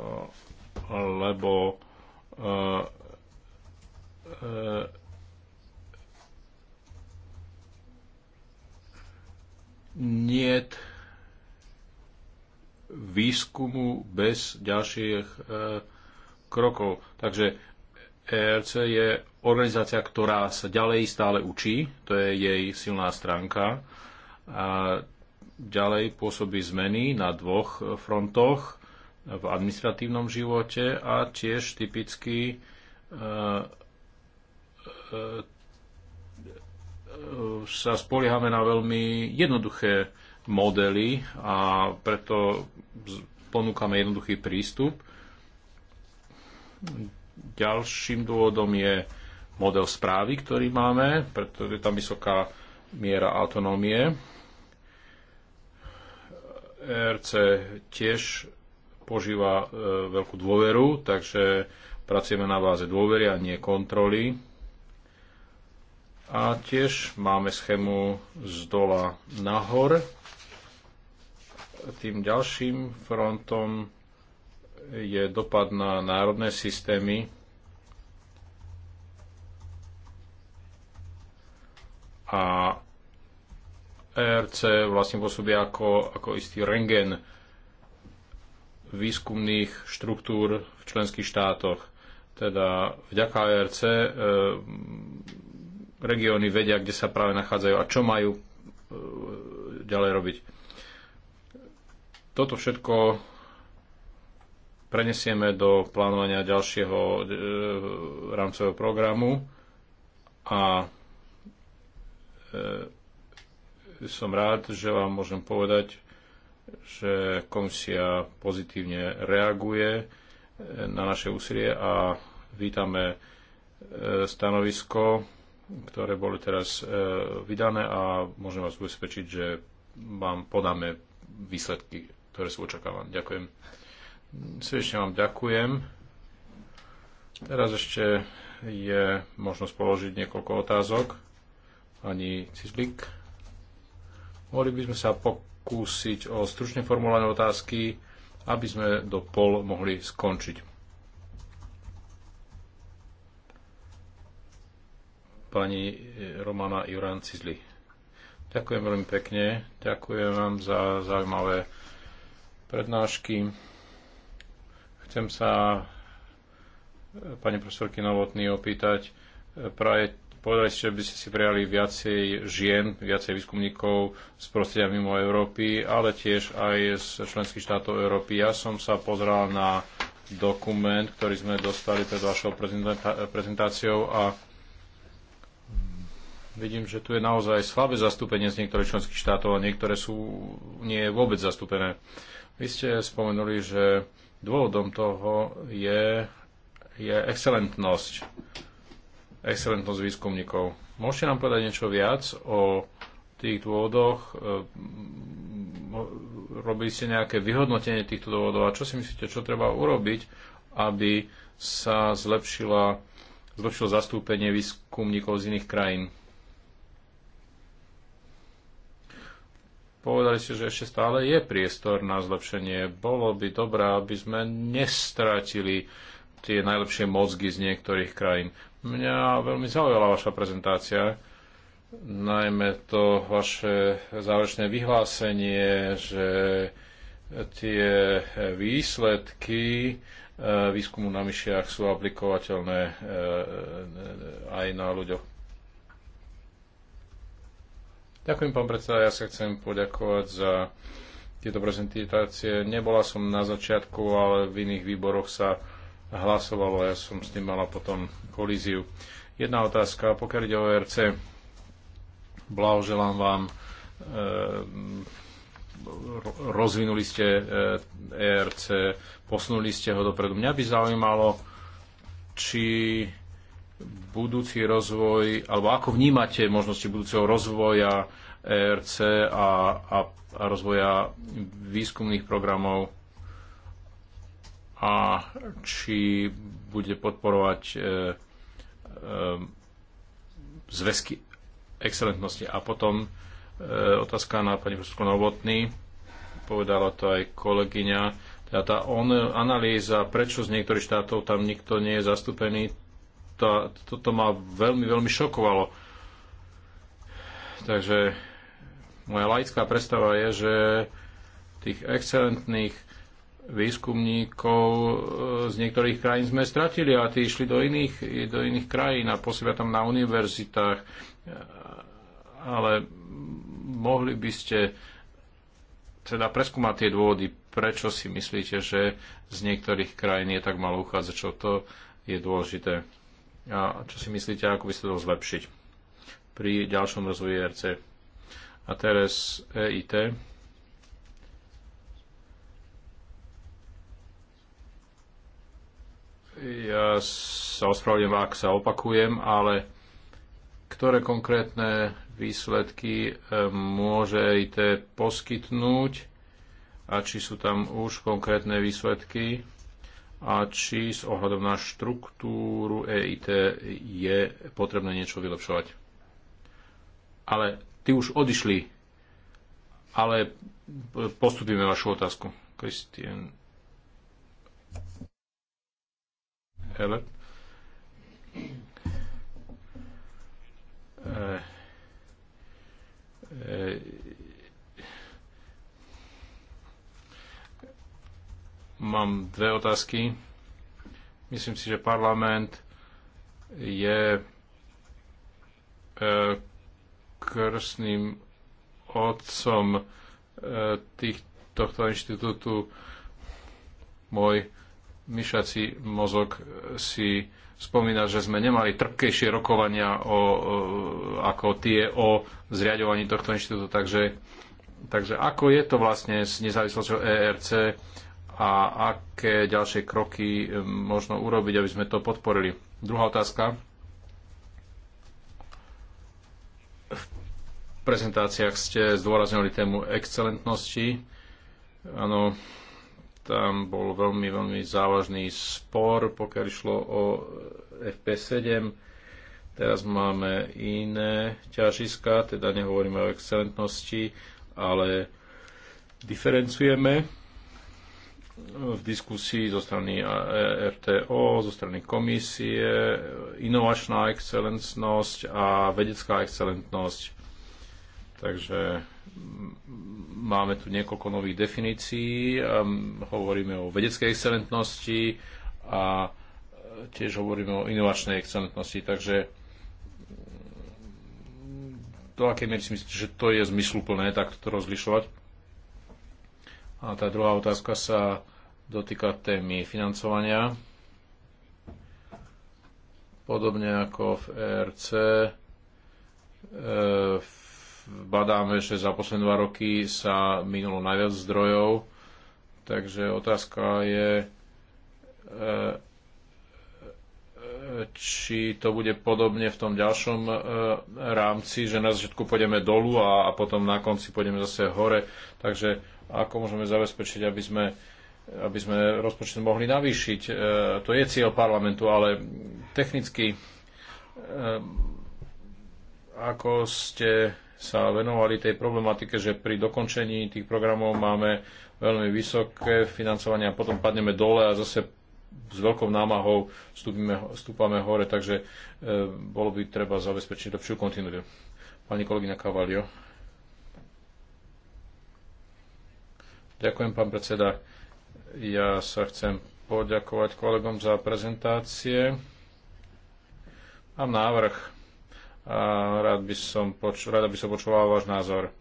[SPEAKER 4] lebo eh, nie výskumu bez ďalších eh, krokov. Takže ERC je organizácia, ktorá sa ďalej stále učí, to je jej silná stránka. A ďalej pôsobí zmeny na dvoch frontoch v administratívnom živote a tiež typicky e, e, e, sa spoliehame na veľmi jednoduché modely a preto ponúkame jednoduchý prístup. Ďalším dôvodom je model správy, ktorý máme, pretože je tam vysoká miera autonómie ERC tiež požíva e, veľkú dôveru, takže pracujeme na báze dôvery a nie kontroly. A tiež máme schému z dola nahor. Tým ďalším frontom je dopad na národné systémy. A ERC vlastne pôsobí ako, ako istý rengen výskumných štruktúr v členských štátoch. Teda vďaka ERC e, regióny vedia, kde sa práve nachádzajú a čo majú e, ďalej robiť. Toto všetko prenesieme do plánovania ďalšieho e, rámcového programu a e, som rád, že vám môžem povedať, že komisia pozitívne reaguje e, na naše úsilie a vítame e, stanovisko, ktoré boli teraz e, vydané a môžem vás ubezpečiť, že vám podáme výsledky, ktoré sú očakávané. Ďakujem. Srdečne vám ďakujem. Teraz ešte je možnosť položiť niekoľko otázok. Pani Cizlik. Mohli by sme sa pokúsiť o stručne formulované otázky, aby sme do pol mohli skončiť. Pani e, Romana Jurán Cizli. Ďakujem veľmi pekne. Ďakujem vám za zaujímavé prednášky. Chcem sa e, pani profesorky Novotný opýtať, e, praje Povedali ste, že by ste si prijali viacej žien, viacej výskumníkov z prostredia mimo Európy, ale tiež aj z členských štátov Európy. Ja som sa pozrel na dokument, ktorý sme dostali pred vašou prezentáciou a vidím, že tu je naozaj slabé zastúpenie z niektorých členských štátov a niektoré sú nie je vôbec zastúpené. Vy ste spomenuli, že dôvodom toho je, je excelentnosť excelentnosť výskumníkov. Môžete nám povedať niečo viac o tých dôvodoch? E, robili ste nejaké vyhodnotenie týchto dôvodov a čo si myslíte, čo treba urobiť, aby sa zlepšila, zlepšilo zastúpenie výskumníkov z iných krajín? Povedali ste, že ešte stále je priestor na zlepšenie. Bolo by dobré, aby sme nestratili tie najlepšie mozgy z niektorých krajín. Mňa veľmi zaujala vaša prezentácia, najmä to vaše záverečné vyhlásenie, že tie výsledky eh, výskumu na myšiach sú aplikovateľné eh, aj na ľuďoch. Ďakujem, pán predseda. Ja sa chcem poďakovať za tieto prezentácie. Nebola som na začiatku, ale v iných výboroch sa hlasovalo. Ja som s tým mala potom kolíziu. Jedna otázka, pokiaľ ide o ERC, blahoželám vám. Ehm, rozvinuli ste ERC, e posunuli ste ho dopredu. Mňa by zaujímalo, či budúci rozvoj, alebo ako vnímate možnosti budúceho rozvoja ERC a, a, a rozvoja výskumných programov a či bude podporovať e, e, zväzky excelentnosti. A potom e, otázka na pani profesorku Novotný, povedala to aj kolegyňa, teda tá on, analýza, prečo z niektorých štátov tam nikto nie je zastúpený, to, toto ma veľmi, veľmi šokovalo. Takže moja laická predstava je, že tých excelentných výskumníkov e, z niektorých krajín sme stratili a tí išli do iných, do iných krajín a pôsobia tam na univerzitách. E, ale mohli by ste teda preskúmať tie dôvody, prečo si myslíte, že z niektorých krajín je tak malo uchádzačov. To je dôležité. A čo si myslíte, ako by ste to zlepšiť pri ďalšom rozvoji e RC? A teraz EIT. Ja sa ospravedlňujem, ak sa opakujem, ale ktoré konkrétne výsledky e, môže IT poskytnúť a či sú tam už konkrétne výsledky a či s ohľadom na štruktúru EIT je potrebné niečo vylepšovať. Ale ty už odišli, ale postupíme vašu otázku. Kristian Eller. mám dve otázky. Myslím si, že parlament je krstným otcom tých, tohto inštitútu. Môj myšací mozog si spomína, že sme nemali trpkejšie rokovania o, ako tie o zriadovaní tohto inštitútu. Takže, takže ako je to vlastne s nezávislosťou ERC a aké ďalšie kroky um, možno urobiť, aby sme to podporili? Druhá otázka. V prezentáciách ste zdôraznili tému excelentnosti. Áno, tam bol veľmi, veľmi závažný spor, pokiaľ išlo o FP7. Teraz máme iné ťažiska, teda nehovoríme o excelentnosti, ale diferencujeme v diskusii zo strany e RTO, zo strany komisie, inovačná excelentnosť a vedecká excelentnosť. Takže Máme tu niekoľko nových definícií, ehm, hovoríme o vedeckej excelentnosti a e, tiež hovoríme o inovačnej excelentnosti, takže mm, do akej miery si myslíte, že to je zmysluplné takto to rozlišovať? A tá druhá otázka sa dotýka témy financovania. Podobne ako v ERC, e, v badáme, že za posledné dva roky sa minulo najviac zdrojov, takže otázka je, e, e, či to bude podobne v tom ďalšom e, rámci, že na začiatku pôjdeme dolu a, potom na konci pôjdeme zase hore. Takže ako môžeme zabezpečiť, aby sme, aby sme rozpočet mohli navýšiť. To je cieľ parlamentu, ale technicky ako ste sa venovali tej problematike, že pri dokončení tých programov máme veľmi vysoké financovanie a potom padneme dole a zase s veľkou námahou vstúpime, vstúpame hore, takže e, bolo by treba zabezpečiť lepšiu kontinuitu. Pani kolegyňa Kavalio. Ďakujem, pán predseda. Ja sa chcem poďakovať kolegom za prezentácie. Mám návrh a rád by som, poču, rada by som počúval váš názor.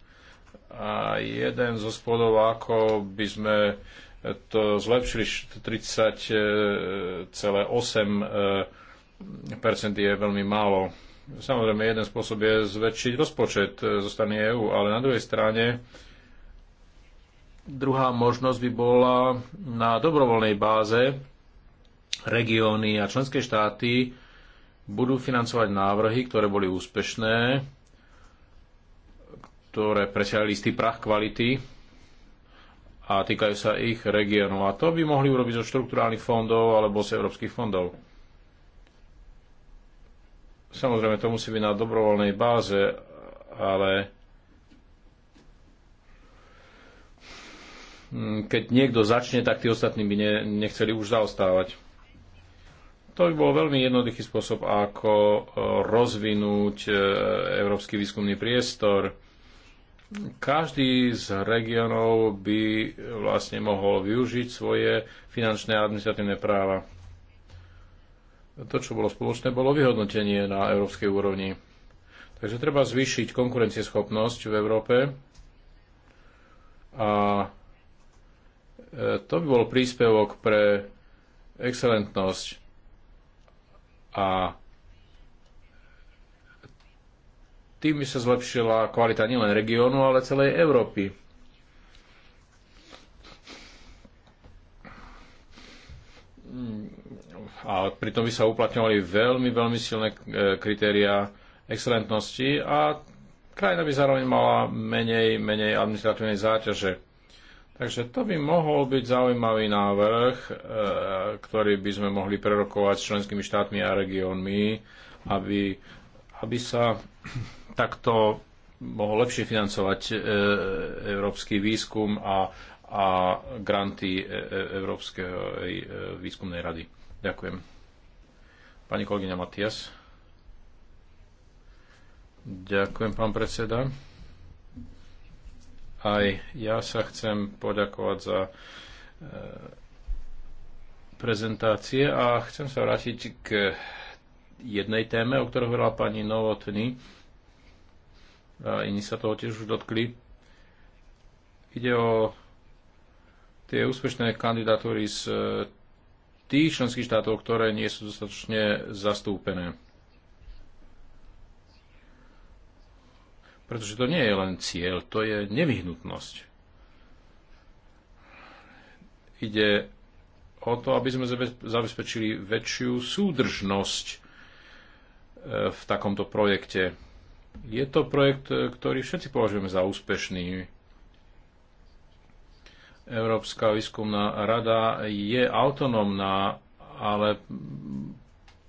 [SPEAKER 4] A jeden zo spôsobov, ako by sme to zlepšili 30,8 e, je veľmi málo. Samozrejme, jeden spôsob je zväčšiť rozpočet e, zo strany EÚ, ale na druhej strane druhá možnosť by bola na dobrovoľnej báze regióny a členské štáty budú financovať návrhy, ktoré boli úspešné, ktoré presiali istý prach kvality a týkajú sa ich regiónov. A to by mohli urobiť zo štruktúrálnych fondov alebo z európskych fondov. Samozrejme, to musí byť na dobrovoľnej báze, ale hm, keď niekto začne, tak tí ostatní by ne, nechceli už zaostávať. To by bol veľmi jednoduchý spôsob, ako e, rozvinúť e, európsky výskumný priestor. Každý z regionov by vlastne mohol využiť svoje finančné a administratívne práva. To, čo bolo spoločné, bolo vyhodnotenie na európskej úrovni. Takže treba zvýšiť konkurencieschopnosť v Európe a e, to by bol príspevok pre excelentnosť a tým by sa zlepšila kvalita nielen regiónu, ale celej Európy. A pritom by sa uplatňovali veľmi, veľmi silné e, kritéria excelentnosti a krajina by zároveň mala menej, menej administratívnej záťaže. Takže to by mohol byť zaujímavý návrh, e, ktorý by sme mohli prerokovať s členskými štátmi a regiónmi, aby, aby sa takto mohol lepšie financovať e, európsky výskum a, a granty e, Európskej výskumnej rady. Ďakujem. Pani kolegyňa Matias. Ďakujem, pán predseda. Aj ja sa chcem poďakovať za e, prezentácie a chcem sa vrátiť k jednej téme, o ktorej hovorila pani Novotny. A iní sa toho tiež už dotkli. Ide o tie úspešné kandidatúry z e, tých členských štátov, ktoré nie sú dostatočne zastúpené. Pretože to nie je len cieľ, to je nevyhnutnosť. Ide o to, aby sme zabezpečili väčšiu súdržnosť e, v takomto projekte. Je to projekt, e, ktorý všetci považujeme za úspešný. Európska výskumná rada je autonómna, ale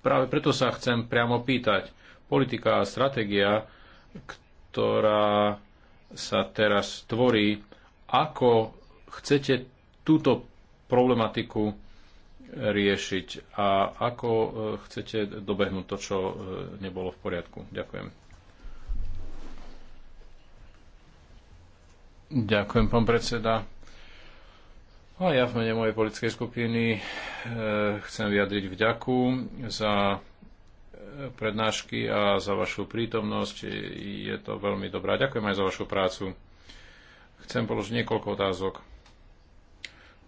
[SPEAKER 4] práve preto sa chcem priamo pýtať. Politika a stratégia, ktorá sa teraz tvorí. Ako chcete túto problematiku riešiť a ako e, chcete dobehnúť to, čo e, nebolo v poriadku. Ďakujem. Ďakujem, pán predseda. A ja v mene mojej politickej skupiny e, chcem vyjadriť vďaku za prednášky a za vašu prítomnosť. Je to veľmi dobrá. Ďakujem aj za vašu prácu. Chcem položiť niekoľko otázok.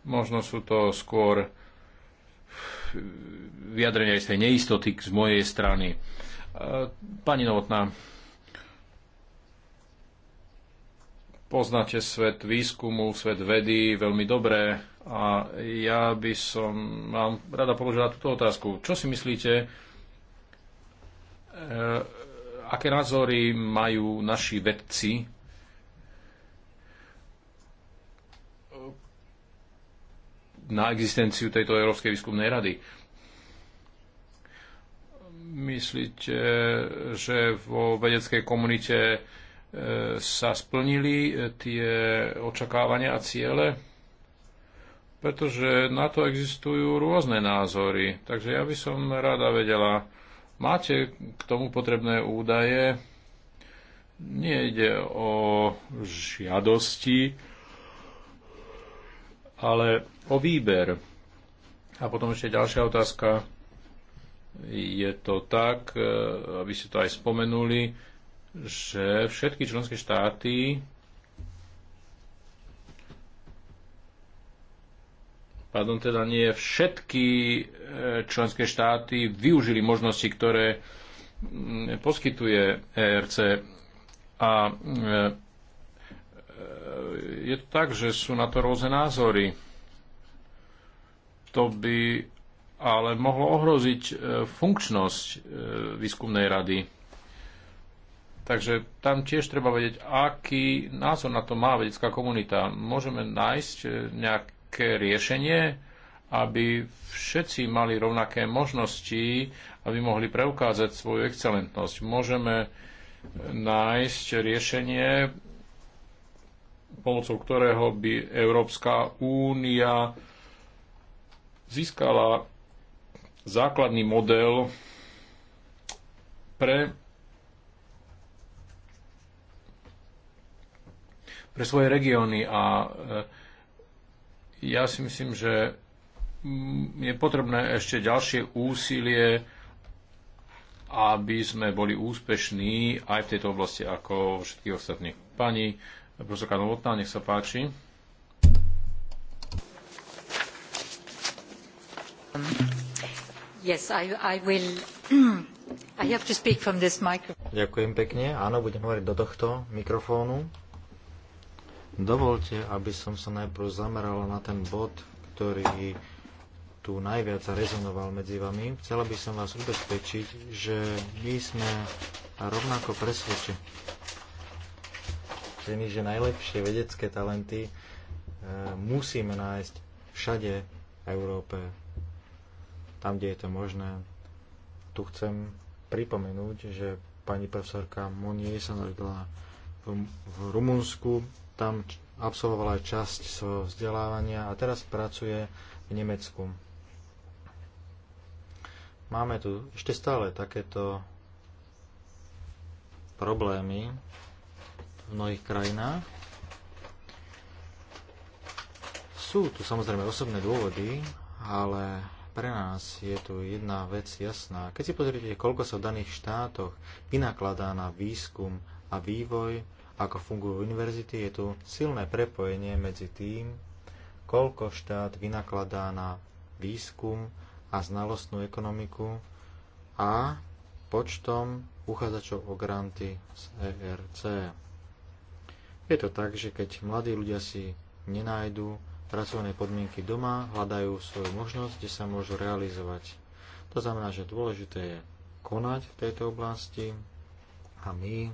[SPEAKER 4] Možno sú to skôr vyjadrenia istej neistoty z mojej strany. Pani Novotná, poznáte svet výskumu, svet vedy veľmi dobre a ja by som vám rada položila túto otázku. Čo si myslíte Eh, aké názory majú naši vedci eh, na existenciu tejto Európskej výskumnej rady. Myslíte, že vo vedeckej komunite eh, sa splnili tie očakávania a ciele? Pretože na to existujú rôzne názory. Takže ja by som rada vedela, Máte k tomu potrebné údaje? Nie ide o žiadosti, ale o výber. A potom ešte ďalšia otázka. Je to tak, e, aby ste to aj spomenuli, že všetky členské štáty pardon, teda nie všetky e, členské štáty využili možnosti, ktoré mm, poskytuje ERC. A e, e, je to tak, že sú na to rôzne názory. To by ale mohlo ohroziť funkčnosť výskumnej rady. Takže tam tiež treba vedieť, aký názor na to má vedecká komunita. Môžeme nájsť nejaké riešenie, aby všetci mali rovnaké možnosti, aby mohli preukázať svoju excelentnosť. Môžeme nájsť riešenie, pomocou ktorého by Európska únia získala základný model pre, pre svoje regióny a e, ja si myslím, že mm, je potrebné ešte ďalšie úsilie, aby sme boli úspešní aj v tejto oblasti ako všetkých ostatných. Pani profesorka Novotná, nech sa páči.
[SPEAKER 5] Yes, I, I will... I have to speak from this Ďakujem pekne. Áno, budem hovoriť do tohto mikrofónu. Dovolte, aby som sa najprv zamerala na ten bod, ktorý tu najviac rezonoval medzi vami. Chcela by som vás ubezpečiť, že my sme rovnako presvedčení, že najlepšie vedecké talenty e, musíme nájsť všade v Európe, tam, kde je to možné. Tu chcem pripomenúť, že pani profesorka Monie sa narodila v, v Rumunsku, tam absolvovala časť svojho vzdelávania a teraz pracuje v Nemecku. Máme tu ešte stále takéto problémy v mnohých krajinách. Sú tu samozrejme osobné dôvody, ale pre nás je tu jedna vec jasná. Keď si pozriete, koľko sa v daných štátoch vynakladá na výskum a vývoj, ako fungujú univerzity, je tu silné prepojenie medzi tým, koľko štát vynakladá na výskum a znalostnú ekonomiku a počtom uchádzačov o granty z ERC. Je to tak, že keď mladí ľudia si nenájdu pracovné podmienky doma, hľadajú svoju možnosť, kde sa môžu realizovať. To znamená, že dôležité je konať v tejto oblasti a my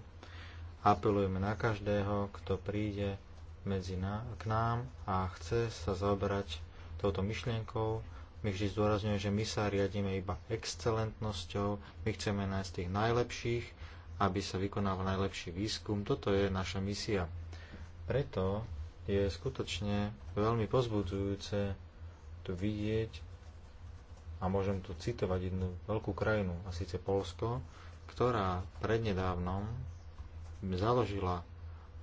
[SPEAKER 5] apelujeme na každého, kto príde medzi na, k nám a chce sa zaoberať touto myšlienkou. My vždy zdôrazňujeme, že my sa riadíme iba excelentnosťou, my chceme nájsť tých najlepších, aby sa vykonával najlepší výskum. Toto je naša misia. Preto je skutočne veľmi pozbudzujúce tu vidieť a môžem tu citovať jednu veľkú krajinu, a síce Polsko, ktorá prednedávnom založila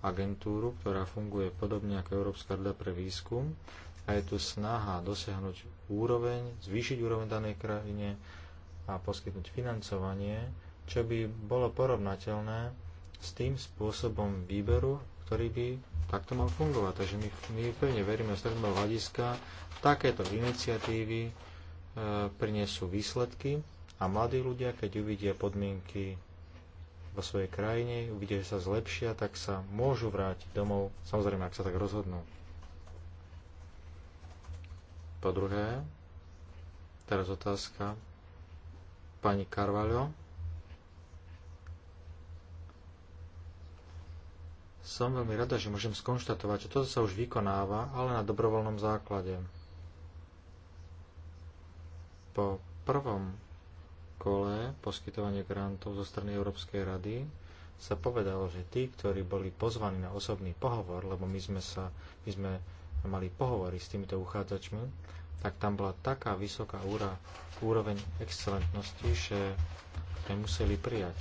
[SPEAKER 5] agentúru, ktorá funguje podobne ako Európska rada pre výskum a je tu snaha dosiahnuť úroveň, zvýšiť úroveň danej krajine a poskytnúť financovanie, čo by bolo porovnateľné s tým spôsobom výberu, ktorý by takto mal fungovať. Takže my, my pevne veríme z stredného hľadiska, takéto iniciatívy e, prinesú výsledky a mladí ľudia, keď uvidia podmienky vo svojej krajine, uvidia, že sa zlepšia, tak sa môžu vrátiť domov, samozrejme, ak sa tak rozhodnú. Po druhé, teraz otázka pani Carvalho. Som veľmi rada, že môžem skonštatovať, že toto sa už vykonáva, ale na dobrovoľnom základe. Po prvom protokole poskytovanie grantov zo strany Európskej rady sa povedalo, že tí, ktorí boli pozvaní na osobný pohovor, lebo my sme, sa, my sme mali pohovory s týmito uchádzačmi, tak tam bola taká vysoká úra, úroveň excelentnosti, že nemuseli museli prijať.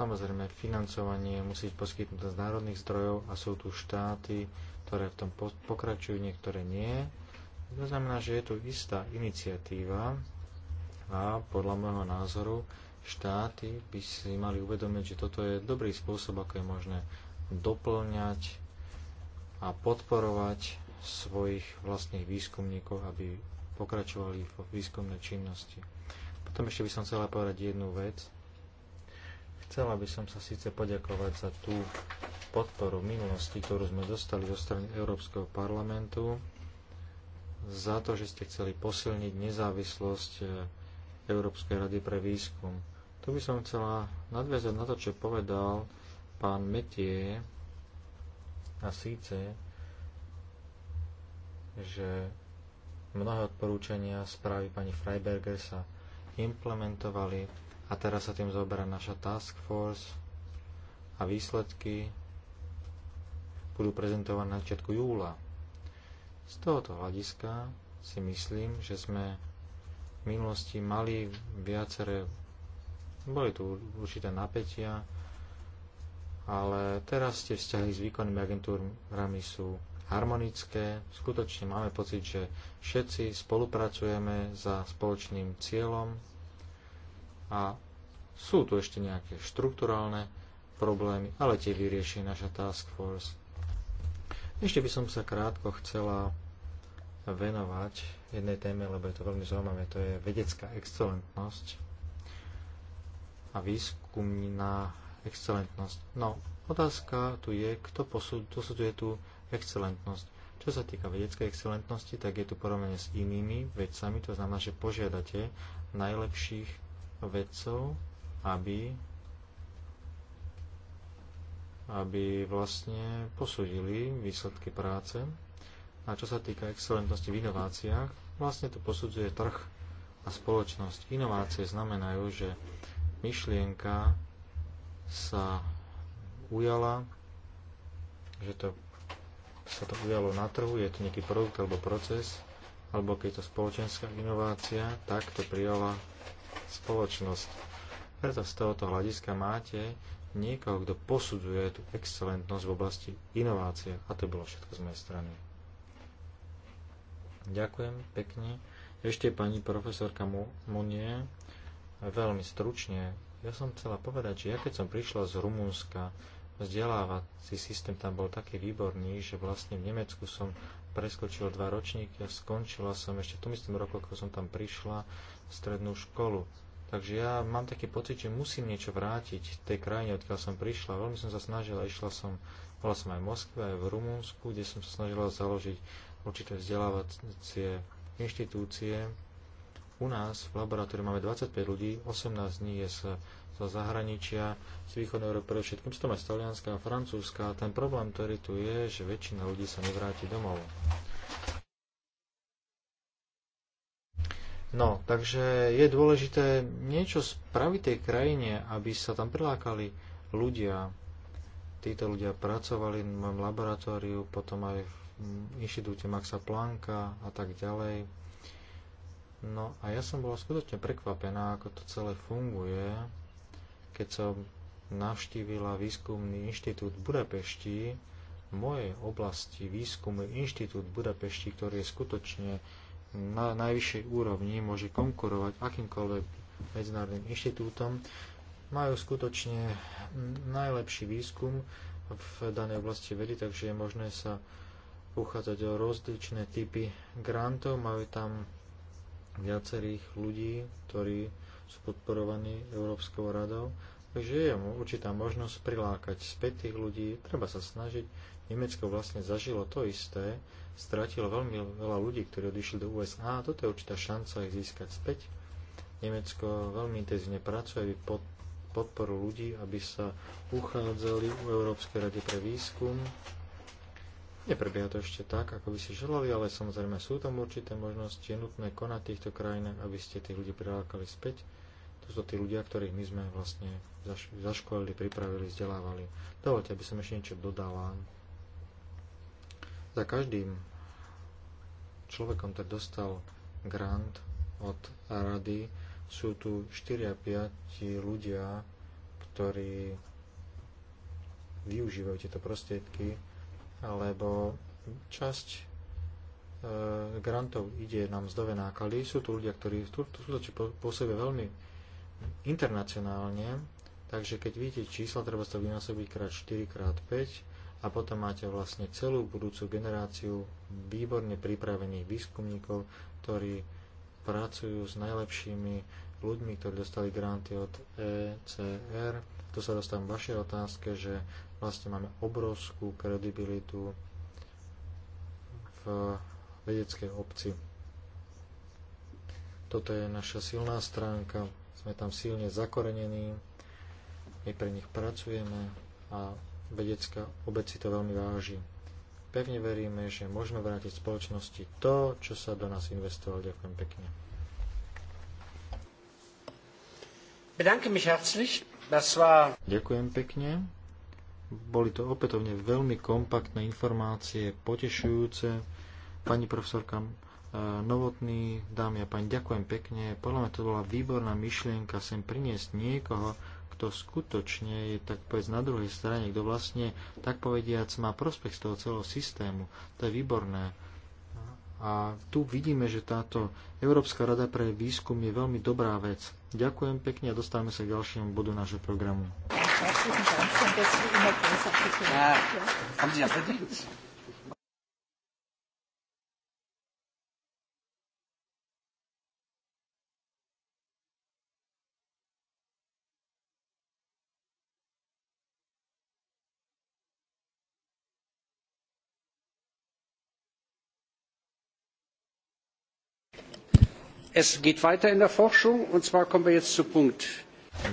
[SPEAKER 5] Samozrejme, financovanie musí byť poskytnuté z národných zdrojov a sú tu štáty, ktoré v tom pokračujú, niektoré nie. To znamená, že je tu istá iniciatíva, a podľa môjho názoru štáty by si mali uvedomiť, že toto je dobrý spôsob, ako je možné doplňať a podporovať svojich vlastných výskumníkov, aby pokračovali v výskumnej činnosti. Potom ešte by som chcela povedať jednu vec. Chcela by som sa síce poďakovať za tú podporu minulosti, ktorú sme dostali zo strany Európskeho parlamentu, za to, že ste chceli posilniť nezávislosť eh, Európskej rady pre výskum. Tu by som chcela nadviazať na to, čo povedal pán Metie, a síce, že mnohé odporúčania správy pani Freiberger sa implementovali a teraz sa tým zoberá naša task force a výsledky budú prezentované na začiatku júla. Z tohoto hľadiska si myslím, že sme v minulosti mali viaceré, boli tu určité napätia, ale teraz tie vzťahy s výkonnými agentúrami sú harmonické. Skutočne máme pocit, že všetci spolupracujeme za spoločným cieľom a sú tu ešte nejaké štrukturálne problémy, ale tie vyrieši naša task force. Ešte by som sa krátko chcela venovať jednej téme, lebo je to veľmi zaujímavé, to je vedecká excelentnosť a výskumná excelentnosť. No, otázka tu je, kto posudzuje tú excelentnosť. Čo sa týka vedeckej excelentnosti, tak je tu porovnanie s inými vedcami, to znamená, že požiadate najlepších vedcov, aby aby vlastne posudili výsledky práce a čo sa týka excelentnosti v inováciách, vlastne to posudzuje trh a spoločnosť. Inovácie znamenajú, že myšlienka sa ujala, že to, sa to ujalo na trhu, je to nejaký produkt alebo proces, alebo keď je to spoločenská inovácia, tak to prijala spoločnosť. Preto z tohoto hľadiska máte niekoho, kto posudzuje tú excelentnosť v oblasti inovácie. A to bolo všetko z mojej strany. Ďakujem pekne. Ešte pani profesorka Monie, veľmi stručne. Ja som chcela povedať, že ja keď som prišla z Rumúnska, vzdelávací systém tam bol taký výborný, že vlastne v Nemecku som preskočil dva ročníky a skončila som ešte v tom istom roku, ako som tam prišla, strednú školu. Takže ja mám taký pocit, že musím niečo vrátiť tej krajine, odkiaľ som prišla. Veľmi som sa snažila, išla som, bola som aj v Moskve, aj v Rumunsku, kde som sa snažila založiť určité vzdelávacie inštitúcie. U nás v laboratóriu máme 25 ľudí, 18 z nich je zo zahraničia, z východnej Európy, všetkým to má z Talianska a Francúzska. Ten problém, ktorý tu je, že väčšina ľudí sa nevráti domov. No, takže je dôležité niečo spraviť tej krajine, aby sa tam prilákali ľudia. Títo ľudia pracovali v mojom laboratóriu, potom aj v inštitúte Maxa Plancka a tak ďalej. No a ja som bola skutočne prekvapená, ako to celé funguje, keď som navštívila výskumný inštitút Budapešti, v mojej oblasti výskumu inštitút Budapešti, ktorý je skutočne na najvyššej úrovni, môže konkurovať akýmkoľvek medzinárodným inštitútom, majú skutočne najlepší výskum v danej oblasti vedy, takže je možné sa uchádzať o rozličné typy grantov. Majú tam viacerých ľudí, ktorí sú podporovaní Európskou radou. Takže je určitá možnosť prilákať späť tých ľudí, treba sa snažiť. Nemecko vlastne zažilo to isté, stratilo veľmi veľa ľudí, ktorí odišli do USA a toto je určitá šanca ich získať späť. Nemecko veľmi intenzívne pracuje, aby pod, podporu ľudí, aby sa uchádzali u Európskej rade pre výskum Neprebieha to ešte tak, ako by ste želali, ale samozrejme sú tam určité možnosti, je nutné konať v týchto krajinách, aby ste tých ľudí prilákali späť. To sú tí ľudia, ktorých my sme vlastne zaš- zaškolili, pripravili, vzdelávali. Dovolte, aby som ešte niečo dodala. Za každým človekom, ktorý dostal grant od rady, sú tu 4 a 5 ľudia, ktorí využívajú tieto prostriedky alebo časť e, grantov ide na mzdové náklady. Sú tu ľudia, ktorí skutočne pôsobia veľmi internacionálne, takže keď vidíte čísla, treba sa vynásobiť krát 4 krát 5 a potom máte vlastne celú budúcu generáciu výborne pripravených výskumníkov, ktorí pracujú s najlepšími ľuďmi, ktorí dostali granty od ECR to sa dostávam k vašej otázke, že vlastne máme obrovskú kredibilitu v vedeckej obci. Toto je naša silná stránka, sme tam silne zakorenení, my pre nich pracujeme a vedecká obec si to veľmi váži. Pevne veríme, že môžeme vrátiť spoločnosti to, čo sa do nás investovalo. Ďakujem pekne.
[SPEAKER 1] Ďakujem
[SPEAKER 5] pekne. Boli to opätovne veľmi kompaktné informácie, potešujúce. Pani profesorka e, Novotný, dámy a páni, ďakujem pekne. Podľa mňa to bola výborná myšlienka sem priniesť niekoho, kto skutočne je tak povedz na druhej strane, kto vlastne tak povediac má prospekt z toho celého systému. To je výborné. A tu vidíme, že táto Európska rada pre výskum je veľmi dobrá vec Ďakujem pekne a dostávame sa k ďalšiemu bodu nášho programu.
[SPEAKER 3] Ja,
[SPEAKER 1] Es geht weiter in der Forschung und zwar kommen wir jetzt zu Punkt.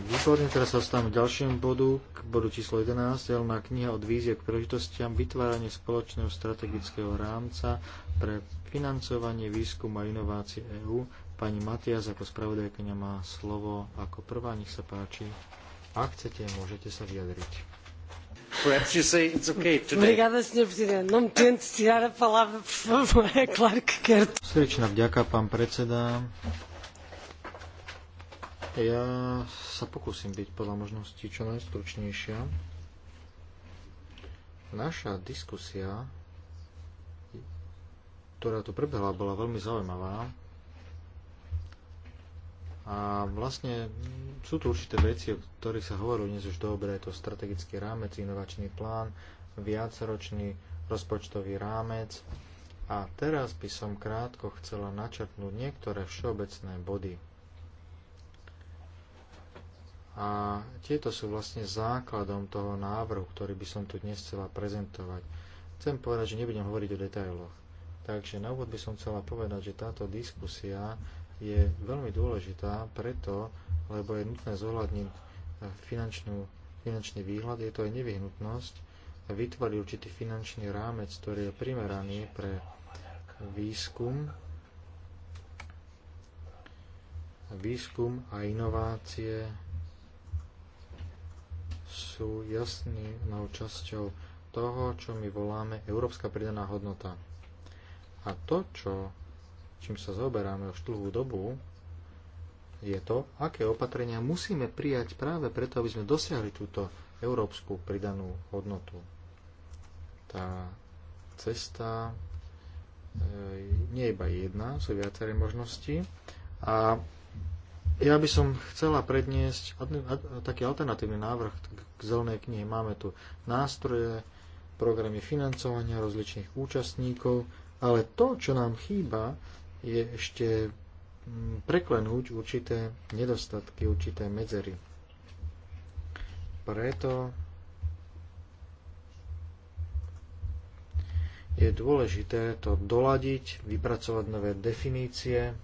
[SPEAKER 5] Výborne, teraz sa dostávame k ďalšiemu bodu, k bodu číslo 11, na kniha od vízie k prežitostiam vytváranie spoločného strategického rámca pre financovanie výskumu a inovácie EÚ. Pani Matias ako spravodajkňa má slovo ako prvá, nech sa páči. Ak chcete, môžete sa vyjadriť.
[SPEAKER 1] Obrigada, Sr. Presidente. Não me tente tirar a palavra, por favor. É claro que quero.
[SPEAKER 5] Srdečná vďaka, pán predseda. Ja sa pokúsim byť podľa možností čo najstručnejšia. Naša diskusia, ktorá tu prebehla, bola veľmi zaujímavá. A vlastne sú tu určité veci, o ktorých sa hovorí dnes už dobre, je to strategický rámec, inovačný plán, viacročný rozpočtový rámec. A teraz by som krátko chcela načrtnúť niektoré všeobecné body. A tieto sú vlastne základom toho návrhu, ktorý by som tu dnes chcela prezentovať. Chcem povedať, že nebudem hovoriť o detailoch. Takže na úvod by som chcela povedať, že táto diskusia je veľmi dôležitá preto, lebo je nutné zohľadniť eh, finančnú, finančný výhľad, je to aj nevyhnutnosť vytvoriť určitý finančný rámec, ktorý je primeraný pre výskum, výskum a inovácie sú jasnou časťou toho, čo my voláme európska pridaná hodnota. A to, čo čím sa zaoberáme už dlhú dobu, je to, aké opatrenia musíme prijať práve preto, aby sme dosiahli túto európsku pridanú hodnotu. Tá cesta e, nie je iba jedna, sú viaceré možnosti. A ja by som chcela predniesť taký alternatívny návrh k zelenej knihe. Máme tu nástroje, programy financovania rozličných účastníkov, ale to, čo nám chýba, je ešte mm, preklenúť určité nedostatky, určité medzery. Preto je dôležité to doladiť, vypracovať nové definície,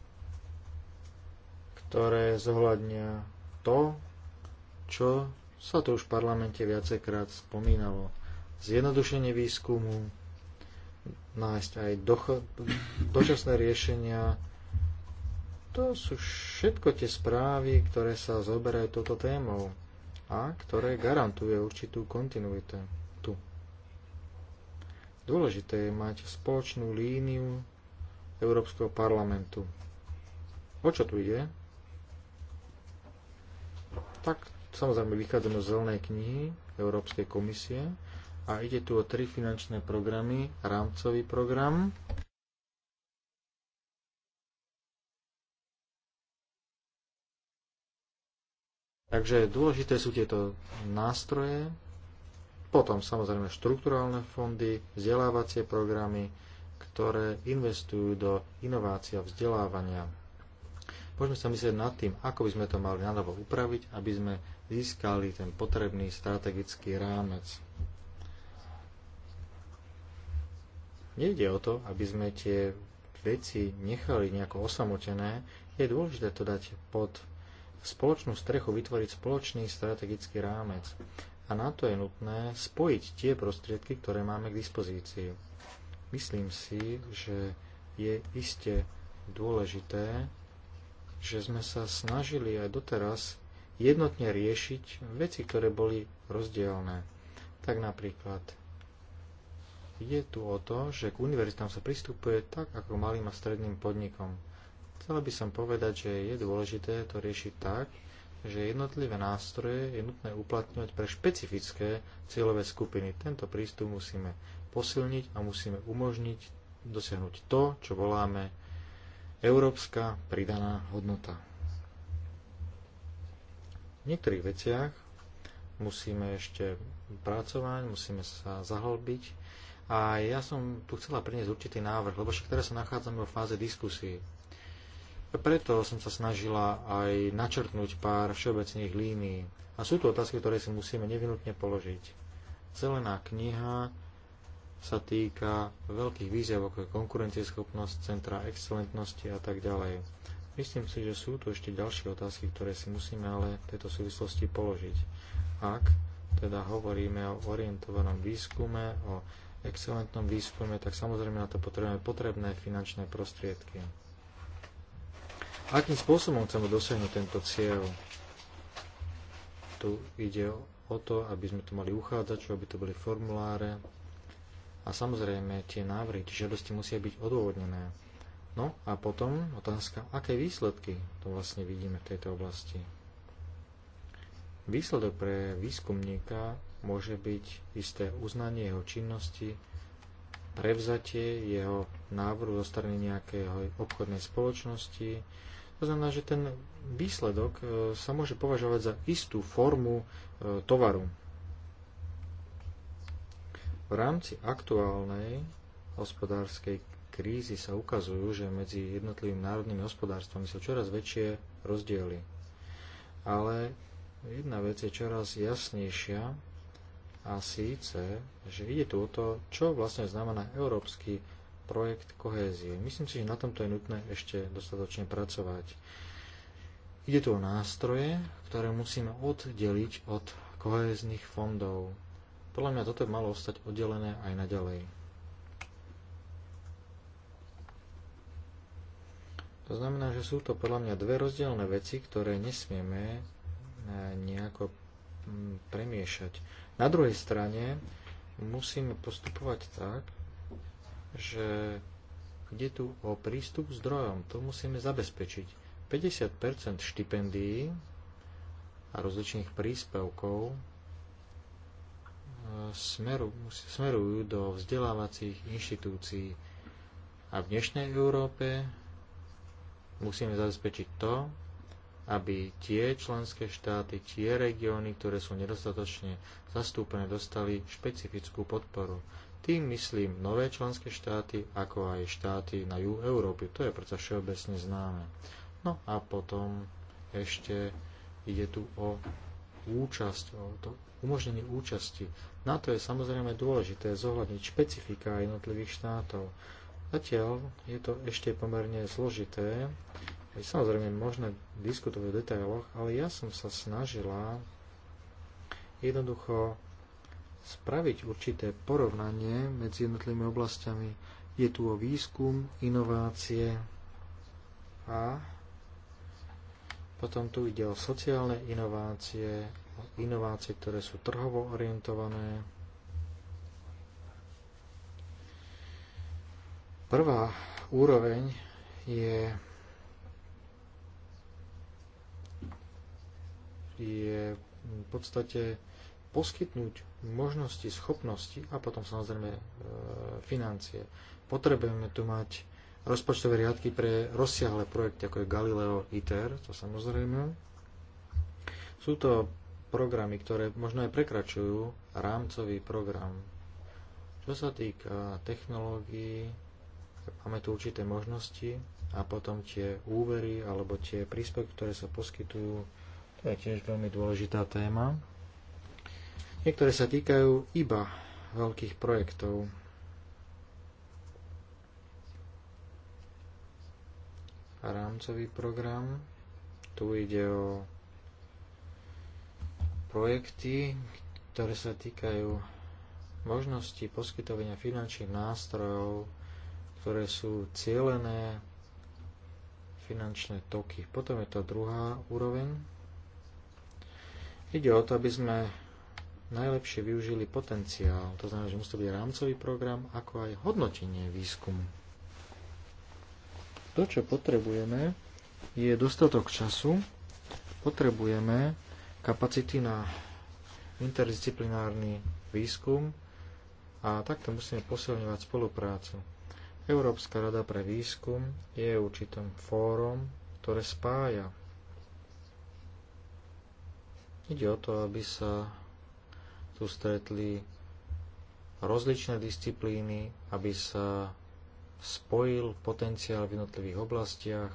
[SPEAKER 5] ktoré zohľadnia to, čo sa tu už v parlamente viacejkrát spomínalo. Zjednodušenie výskumu, nájsť aj dočasné riešenia. To sú všetko tie správy, ktoré sa zoberajú touto témou a ktoré garantuje určitú kontinuitu. Tu. Dôležité je mať spoločnú líniu Európskeho parlamentu. O čo tu ide? Tak samozrejme vychádzame z zelenej knihy Európskej komisie, a ide tu o tri finančné programy, rámcový program, Takže dôležité sú tieto nástroje, potom samozrejme štrukturálne fondy, vzdelávacie programy, ktoré investujú do inovácia vzdelávania. Môžeme sa myslieť nad tým, ako by sme to mali na novo upraviť, aby sme získali ten potrebný strategický rámec. Nejde o to, aby sme tie veci nechali nejako osamotené, je dôležité to dať pod spoločnú strechu, vytvoriť spoločný strategický rámec. A na to je nutné spojiť tie prostriedky, ktoré máme k dispozícii. Myslím si, že je iste dôležité, že sme sa snažili aj doteraz jednotne riešiť veci, ktoré boli rozdielne. Tak napríklad Ide tu o to, že k univerzitám sa pristupuje tak, ako malým a stredným podnikom. Chcela by som povedať, že je dôležité to riešiť tak, že jednotlivé nástroje je nutné uplatňovať pre špecifické cieľové skupiny. Tento prístup musíme posilniť a musíme umožniť dosiahnuť to, čo voláme európska pridaná hodnota. V niektorých veciach musíme ešte pracovať, musíme sa zahlbiť a ja som tu chcela priniesť určitý návrh, lebo však teraz sa nachádzame vo fáze diskusí. Preto som sa snažila aj načrtnúť pár všeobecných línií. A sú tu otázky, ktoré si musíme nevinutne položiť. Zelená kniha sa týka veľkých výziev ako je konkurencieschopnosť, centra excelentnosti a tak ďalej. Myslím si, že sú tu ešte ďalšie otázky, ktoré si musíme ale v tejto súvislosti položiť. Ak teda hovoríme o orientovanom výskume, o excelentnom výskume, tak samozrejme na to potrebujeme potrebné finančné prostriedky. Akým spôsobom chceme dosiahnuť tento cieľ? Tu ide o to, aby sme tu mali uchádzačov, aby to boli formuláre a samozrejme tie návrhy, tie žiadosti musia byť odôvodnené. No a potom otázka, aké výsledky to vlastne vidíme v tejto oblasti. Výsledok pre výskumníka môže byť isté uznanie jeho činnosti, prevzatie jeho návrhu zo strany nejakej obchodnej spoločnosti. To znamená, že ten výsledok e, sa môže považovať za istú formu e, tovaru. V rámci aktuálnej hospodárskej krízy sa ukazujú, že medzi jednotlivými národnými hospodárstvami sú čoraz väčšie rozdiely. Ale jedna vec je čoraz jasnejšia a síce, že ide tu o to, čo vlastne znamená európsky projekt kohézie. Myslím si, že na tomto je nutné ešte dostatočne pracovať. Ide tu o nástroje, ktoré musíme oddeliť od kohéznych fondov. Podľa mňa toto malo ostať oddelené aj naďalej. To znamená, že sú to podľa mňa dve rozdielne veci, ktoré nesmieme eh, nejako mm, premiešať na druhej strane musíme postupovať tak, že ide tu o prístup k zdrojom. To musíme zabezpečiť. 50 štipendií a rozličných príspevkov e, smeru, smerujú do vzdelávacích inštitúcií. A v dnešnej Európe musíme zabezpečiť to, aby tie členské štáty, tie regióny, ktoré sú nedostatočne zastúpené, dostali špecifickú podporu. Tým myslím nové členské štáty, ako aj štáty na juh Európy. To je predsa všeobecne známe. No a potom ešte ide tu o účasť, o to umožnenie účasti. Na to je samozrejme dôležité zohľadniť špecifika jednotlivých štátov. Zatiaľ je to ešte pomerne zložité, je samozrejme možné diskutovať o detailoch, ale ja som sa snažila jednoducho spraviť určité porovnanie medzi jednotlivými oblastiami. Je tu o výskum, inovácie a potom tu ide o sociálne inovácie, o inovácie, ktoré sú trhovo orientované. Prvá úroveň je je v podstate poskytnúť možnosti, schopnosti a potom samozrejme e, financie. Potrebujeme tu mať rozpočtové riadky pre rozsiahle projekty, ako je Galileo ITER, to samozrejme. Sú to programy, ktoré možno aj prekračujú rámcový program. Čo sa týka technológií, máme tu určité možnosti a potom tie úvery alebo tie príspevky, ktoré sa poskytujú to je tiež veľmi dôležitá téma. Niektoré sa týkajú iba veľkých projektov. A rámcový program. Tu ide o projekty, ktoré sa týkajú možnosti poskytovania finančných nástrojov, ktoré sú cielené finančné toky. Potom je to druhá úroveň, Ide o to, aby sme najlepšie využili potenciál. To znamená, že musí to byť rámcový program, ako aj hodnotenie výskumu. To, čo potrebujeme, je dostatok času. Potrebujeme kapacity na interdisciplinárny výskum a takto musíme posilňovať spoluprácu. Európska rada pre výskum je určitým fórom, ktoré spája Ide o to, aby sa tu stretli rozličné disciplíny, aby sa spojil potenciál v jednotlivých oblastiach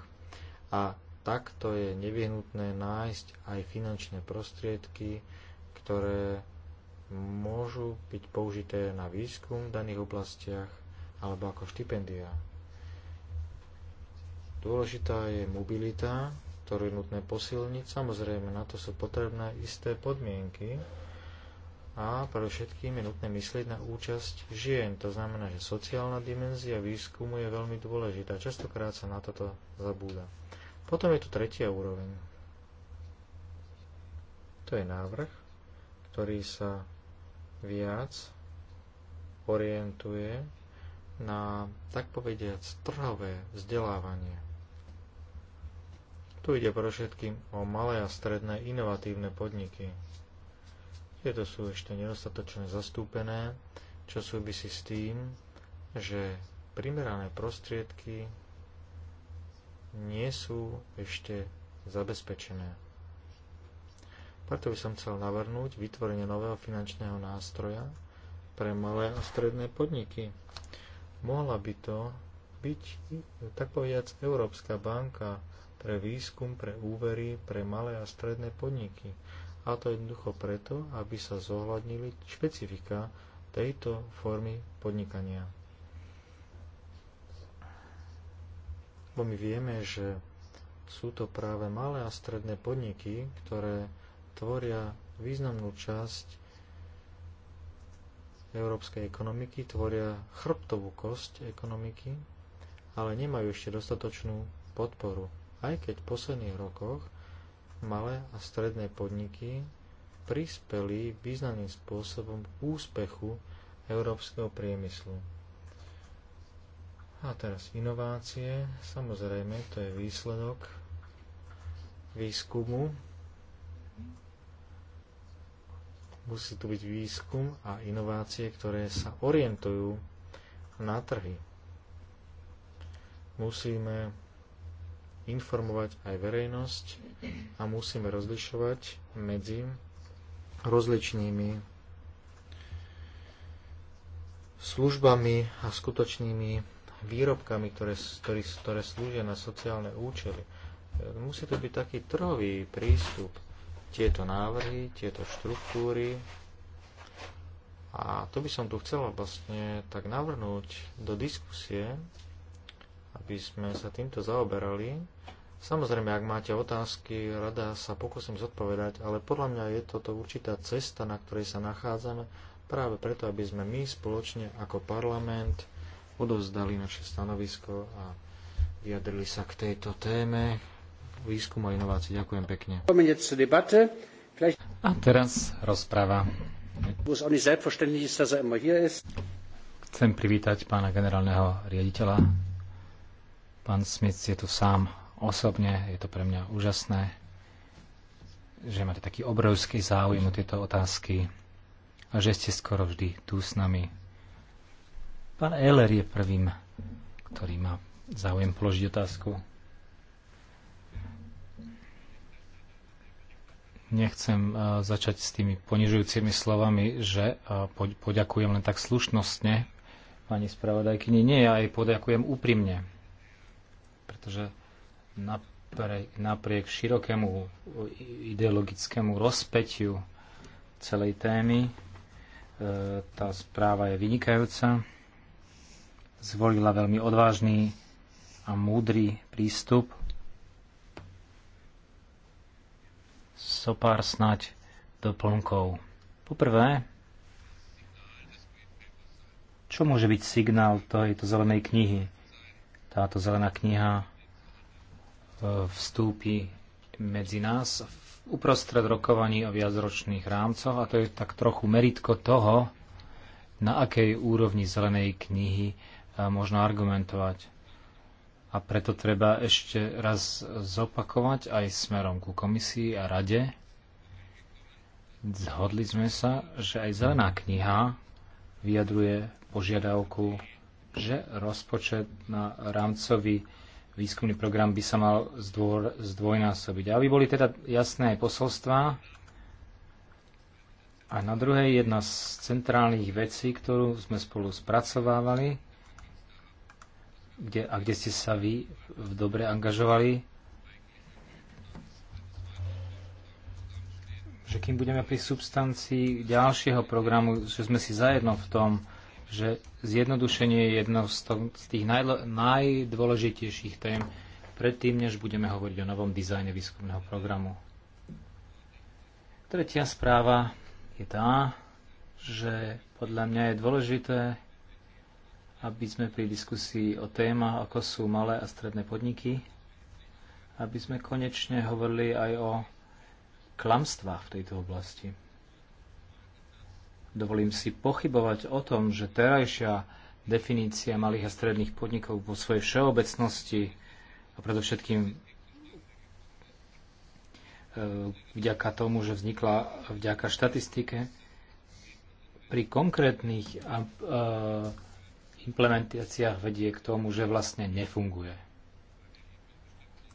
[SPEAKER 5] a takto je nevyhnutné nájsť aj finančné prostriedky, ktoré môžu byť použité na výskum v daných oblastiach alebo ako štipendia. Dôležitá je mobilita ktorú je nutné posilniť. Samozrejme, na to sú potrebné isté podmienky a pre všetkým je nutné myslieť na účasť žien. To znamená, že sociálna dimenzia výskumu je veľmi dôležitá. Častokrát sa na toto zabúda. Potom je tu tretia úroveň. To je návrh, ktorý sa viac orientuje na, tak povediať trhové vzdelávanie. Tu ide predovšetkým o malé a stredné inovatívne podniky. Tieto sú ešte nedostatočne zastúpené, čo súvisí s tým, že primerané prostriedky nie sú ešte zabezpečené. Preto by som chcel navrhnúť vytvorenie nového finančného nástroja pre malé a stredné podniky. Mohla by to byť, tak povediac, Európska banka pre výskum, pre úvery, pre malé a stredné podniky. A to jednoducho preto, aby sa zohľadnili špecifika tejto formy podnikania. Bo my vieme, že sú to práve malé a stredné podniky, ktoré tvoria významnú časť európskej ekonomiky, tvoria chrbtovú kosť ekonomiky, ale nemajú ešte dostatočnú podporu aj keď v posledných rokoch malé a stredné podniky prispeli významným spôsobom k úspechu európskeho priemyslu. A teraz inovácie. Samozrejme, to je výsledok výskumu. Musí tu byť výskum a inovácie, ktoré sa orientujú na trhy. Musíme informovať aj verejnosť a musíme rozlišovať medzi rozličnými službami a skutočnými výrobkami, ktoré, ktoré, ktoré slúžia na sociálne účely. Musí to byť taký trhový prístup. Tieto návrhy, tieto štruktúry. A to by som tu chcela vlastne tak navrnúť do diskusie, by sme sa týmto zaoberali. Samozrejme, ak máte otázky, rada sa pokúsim zodpovedať, ale podľa mňa je toto určitá cesta, na ktorej sa nachádzame, práve preto, aby sme my spoločne ako parlament odovzdali naše stanovisko a vyjadrili sa k tejto téme
[SPEAKER 2] výskumu a inovácií. Ďakujem pekne.
[SPEAKER 1] A teraz
[SPEAKER 2] rozpráva. Chcem privítať pána generálneho riaditeľa Pán Smith je tu sám osobne, je to pre mňa úžasné, že máte taký obrovský záujem o tieto otázky a že ste skoro vždy tu s nami. Pán Eller je prvým, ktorý má záujem položiť otázku. Nechcem e, začať s tými ponižujúcimi slovami, že e, poďakujem len tak slušnostne pani spravodajkyni. Nie, ja jej poďakujem úprimne pretože napriek širokému ideologickému rozpetiu celej témy e, tá správa je vynikajúca. Zvolila veľmi odvážny a múdry prístup. Sopár snať doplnkov. Poprvé, čo môže byť signál tejto zelenej knihy? táto zelená kniha e, vstúpi medzi nás uprostred rokovaní o viacročných rámcoch a to je tak trochu meritko toho, na akej úrovni zelenej knihy e, možno argumentovať. A preto treba ešte raz zopakovať aj smerom ku komisii a rade. Zhodli sme sa, že aj zelená kniha vyjadruje požiadavku že rozpočet na rámcový výskumný program by sa mal zdvor, zdvojnásobiť. Aby boli teda jasné posolstvá. A na druhej jedna z centrálnych vecí, ktorú sme spolu spracovávali, kde, a kde ste sa vy v dobre angažovali, že kým budeme pri substancii ďalšieho programu, že sme si zajedno v tom, že zjednodušenie je jedno z tých naj, najdôležitejších tém predtým, než budeme hovoriť o novom dizajne výskumného programu. Tretia správa je tá, že podľa mňa je dôležité, aby sme pri diskusii o témach, ako sú malé a stredné podniky, aby sme konečne hovorili aj o klamstvách v tejto oblasti. Dovolím si pochybovať o tom, že terajšia definícia malých a stredných podnikov vo svojej všeobecnosti a predovšetkým e, vďaka tomu, že vznikla vďaka štatistike, pri konkrétnych e, implementáciách vedie k tomu, že vlastne nefunguje.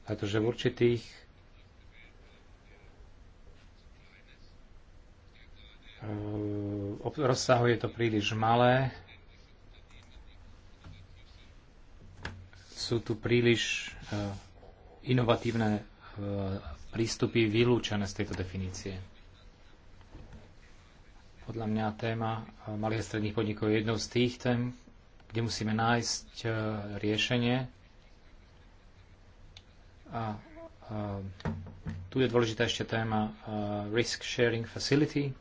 [SPEAKER 2] Pretože v určitých Ehm, rozsahu je to príliš malé. Sú tu príliš eh, inovatívne eh, prístupy vylúčené z tejto definície. Podľa mňa téma eh, malých a stredných podnikov je jednou z tých tém, kde musíme nájsť riešenie. A tu je dôležitá ešte téma Risk Sharing Facility,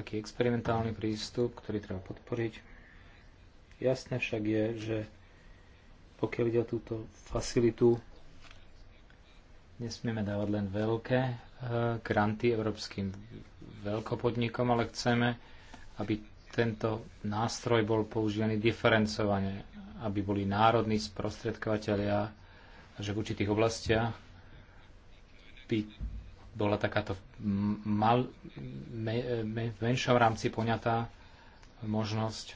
[SPEAKER 2] taký experimentálny prístup, ktorý treba podporiť. Jasné však je, že pokiaľ ide o túto facilitu, nesmieme dávať len veľké e, granty európskym veľkopodnikom, ale chceme, aby tento nástroj bol používaný diferencovane, aby boli národní sprostredkovateľia že v určitých oblastiach by bola takáto mal, me, me, v menšom rámci poňatá možnosť,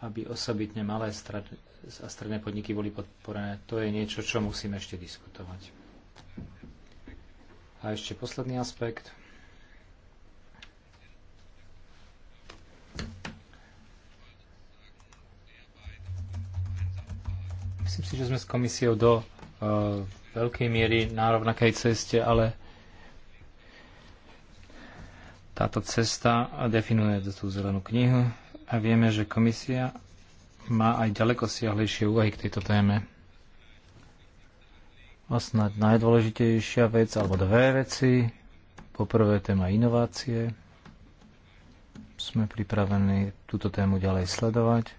[SPEAKER 2] aby osobitne malé strad, a stredné podniky boli podporené. To je niečo, čo musíme ešte diskutovať. A ešte posledný aspekt. Myslím si, že sme s komisiou do uh, veľkej miery na rovnakej ceste, ale táto cesta definuje tú zelenú knihu a vieme, že komisia má aj ďaleko siahlejšie úvahy k tejto téme. A najdôležitejšia vec, alebo dve veci. Poprvé téma inovácie. Sme pripravení túto tému ďalej sledovať.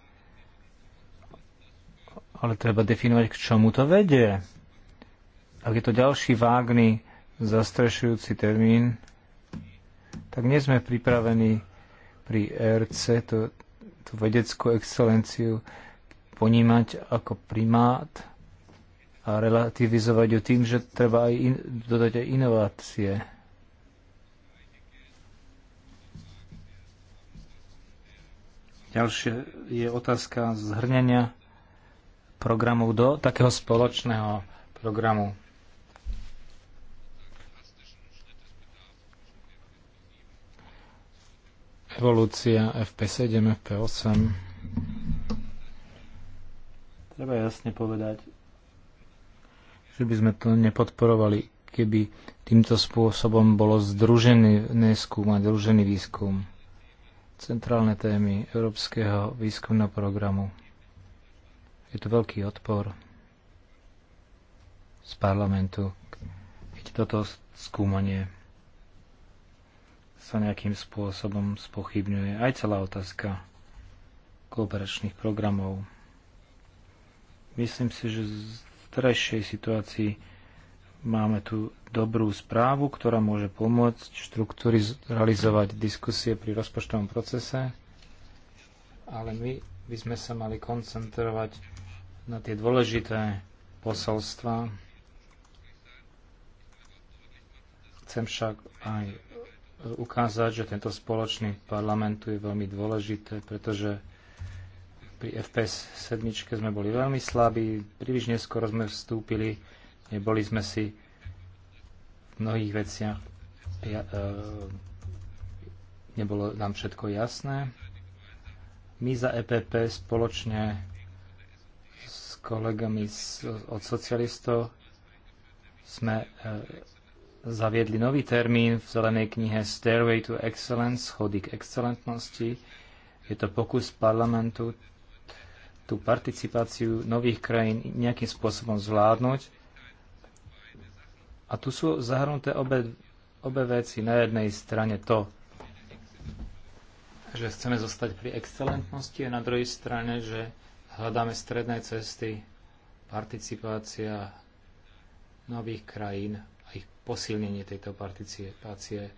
[SPEAKER 2] Ale treba definovať, k čomu to vedie ak je to ďalší vágny zastrešujúci termín, tak nie sme pripravení pri ERC to, tú vedeckú excelenciu ponímať ako primát a relativizovať ju tým, že treba aj in, dodať aj inovácie. Ďalšie je otázka zhrnenia programov do takého spoločného programu evolúcia FP7, FP8. Treba jasne povedať, že by sme to nepodporovali, keby týmto spôsobom bolo združený neskum a združený výskum. Centrálne témy Európskeho výskumného programu. Je tu veľký odpor z parlamentu, keď toto skúmanie sa nejakým spôsobom spochybňuje aj celá otázka kooperačných programov. Myslím si, že z terajšej situácii máme tu dobrú správu, ktorá môže pomôcť realizovať diskusie pri rozpočtovom procese, ale my by sme sa mali koncentrovať na tie dôležité posolstva. Chcem však aj ukázať, že tento spoločný parlament tu je veľmi dôležité, pretože pri FPS 7 sme boli veľmi slabí, príliš neskoro sme vstúpili, neboli sme si v mnohých veciach, ja, e, nebolo nám všetko jasné. My za EPP spoločne s kolegami z, od socialistov sme e, zaviedli nový termín v zelenej knihe Stairway to Excellence, schody k excelentnosti. Je to pokus parlamentu tú participáciu nových krajín nejakým spôsobom zvládnuť. A tu sú zahrnuté obe, obe veci. Na jednej strane to, že chceme zostať pri excelentnosti a na druhej strane, že hľadáme stredné cesty, participácia nových krajín posilnenie tejto participácie.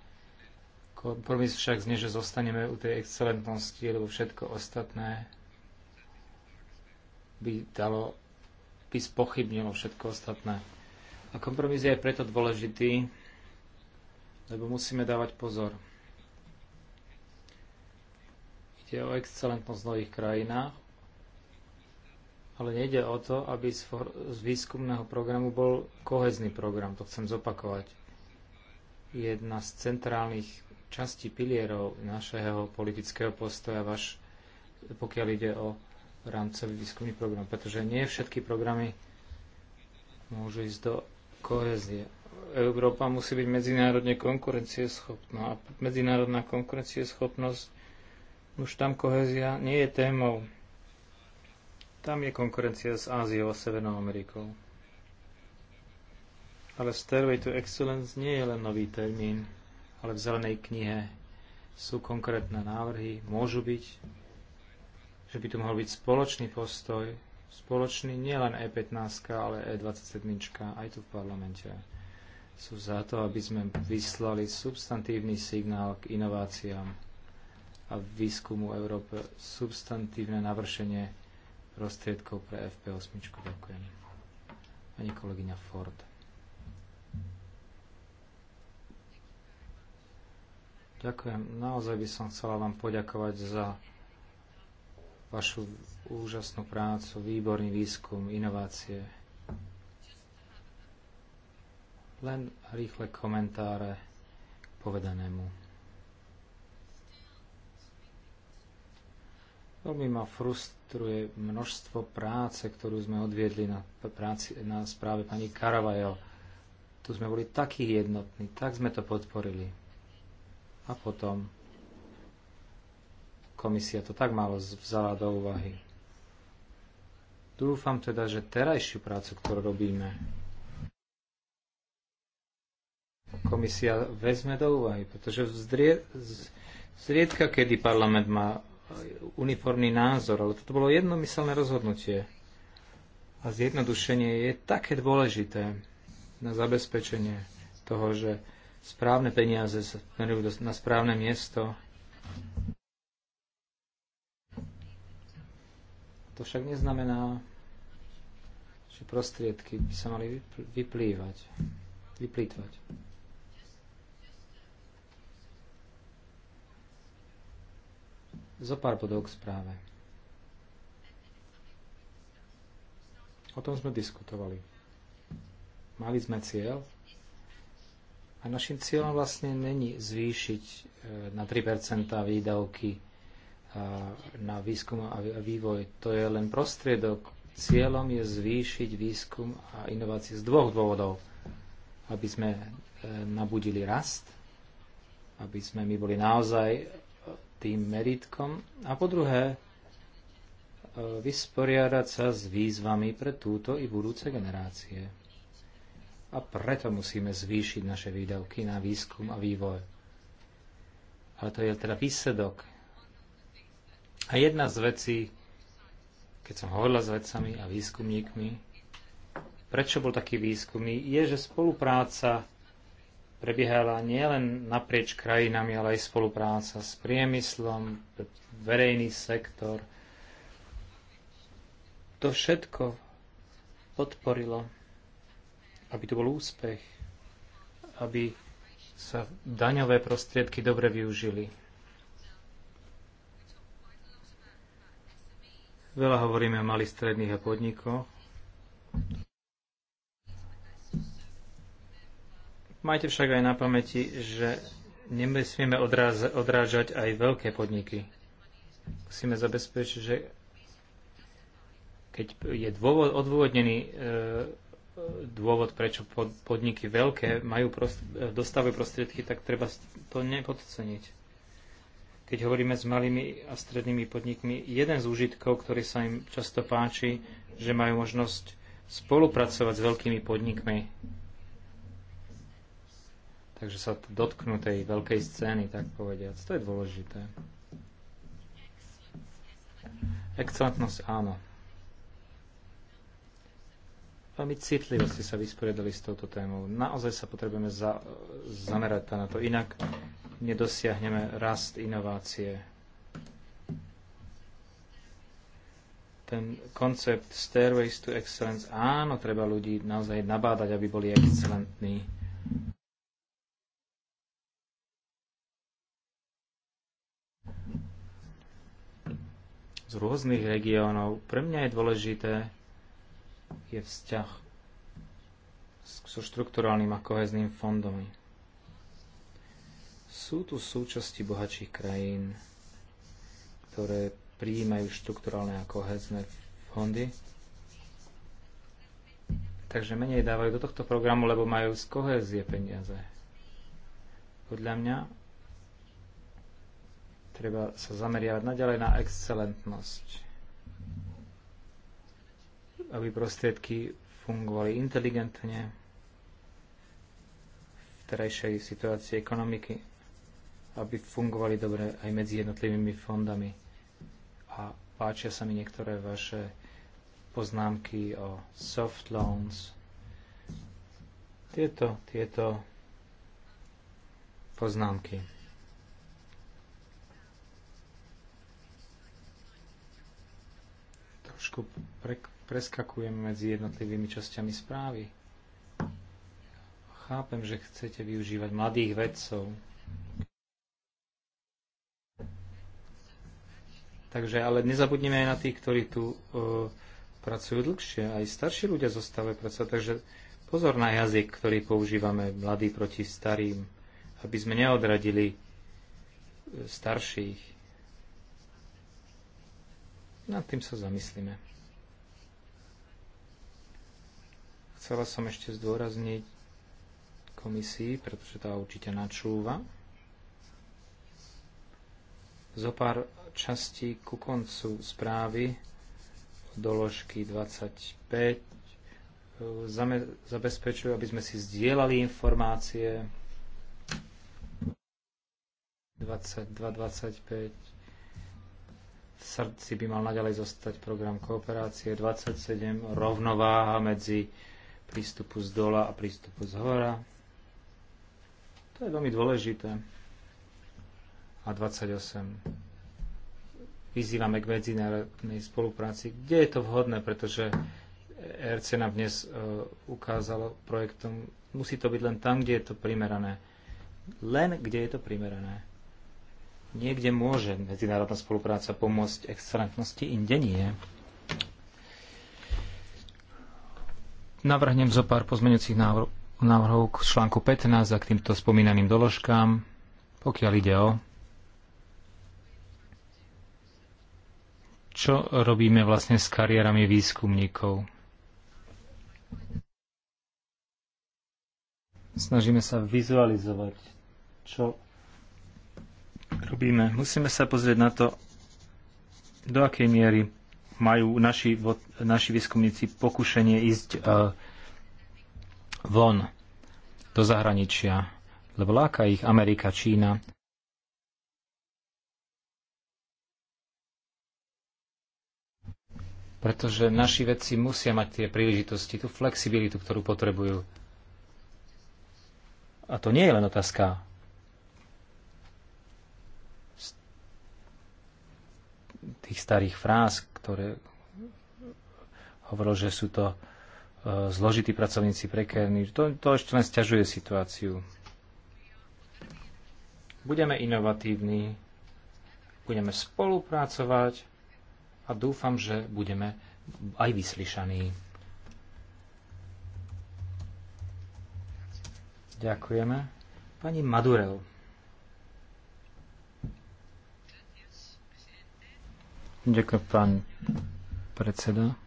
[SPEAKER 2] Kompromis však znie, že zostaneme u tej excelentnosti, lebo všetko ostatné by dalo, by spochybnilo všetko ostatné. A kompromis je aj preto dôležitý, lebo musíme dávať pozor. Ide o excelentnosť v nových krajinách, ale nejde o to, aby z, for, z výskumného programu bol kohezný program, to chcem zopakovať. Jedna z centrálnych častí pilierov našeho politického postoja, vaš, pokiaľ ide o rámcový výskumný program, pretože nie všetky programy môžu ísť do kohezie. Európa musí byť medzinárodne konkurencieschopná a medzinárodná konkurencieschopnosť už tam kohezia nie je témou tam je konkurencia s Áziou a Severnou Amerikou. Ale Stairway to Excellence nie je len nový termín, ale v zelenej knihe sú konkrétne návrhy, môžu byť, že by tu mohol byť spoločný postoj, spoločný nielen E15, ale E27, aj tu v parlamente. Sú za to, aby sme vyslali substantívny signál k inováciám a výskumu Európe, substantívne navršenie prostriedkov pre FP8. Ďakujem. Pani kolegyňa Ford. Ďakujem. Naozaj by som chcela vám poďakovať za vašu úžasnú prácu, výborný výskum, inovácie. Len rýchle komentáre k povedanému. Veľmi ma frustruje množstvo práce, ktorú sme odviedli na, práci, na správe pani Karavajo. Tu sme boli takí jednotní, tak sme to podporili. A potom komisia to tak málo vzala do úvahy. Dúfam teda, že terajšiu prácu, ktorú robíme, komisia vezme do úvahy, pretože zriedka, kedy parlament má uniformný názor, ale toto bolo jednomyselné rozhodnutie. A zjednodušenie je také dôležité na zabezpečenie toho, že správne peniaze smerujú na správne miesto. To však neznamená, že prostriedky by sa mali vyplývať, vyplýtvať. Zo pár bodov k správe. O tom sme diskutovali. Mali sme cieľ a našim cieľom vlastne není zvýšiť e, na 3% výdavky e, na výskum a vývoj. To je len prostriedok. Cieľom je zvýšiť výskum a inovácie z dvoch dôvodov. Aby sme e, nabudili rast, aby sme my boli naozaj tým meritkom a po druhé e, vysporiadať sa s výzvami pre túto i budúce generácie. A preto musíme zvýšiť naše výdavky na výskum a vývoj. Ale to je teda výsledok. A jedna z vecí, keď som hovorila s vedcami a výskumníkmi, prečo bol taký výskumný, je, že spolupráca prebiehala nielen naprieč krajinami, ale aj spolupráca s priemyslom, verejný sektor. To všetko podporilo, aby to bol úspech, aby sa daňové prostriedky dobre využili. Veľa hovoríme o malých stredných a podnikoch, Majte však aj na pamäti, že nemusíme odrážať aj veľké podniky. Musíme zabezpečiť, že keď je dôvod, odôvodnený e, dôvod, prečo pod, podniky veľké majú prost, e, dostavujú prostriedky, tak treba to nepodceniť. Keď hovoríme s malými a strednými podnikmi, jeden z úžitkov, ktorý sa im často páči, že majú možnosť spolupracovať s veľkými podnikmi Takže sa dotknú tej veľkej scény, tak povediac. To je dôležité. Excelentnosť áno. Veľmi citlivo ste sa vysporiadali s touto témou. Naozaj sa potrebujeme za, zamerať na to, inak nedosiahneme rast inovácie. Ten koncept Stairways to Excellence, áno, treba ľudí naozaj nabádať, aby boli excelentní. z rôznych regiónov. Pre mňa je dôležité je vzťah so štrukturálnym a kohezným fondom. Sú tu súčasti bohatších krajín, ktoré prijímajú štrukturálne a kohezné fondy, takže menej dávajú do tohto programu, lebo majú z kohézie peniaze. Podľa mňa Treba sa zameriavať naďalej na excelentnosť, aby prostriedky fungovali inteligentne v terajšej situácii ekonomiky, aby fungovali dobre aj medzi jednotlivými fondami. A páčia sa mi niektoré vaše poznámky o soft loans. Tieto, tieto poznámky. trošku pre, medzi jednotlivými časťami správy. Chápem, že chcete využívať mladých vedcov. Takže, ale nezabudneme aj na tých, ktorí tu e, pracujú dlhšie. Aj starší ľudia zostávajú pracovať. Takže pozor na jazyk, ktorý používame mladý proti starým, aby sme neodradili e, starších nad tým sa zamyslíme. Chcela som ešte zdôrazniť komisii, pretože tá určite načúva. Zo pár častí ku koncu správy doložky 25 e, zabezpečujú, aby sme si zdieľali informácie 22-25 srdci by mal naďalej zostať program kooperácie 27, rovnováha medzi prístupu z dola a prístupu z hora. To je veľmi dôležité. A 28. Vyzývame k medzinárodnej spolupráci, kde je to vhodné, pretože RC nám dnes e, ukázalo projektom, musí to byť len tam, kde je to primerané. Len kde je to primerané. Niekde môže medzinárodná spolupráca pomôcť excelentnosti, inde nie. Navrhnem zo pár pozmeňujúcich návrhov, k článku 15 a k týmto spomínaným doložkám, pokiaľ ide o čo robíme vlastne s kariérami výskumníkov. Snažíme sa vizualizovať, čo robíme? Musíme sa pozrieť na to, do akej miery majú naši, naši výskumníci pokušenie ísť uh, von do zahraničia, lebo láka ich Amerika, Čína. Pretože naši vedci musia mať tie príležitosti, tú flexibilitu, ktorú potrebujú. A to nie je len otázka tých starých fráz, ktoré hovoril, že sú to e, zložití pracovníci prekérni. To, to ešte len stiažuje situáciu. Budeme inovatívni, budeme spolupracovať a dúfam, že budeme aj vyslyšaní. Ďakujeme. Pani Madurel. Ďakujem, pán predseda.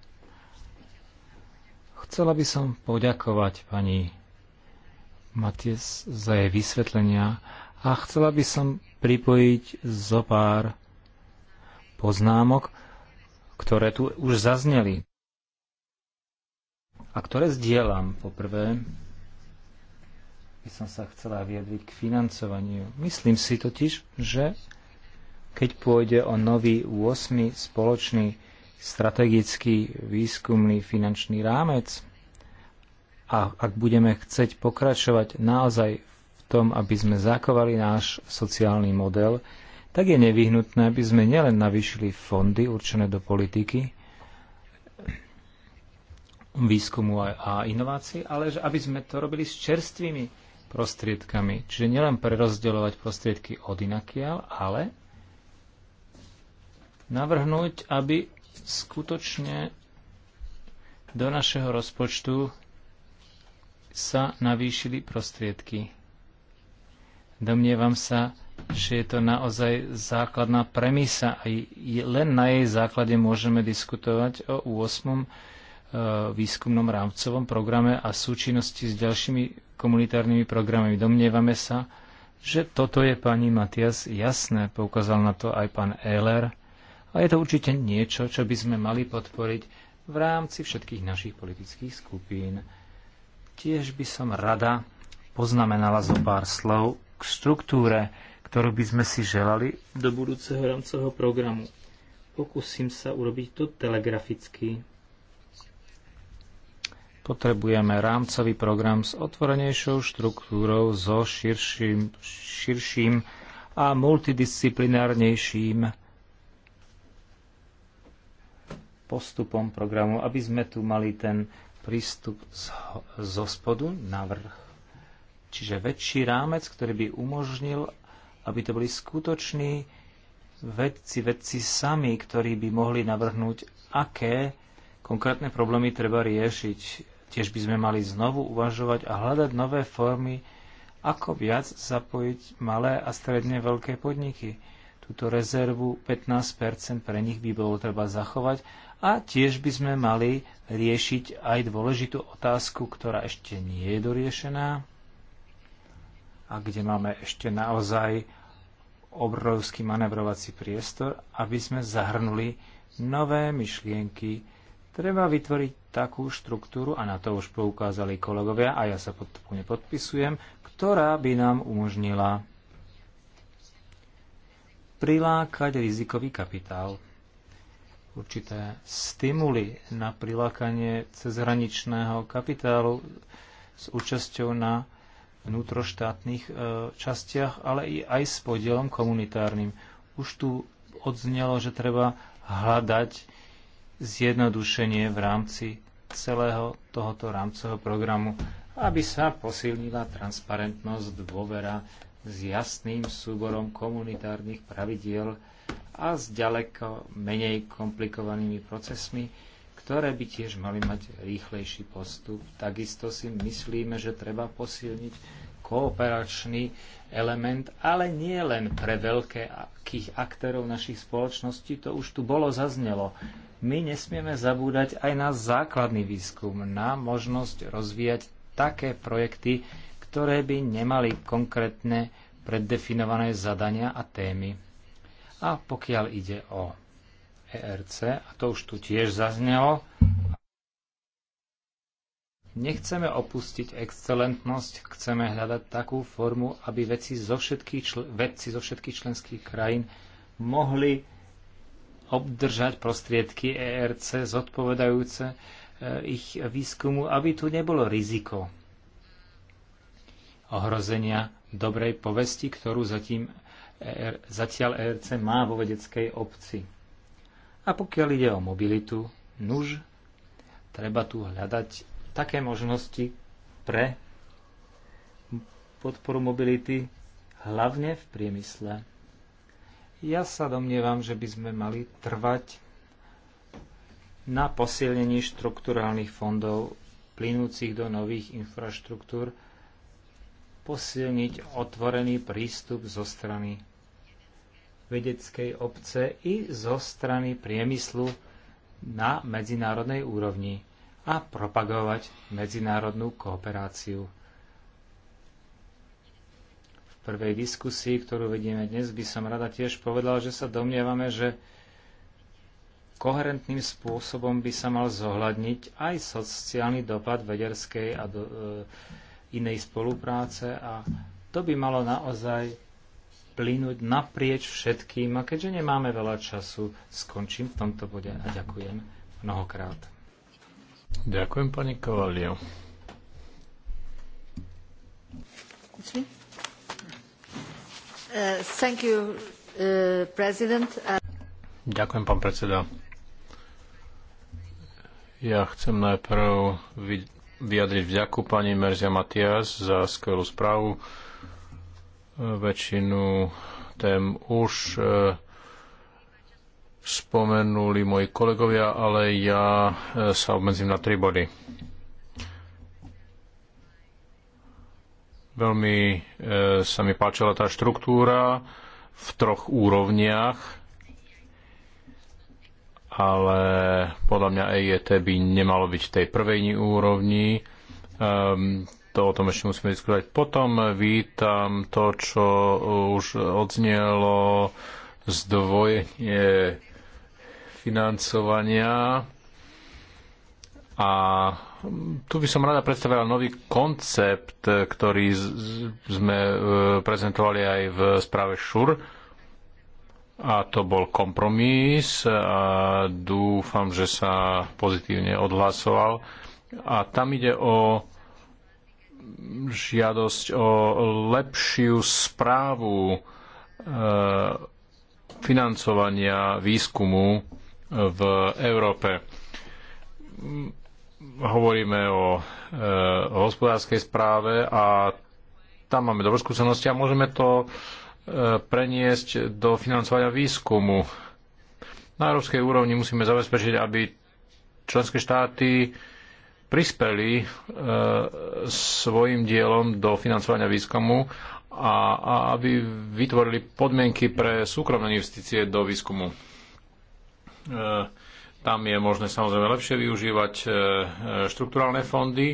[SPEAKER 2] Chcela by som poďakovať pani Maties za jej vysvetlenia a chcela by som pripojiť zo pár poznámok, ktoré tu už zazneli a ktoré zdieľam. Poprvé, by som sa chcela vyjadriť k financovaniu. Myslím si totiž, že keď pôjde o nový 8. spoločný strategický výskumný finančný rámec a ak budeme chceť pokračovať naozaj v tom, aby sme zakovali náš sociálny model, tak je nevyhnutné, aby sme nielen navýšili fondy určené do politiky, výskumu a inovácií, ale že aby sme to robili s čerstvými prostriedkami. Čiže nielen prerozdeľovať prostriedky od inakiaľ, ale navrhnúť, aby skutočne do našeho rozpočtu sa navýšili prostriedky. Domnievam sa, že je to naozaj základná premisa a len na jej základe môžeme diskutovať o 8. E, výskumnom rámcovom programe a súčinnosti s ďalšími komunitárnymi programami. Domnievame sa, že toto je pani Matias jasné, poukázal na to aj pán Ehler, a je to určite niečo, čo by sme mali podporiť v rámci všetkých našich politických skupín. Tiež by som rada poznamenala zo pár slov k štruktúre, ktorú by sme si želali do budúceho rámcového programu. Pokúsim sa urobiť to telegraficky. Potrebujeme rámcový program s otvorenejšou štruktúrou, so širším, širším a multidisciplinárnejším postupom programu, aby sme tu mali ten prístup z, zo spodu na vrch. Čiže väčší rámec, ktorý by umožnil, aby to boli skutoční vedci, vedci sami, ktorí by mohli navrhnúť, aké konkrétne problémy treba riešiť. Tiež by sme mali znovu uvažovať a hľadať nové formy, ako viac zapojiť malé a stredne veľké podniky túto rezervu 15% pre nich by bolo treba zachovať a tiež by sme mali riešiť aj dôležitú otázku, ktorá ešte nie je doriešená a kde máme ešte naozaj obrovský manevrovací priestor, aby sme zahrnuli nové myšlienky. Treba vytvoriť takú štruktúru, a na to už poukázali kolegovia, a ja sa pod, podpisujem, ktorá by nám umožnila prilákať rizikový kapitál určité stimuly na prilákanie cezhraničného kapitálu s účasťou na vnútroštátnych e, častiach, ale i aj s podielom komunitárnym. Už tu odznelo, že treba hľadať zjednodušenie v rámci celého tohoto rámcového programu, aby sa posilnila transparentnosť, dôvera s jasným súborom komunitárnych pravidiel, a s ďaleko menej komplikovanými procesmi, ktoré by tiež mali mať rýchlejší postup. Takisto si myslíme, že treba posilniť kooperačný element, ale nie len pre veľkých aktérov našich spoločností, to už tu bolo zaznelo. My nesmieme zabúdať aj na základný výskum, na možnosť rozvíjať také projekty, ktoré by nemali konkrétne preddefinované zadania a témy. A pokiaľ ide o ERC, a to už tu tiež zaznelo, nechceme opustiť excelentnosť, chceme hľadať takú formu, aby vedci zo všetkých, čl- vedci zo všetkých členských krajín mohli obdržať prostriedky ERC zodpovedajúce e, ich výskumu, aby tu nebolo riziko ohrozenia dobrej povesti, ktorú zatím ER, zatiaľ ERC má vo vedeckej obci. A pokiaľ ide o mobilitu, nuž, treba tu hľadať také možnosti pre podporu mobility, hlavne v priemysle. Ja sa domnievam, že by sme mali trvať na posilnení štrukturálnych fondov plynúcich do nových infraštruktúr, posilniť otvorený prístup zo strany vedeckej obce i zo strany priemyslu na medzinárodnej úrovni a propagovať medzinárodnú kooperáciu. V prvej diskusii, ktorú vedieme dnes, by som rada tiež povedala, že sa domnievame, že koherentným spôsobom by sa mal zohľadniť aj sociálny dopad vederskej a do, e, inej spolupráce a to by malo naozaj plynúť naprieč všetkým a keďže nemáme veľa času, skončím v tomto bode a ďakujem mnohokrát. Ďakujem pani Kovalio. Uh,
[SPEAKER 5] you, uh, uh,
[SPEAKER 1] Ďakujem, pán
[SPEAKER 4] predseda. Ja chcem najprv vyjadriť vďaku pani Merzia Matias za skvelú správu. Väčšinu tém už e, spomenuli moji kolegovia, ale ja e, sa obmedzím na tri body. Veľmi e, sa mi páčila tá štruktúra v troch úrovniach ale podľa mňa EIT by nemalo byť v tej prvej úrovni. Um, to o tom ešte musíme diskutovať. Potom vítam to, čo už odznelo zdvojenie financovania a tu by som rada predstavila nový koncept, ktorý sme e, prezentovali aj v správe ŠUR a to bol kompromis a dúfam, že sa pozitívne odhlasoval. A tam ide o žiadosť o lepšiu správu e, financovania výskumu v Európe. Hovoríme e, o hospodárskej správe a tam máme dobré skúsenosti a môžeme to E, preniesť do financovania výskumu. Na európskej úrovni musíme zabezpečiť, aby členské štáty prispeli e, svojim dielom do financovania výskumu a, a aby vytvorili podmienky pre súkromné investície do výskumu. E, tam je možné samozrejme lepšie využívať e, štrukturálne fondy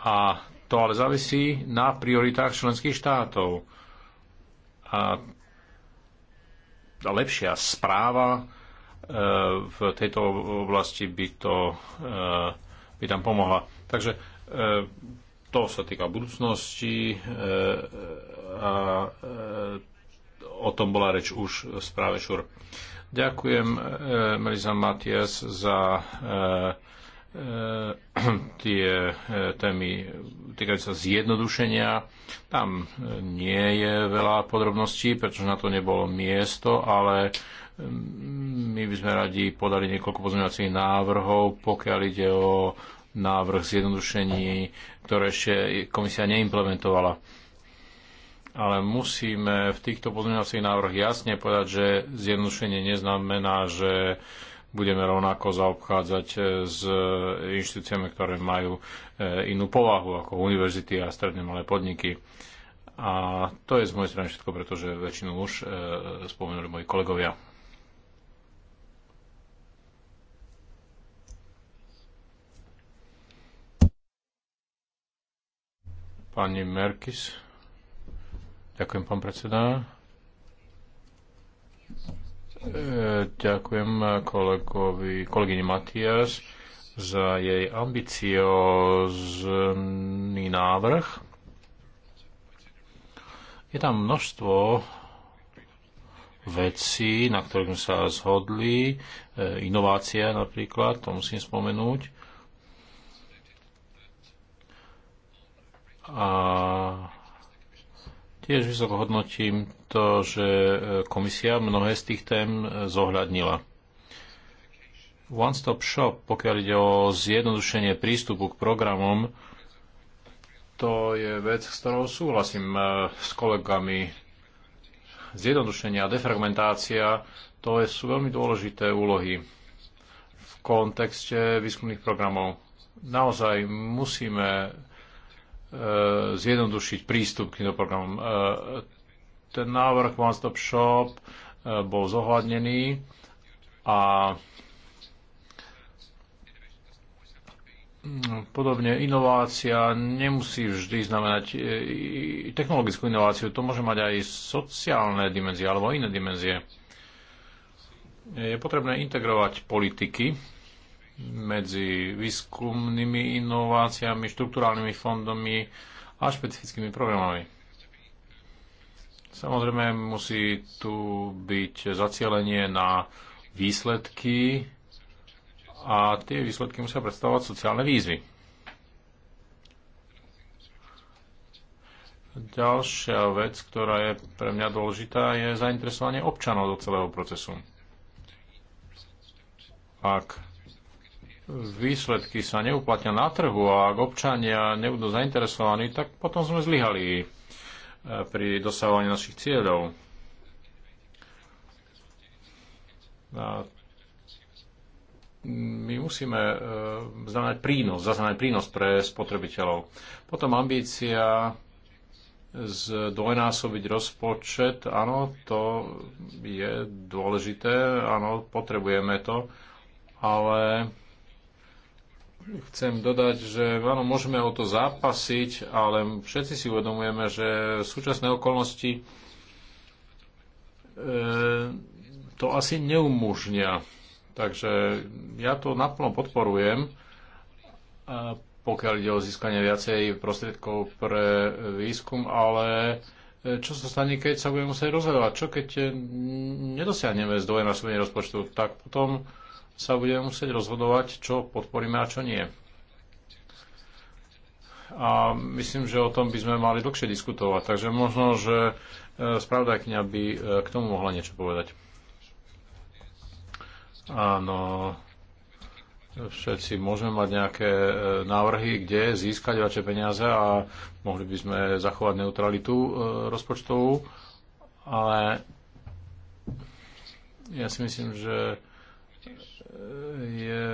[SPEAKER 4] a to ale závisí na prioritách členských štátov a lepšia správa e, v tejto oblasti by, to, e, by tam pomohla. Takže e, to sa týka budúcnosti a o tom bola reč už v správe ŠUR. Ďakujem Melisa Matias za Ehm, tie e, témy týkajú sa zjednodušenia. Tam e, nie je veľa podrobností, pretože na to nebolo miesto, ale ehm, my by sme radi podali niekoľko pozmeňovacích návrhov, pokiaľ ide o návrh zjednodušení, ktoré ešte komisia neimplementovala. Ale musíme v týchto pozmeňovacích návrhoch jasne povedať, že zjednodušenie neznamená, že budeme rovnako zaobchádzať e, s e, inštitúciami, ktoré majú e, inú povahu ako univerzity a stredne malé podniky. A to je z mojej strany všetko, pretože väčšinu už spomenuli moji kolegovia. Pani Merkis. Ďakujem, pán predseda. E, ďakujem kolegovi, kolegyni Matias za jej ambiciózny návrh. Je tam množstvo vecí, na ktorých sa zhodli, e, Inovácia napríklad, to musím spomenúť. A Tiež vysoko hodnotím to, že e, komisia mnohé z tých tém e, zohľadnila. One Stop Shop, pokiaľ ide o zjednodušenie prístupu k programom, to je vec, s ktorou súhlasím e, s kolegami. Zjednodušenie a defragmentácia, to sú veľmi dôležité úlohy v kontexte výskumných programov. Naozaj musíme E, zjednodušiť prístup k týmto programom. E, ten návrh One Stop Shop e, bol zohľadnený a mm, podobne inovácia nemusí vždy znamenať technologickú inováciu. To môže mať aj sociálne dimenzie alebo iné dimenzie. Je potrebné integrovať politiky medzi výskumnými inováciami, štruktúrálnymi fondami a špecifickými programami. Samozrejme musí tu byť zacielenie na výsledky a tie výsledky musia predstavovať sociálne výzvy. Ďalšia vec, ktorá je pre mňa dôležitá, je zainteresovanie občanov do celého procesu. Ak výsledky sa neuplatnia na trhu a ak občania nebudú zainteresovaní, tak potom sme zlyhali eh, pri dosahovaní našich cieľov. A my musíme eh, znamenať prínos, zaznamenať prínos pre spotrebiteľov. Potom ambícia zdvojnásobiť rozpočet, áno, to je dôležité, áno, potrebujeme to, ale chcem dodať, že áno, môžeme o to zápasiť, ale všetci si uvedomujeme, že súčasné okolnosti e, to asi neumožnia. Takže ja to naplno podporujem, pokiaľ ide o získanie viacej prostriedkov pre výskum, ale e, čo sa stane, keď sa budeme musieť rozhodovať? Čo keď e, nedosiahneme zdvojenásobenie rozpočtu? Tak potom sa budeme musieť rozhodovať, čo podporíme a čo nie. A myslím, že o tom by sme mali dlhšie diskutovať, takže možno, že e, spravodajkňa by e, k tomu mohla niečo povedať. Áno, všetci môžeme mať nejaké e, návrhy, kde získať väčšie peniaze a mohli by sme zachovať neutralitu rozpočtovú, ale ja si myslím, že je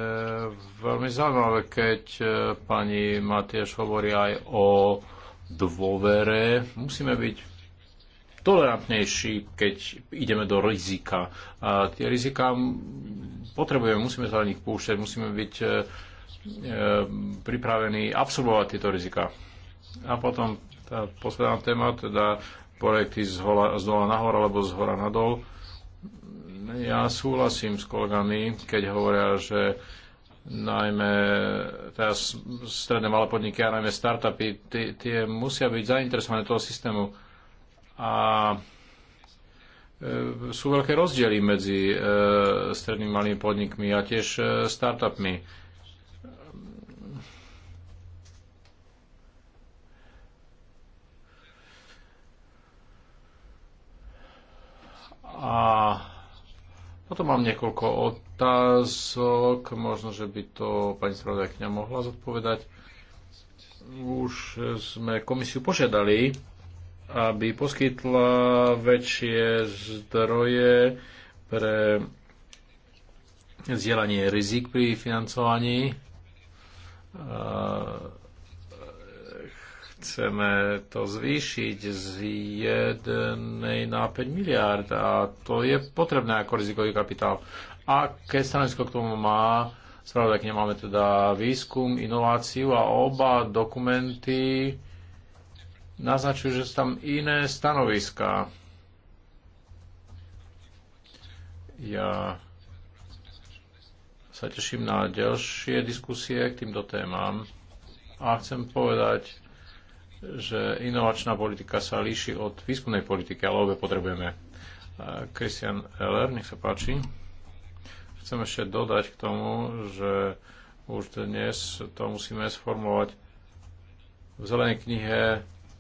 [SPEAKER 4] veľmi zaujímavé, keď e, pani Matieš hovorí aj o dôvere. Musíme byť tolerantnejší, keď ideme do rizika. A tie rizika potrebujeme, musíme sa na nich púšťať, musíme byť e, e, pripravení absorbovať tieto rizika. A potom tá posledná téma, teda projekty z, hola, z dola nahor alebo z hora nadol. Ja súhlasím s kolegami, keď hovoria, že najmä teraz stredné malé podniky a najmä startupy, tie musia byť zainteresované toho systému. A e, sú veľké rozdiely medzi e, strednými malými podnikmi a tiež e, startupmi. A potom mám niekoľko otázok, možno, že by to pani spravodajkňa mohla zodpovedať. Už sme komisiu požiadali, aby poskytla väčšie zdroje pre zdieľanie rizik pri financovaní chceme to zvýšiť z 1 na 5 miliárd a to je potrebné ako rizikový kapitál. A ke stanovisko k tomu má spravodajkňa? Máme teda výskum, inováciu a oba dokumenty naznačujú, že sú tam iné stanoviská. Ja sa teším na ďalšie diskusie k týmto témam a chcem povedať, že inovačná politika sa líši od výskumnej politiky, ale obe potrebujeme. E, Christian Eller, nech sa páči. Chcem ešte dodať k tomu, že už dnes to musíme sformulovať. V zelenej knihe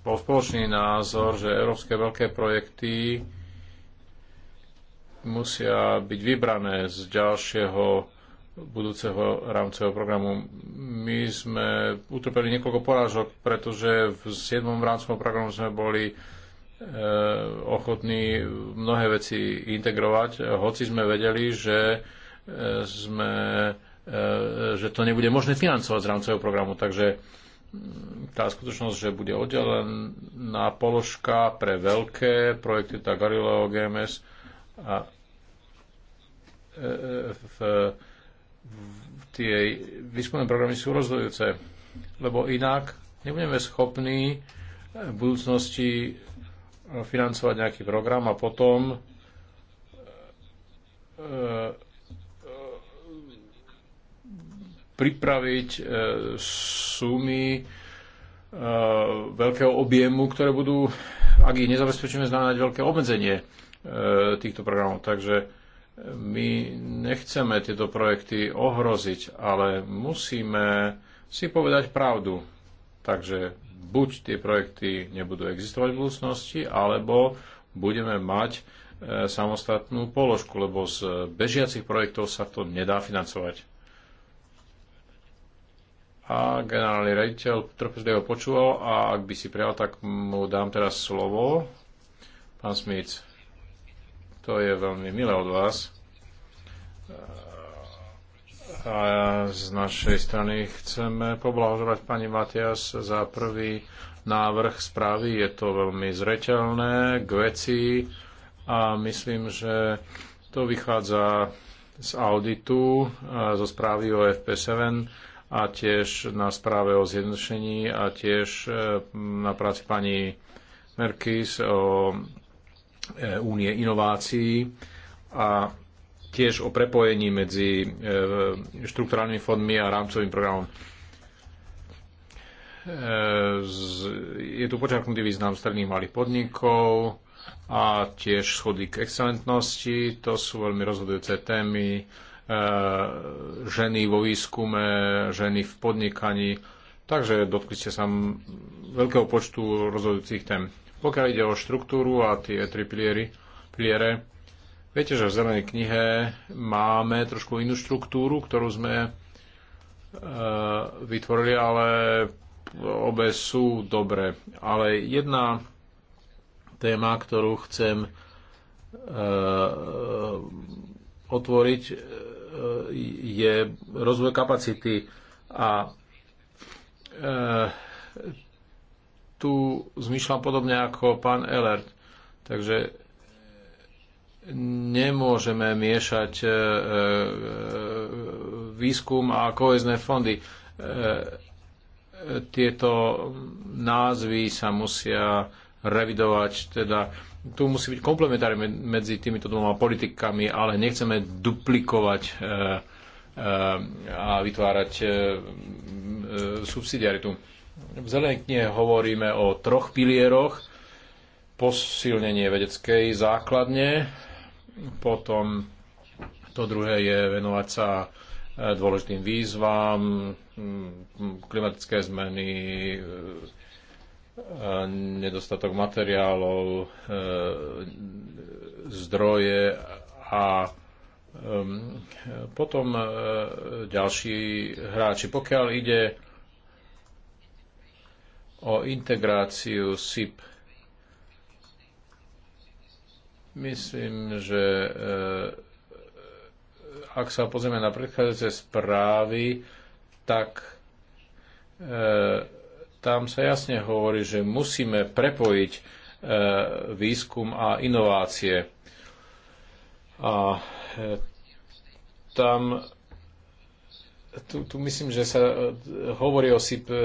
[SPEAKER 4] bol spoločný názor, že európske veľké projekty musia byť vybrané z ďalšieho budúceho rámcového programu. My sme utrpeli niekoľko porážok, pretože v 7. rámcovom programu sme boli e, ochotní mnohé veci integrovať, hoci sme vedeli, že, e, sme, e, že to nebude možné financovať z rámcového programu. Takže tá skutočnosť, že bude oddelená položka pre veľké projekty, tak Galileo GMS a v tie výskumné programy sú rozhodujúce, lebo inak nebudeme schopní eh, v budúcnosti eh, financovať nejaký program a potom eh, pripraviť sumy veľkého objemu, ktoré budú, ak ich nezabezpečíme, znamenať veľké obmedzenie týchto programov. Takže my nechceme tieto projekty ohroziť, ale musíme si povedať pravdu. Takže buď tie projekty nebudú existovať v budúcnosti, alebo budeme mať e, samostatnú položku, lebo z bežiacich projektov sa to nedá financovať. A generálny rediteľ trpezlivo počúval a ak by si prijal, tak mu dám teraz slovo. Pán Smic. To je veľmi milé od vás. A z našej strany chceme poblahožovať pani Matias za prvý návrh správy. Je to veľmi zreteľné, k veci a myslím, že to vychádza z auditu, zo správy o FP7 a tiež na správe o zjednodušení a tiež e, na práci pani Merkis o E, únie inovácií a tiež o prepojení medzi e, štrukturálnymi fondmi a rámcovým programom. E, je tu počiarknutý význam stredných malých podnikov a tiež schody k excelentnosti. To sú veľmi rozhodujúce témy. Ženy vo výskume, ženy v podnikaní. Takže dotkli ste sa veľkého počtu rozhodujúcich tém. Pokiaľ ide o štruktúru a tie tri piliery, piliere, viete, že v zelenej knihe máme trošku inú štruktúru, ktorú sme e, vytvorili, ale obe sú dobré. Ale jedna téma, ktorú chcem e, otvoriť, e, je rozvoj kapacity a e, tu zmýšľam podobne ako pán Elert. Takže nemôžeme miešať e, e, e, výskum a kohezné fondy. Tieto názvy sa musia revidovať, teda tu musí byť komplementárne medzi týmito dvoma politikami, ale nechceme duplikovať a vytvárať subsidiaritu v Zelenej knihe hovoríme o troch pilieroch. Posilnenie vedeckej základne, potom to druhé je venovať sa dôležitým výzvam, klimatické zmeny, nedostatok materiálov, zdroje a um, potom uh, ďalší hráči. Pokiaľ ide o integráciu SIP. Myslím, že eh, ak sa pozrieme na predchádzajúce správy, tak e, tam sa jasne hovorí, že musíme prepojiť e, výskum a inovácie. A e, tam tu, tu myslím, že sa eh, hovorí o SIP eh,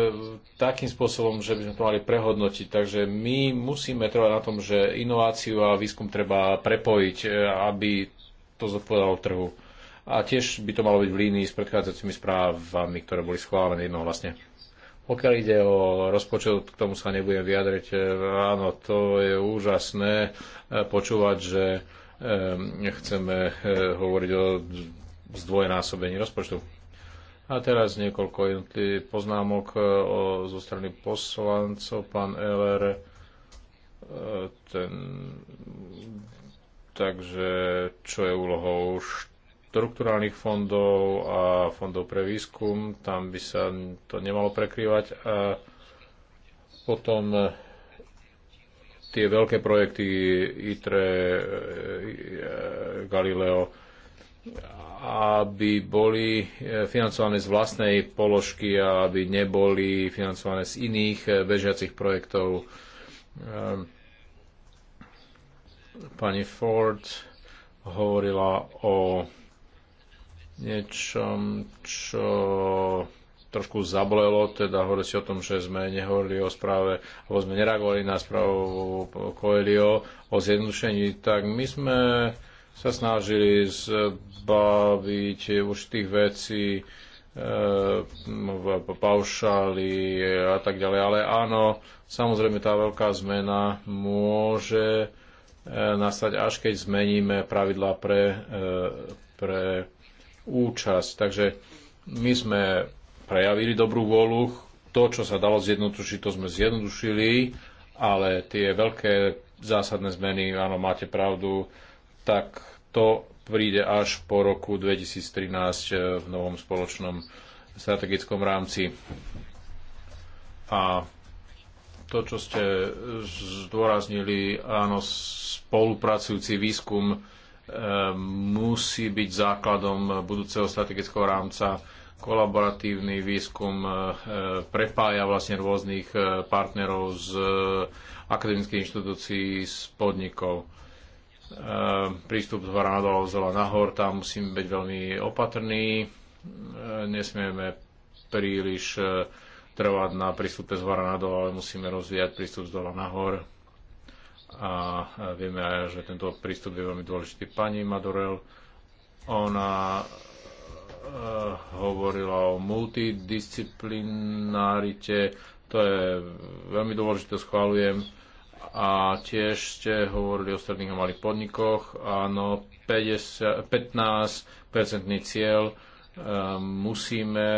[SPEAKER 4] takým spôsobom, že by sme to mali prehodnotiť. Takže my musíme trvať na tom, že inováciu a výskum treba prepojiť, eh, aby to zodpovedalo trhu. A tiež by to malo byť v línii s predchádzajúcimi správami, ktoré boli schválené jednohlasne. Pokiaľ ide o rozpočet, k tomu sa nebudem vyjadriť. Áno, to je úžasné počúvať, že chceme hovoriť o zdvojnásobení rozpočtu a teraz niekoľko poznámok e, o, zo strany poslancov. Pán Eller, e, ten, takže čo je úlohou štrukturálnych fondov a fondov pre výskum, tam by sa to nemalo prekrývať. A potom e, tie veľké projekty ITRE, Galileo aby boli e, financované z vlastnej položky a aby neboli financované z iných e, bežiacich projektov. Ehm, pani Ford hovorila o niečom, čo trošku zablelo, teda hovorí si o tom, že sme nehovorili o správe, alebo sme nereagovali na správu Coelio o zjednodušení, tak my sme sa snažili zbaviť už tých vecí, e, paušály a tak ďalej. Ale áno, samozrejme tá veľká zmena môže e, nastať až keď zmeníme pravidla pre, e, pre účasť. Takže my sme prejavili dobrú vôľu, to, čo sa dalo zjednodušiť, to sme zjednodušili, ale tie veľké zásadné zmeny, áno, máte pravdu, tak to príde až po roku 2013 eh, v novom spoločnom strategickom rámci. A to, čo ste eh, zdôraznili, áno, spolupracujúci výskum eh, musí byť základom budúceho strategického rámca. Kolaboratívny výskum prepája vlastne rôznych partnerov z akademických inštitúcií, z podnikov Ehm, prístup z hora nadol, z nahor, tam musíme byť veľmi opatrní, ehm, nesmieme príliš e, trvať na prístupe z hora nadol, ale musíme rozvíjať prístup z dola nahor. A vieme aj, že tento prístup je veľmi dôležitý. Pani Madurel, ona e, hovorila o multidisciplinárite, to je veľmi dôležité, schválujem a tiež ste hovorili o stredných a malých podnikoch. Áno, 15-percentný cieľ. Ehm, musíme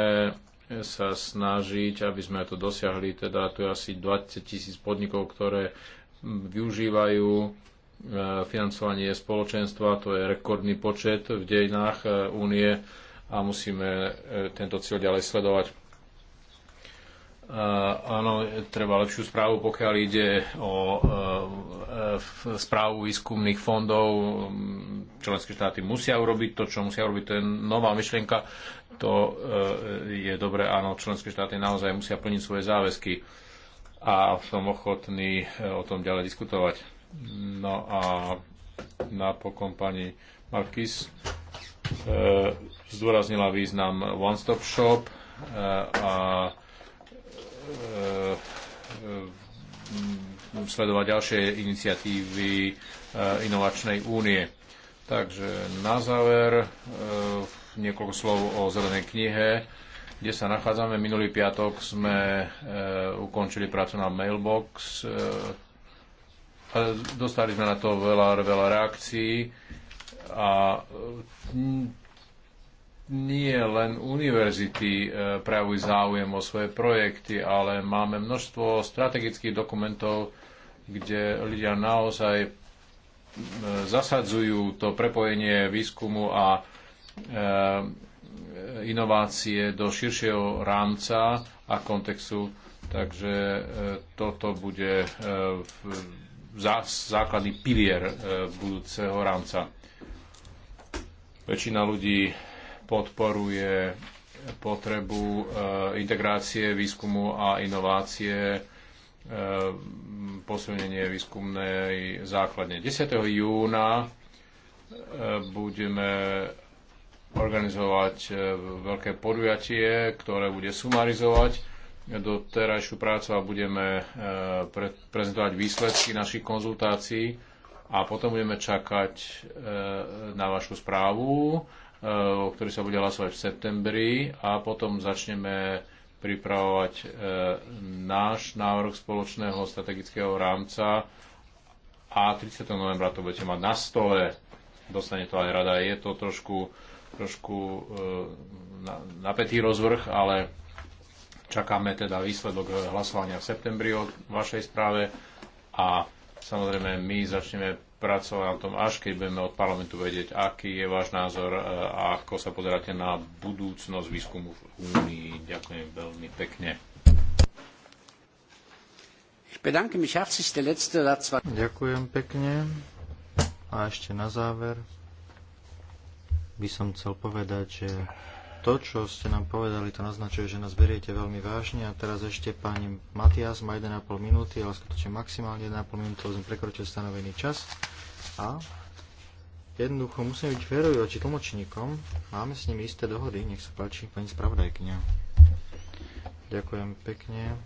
[SPEAKER 4] sa snažiť, aby sme to dosiahli. Teda tu je asi 20 tisíc podnikov, ktoré využívajú e, financovanie spoločenstva. To je rekordný počet v dejinách e, únie a musíme e, tento cieľ ďalej sledovať. Eh, áno, treba lepšiu správu, pokiaľ ide o eh, správu výskumných fondov. Členské štáty musia urobiť to, čo musia urobiť. To je nová myšlienka. To eh, je dobré. Áno, členské štáty naozaj musia plniť svoje záväzky a som ochotný o tom ďalej diskutovať. No a napokon pani Markis zdôraznila význam One Stop Shop a E, e, sledovať ďalšie iniciatívy e, inovačnej únie. Takže na záver niekoľko slov o zelenej knihe, kde sa nachádzame. Minulý piatok sme ukončili prácu na mailbox. Dostali sme na to veľa, veľa reakcií a nie len univerzity e, prejavujú záujem o svoje projekty, ale máme množstvo strategických dokumentov, kde ľudia naozaj e, zasadzujú to prepojenie výskumu a e, inovácie do širšieho rámca a kontextu. Takže toto bude základný pilier budúceho rámca. Väčšina ľudí podporuje potrebu eh, integrácie výskumu a inovácie, eh, posilnenie výskumnej základne. 10. júna eh, budeme organizovať veľké podujatie, ktoré bude sumarizovať doterajšiu prácu a budeme pre, prezentovať výsledky našich konzultácií a potom budeme čakať na vašu správu Eh, o ktorý sa bude hlasovať v septembri a potom začneme pripravovať eh, náš návrh spoločného strategického rámca a 30. novembra to budete mať na stole. Dostane to aj rada. Je to trošku, trošku eh, napätý rozvrh, ale čakáme teda výsledok hlasovania v septembri o vašej správe a samozrejme my začneme pracovať na tom, až keď budeme od parlamentu vedieť, aký je váš názor e, a ako sa pozeráte na budúcnosť výskumu v Únii. Ďakujem veľmi pekne.
[SPEAKER 1] Ďakujem
[SPEAKER 5] pekne. A ešte na záver by som chcel povedať, že to, čo ste nám povedali, to naznačuje, že nás beriete veľmi vážne. A teraz ešte pani Matias má 1,5 minúty, ale skutočne maximálne 1,5 minúty, lebo sme prekročili stanovený čas. A jednoducho musíme byť férovi oči tlmočníkom. Máme s nimi isté dohody. Nech sa páči, pani spravodajkňa. Ďakujem pekne.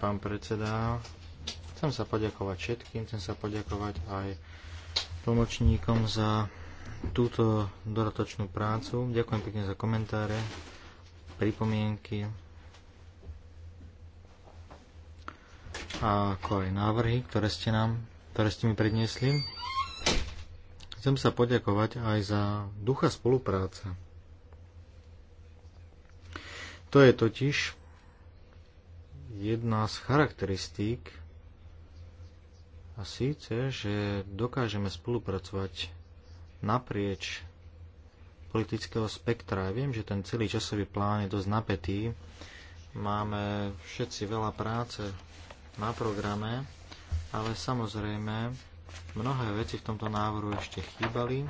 [SPEAKER 5] Pán predseda, chcem sa poďakovať všetkým, chcem sa poďakovať aj tlmočníkom za túto dodatočnú prácu. Ďakujem pekne za komentáre, pripomienky a ako aj návrhy, ktoré ste nám, ktoré ste mi predniesli. Chcem sa poďakovať aj za ducha spolupráce. To je totiž jedna z charakteristík a síce, že dokážeme spolupracovať naprieč politického spektra. Ja viem, že ten celý časový plán je dosť napätý. Máme všetci veľa práce na programe, ale samozrejme mnohé veci v tomto návrhu ešte chýbali.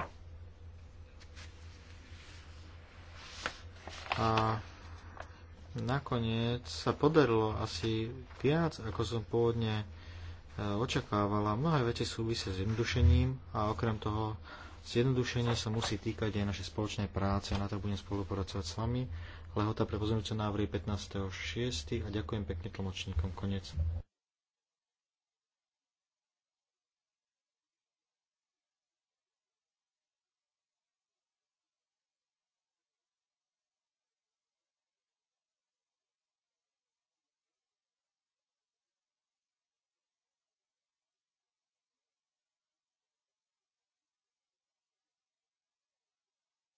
[SPEAKER 5] A nakoniec sa podarilo asi viac, ako som pôvodne e, očakávala. Mnohé veci súvisia s jednodušením a okrem toho Zjednodušenie sa musí týkať aj našej spoločnej práce, na to budem spolupracovať s vami. Lehota pre pozorujúce návrhy 15.6. a ďakujem pekne tlmočníkom. Konec.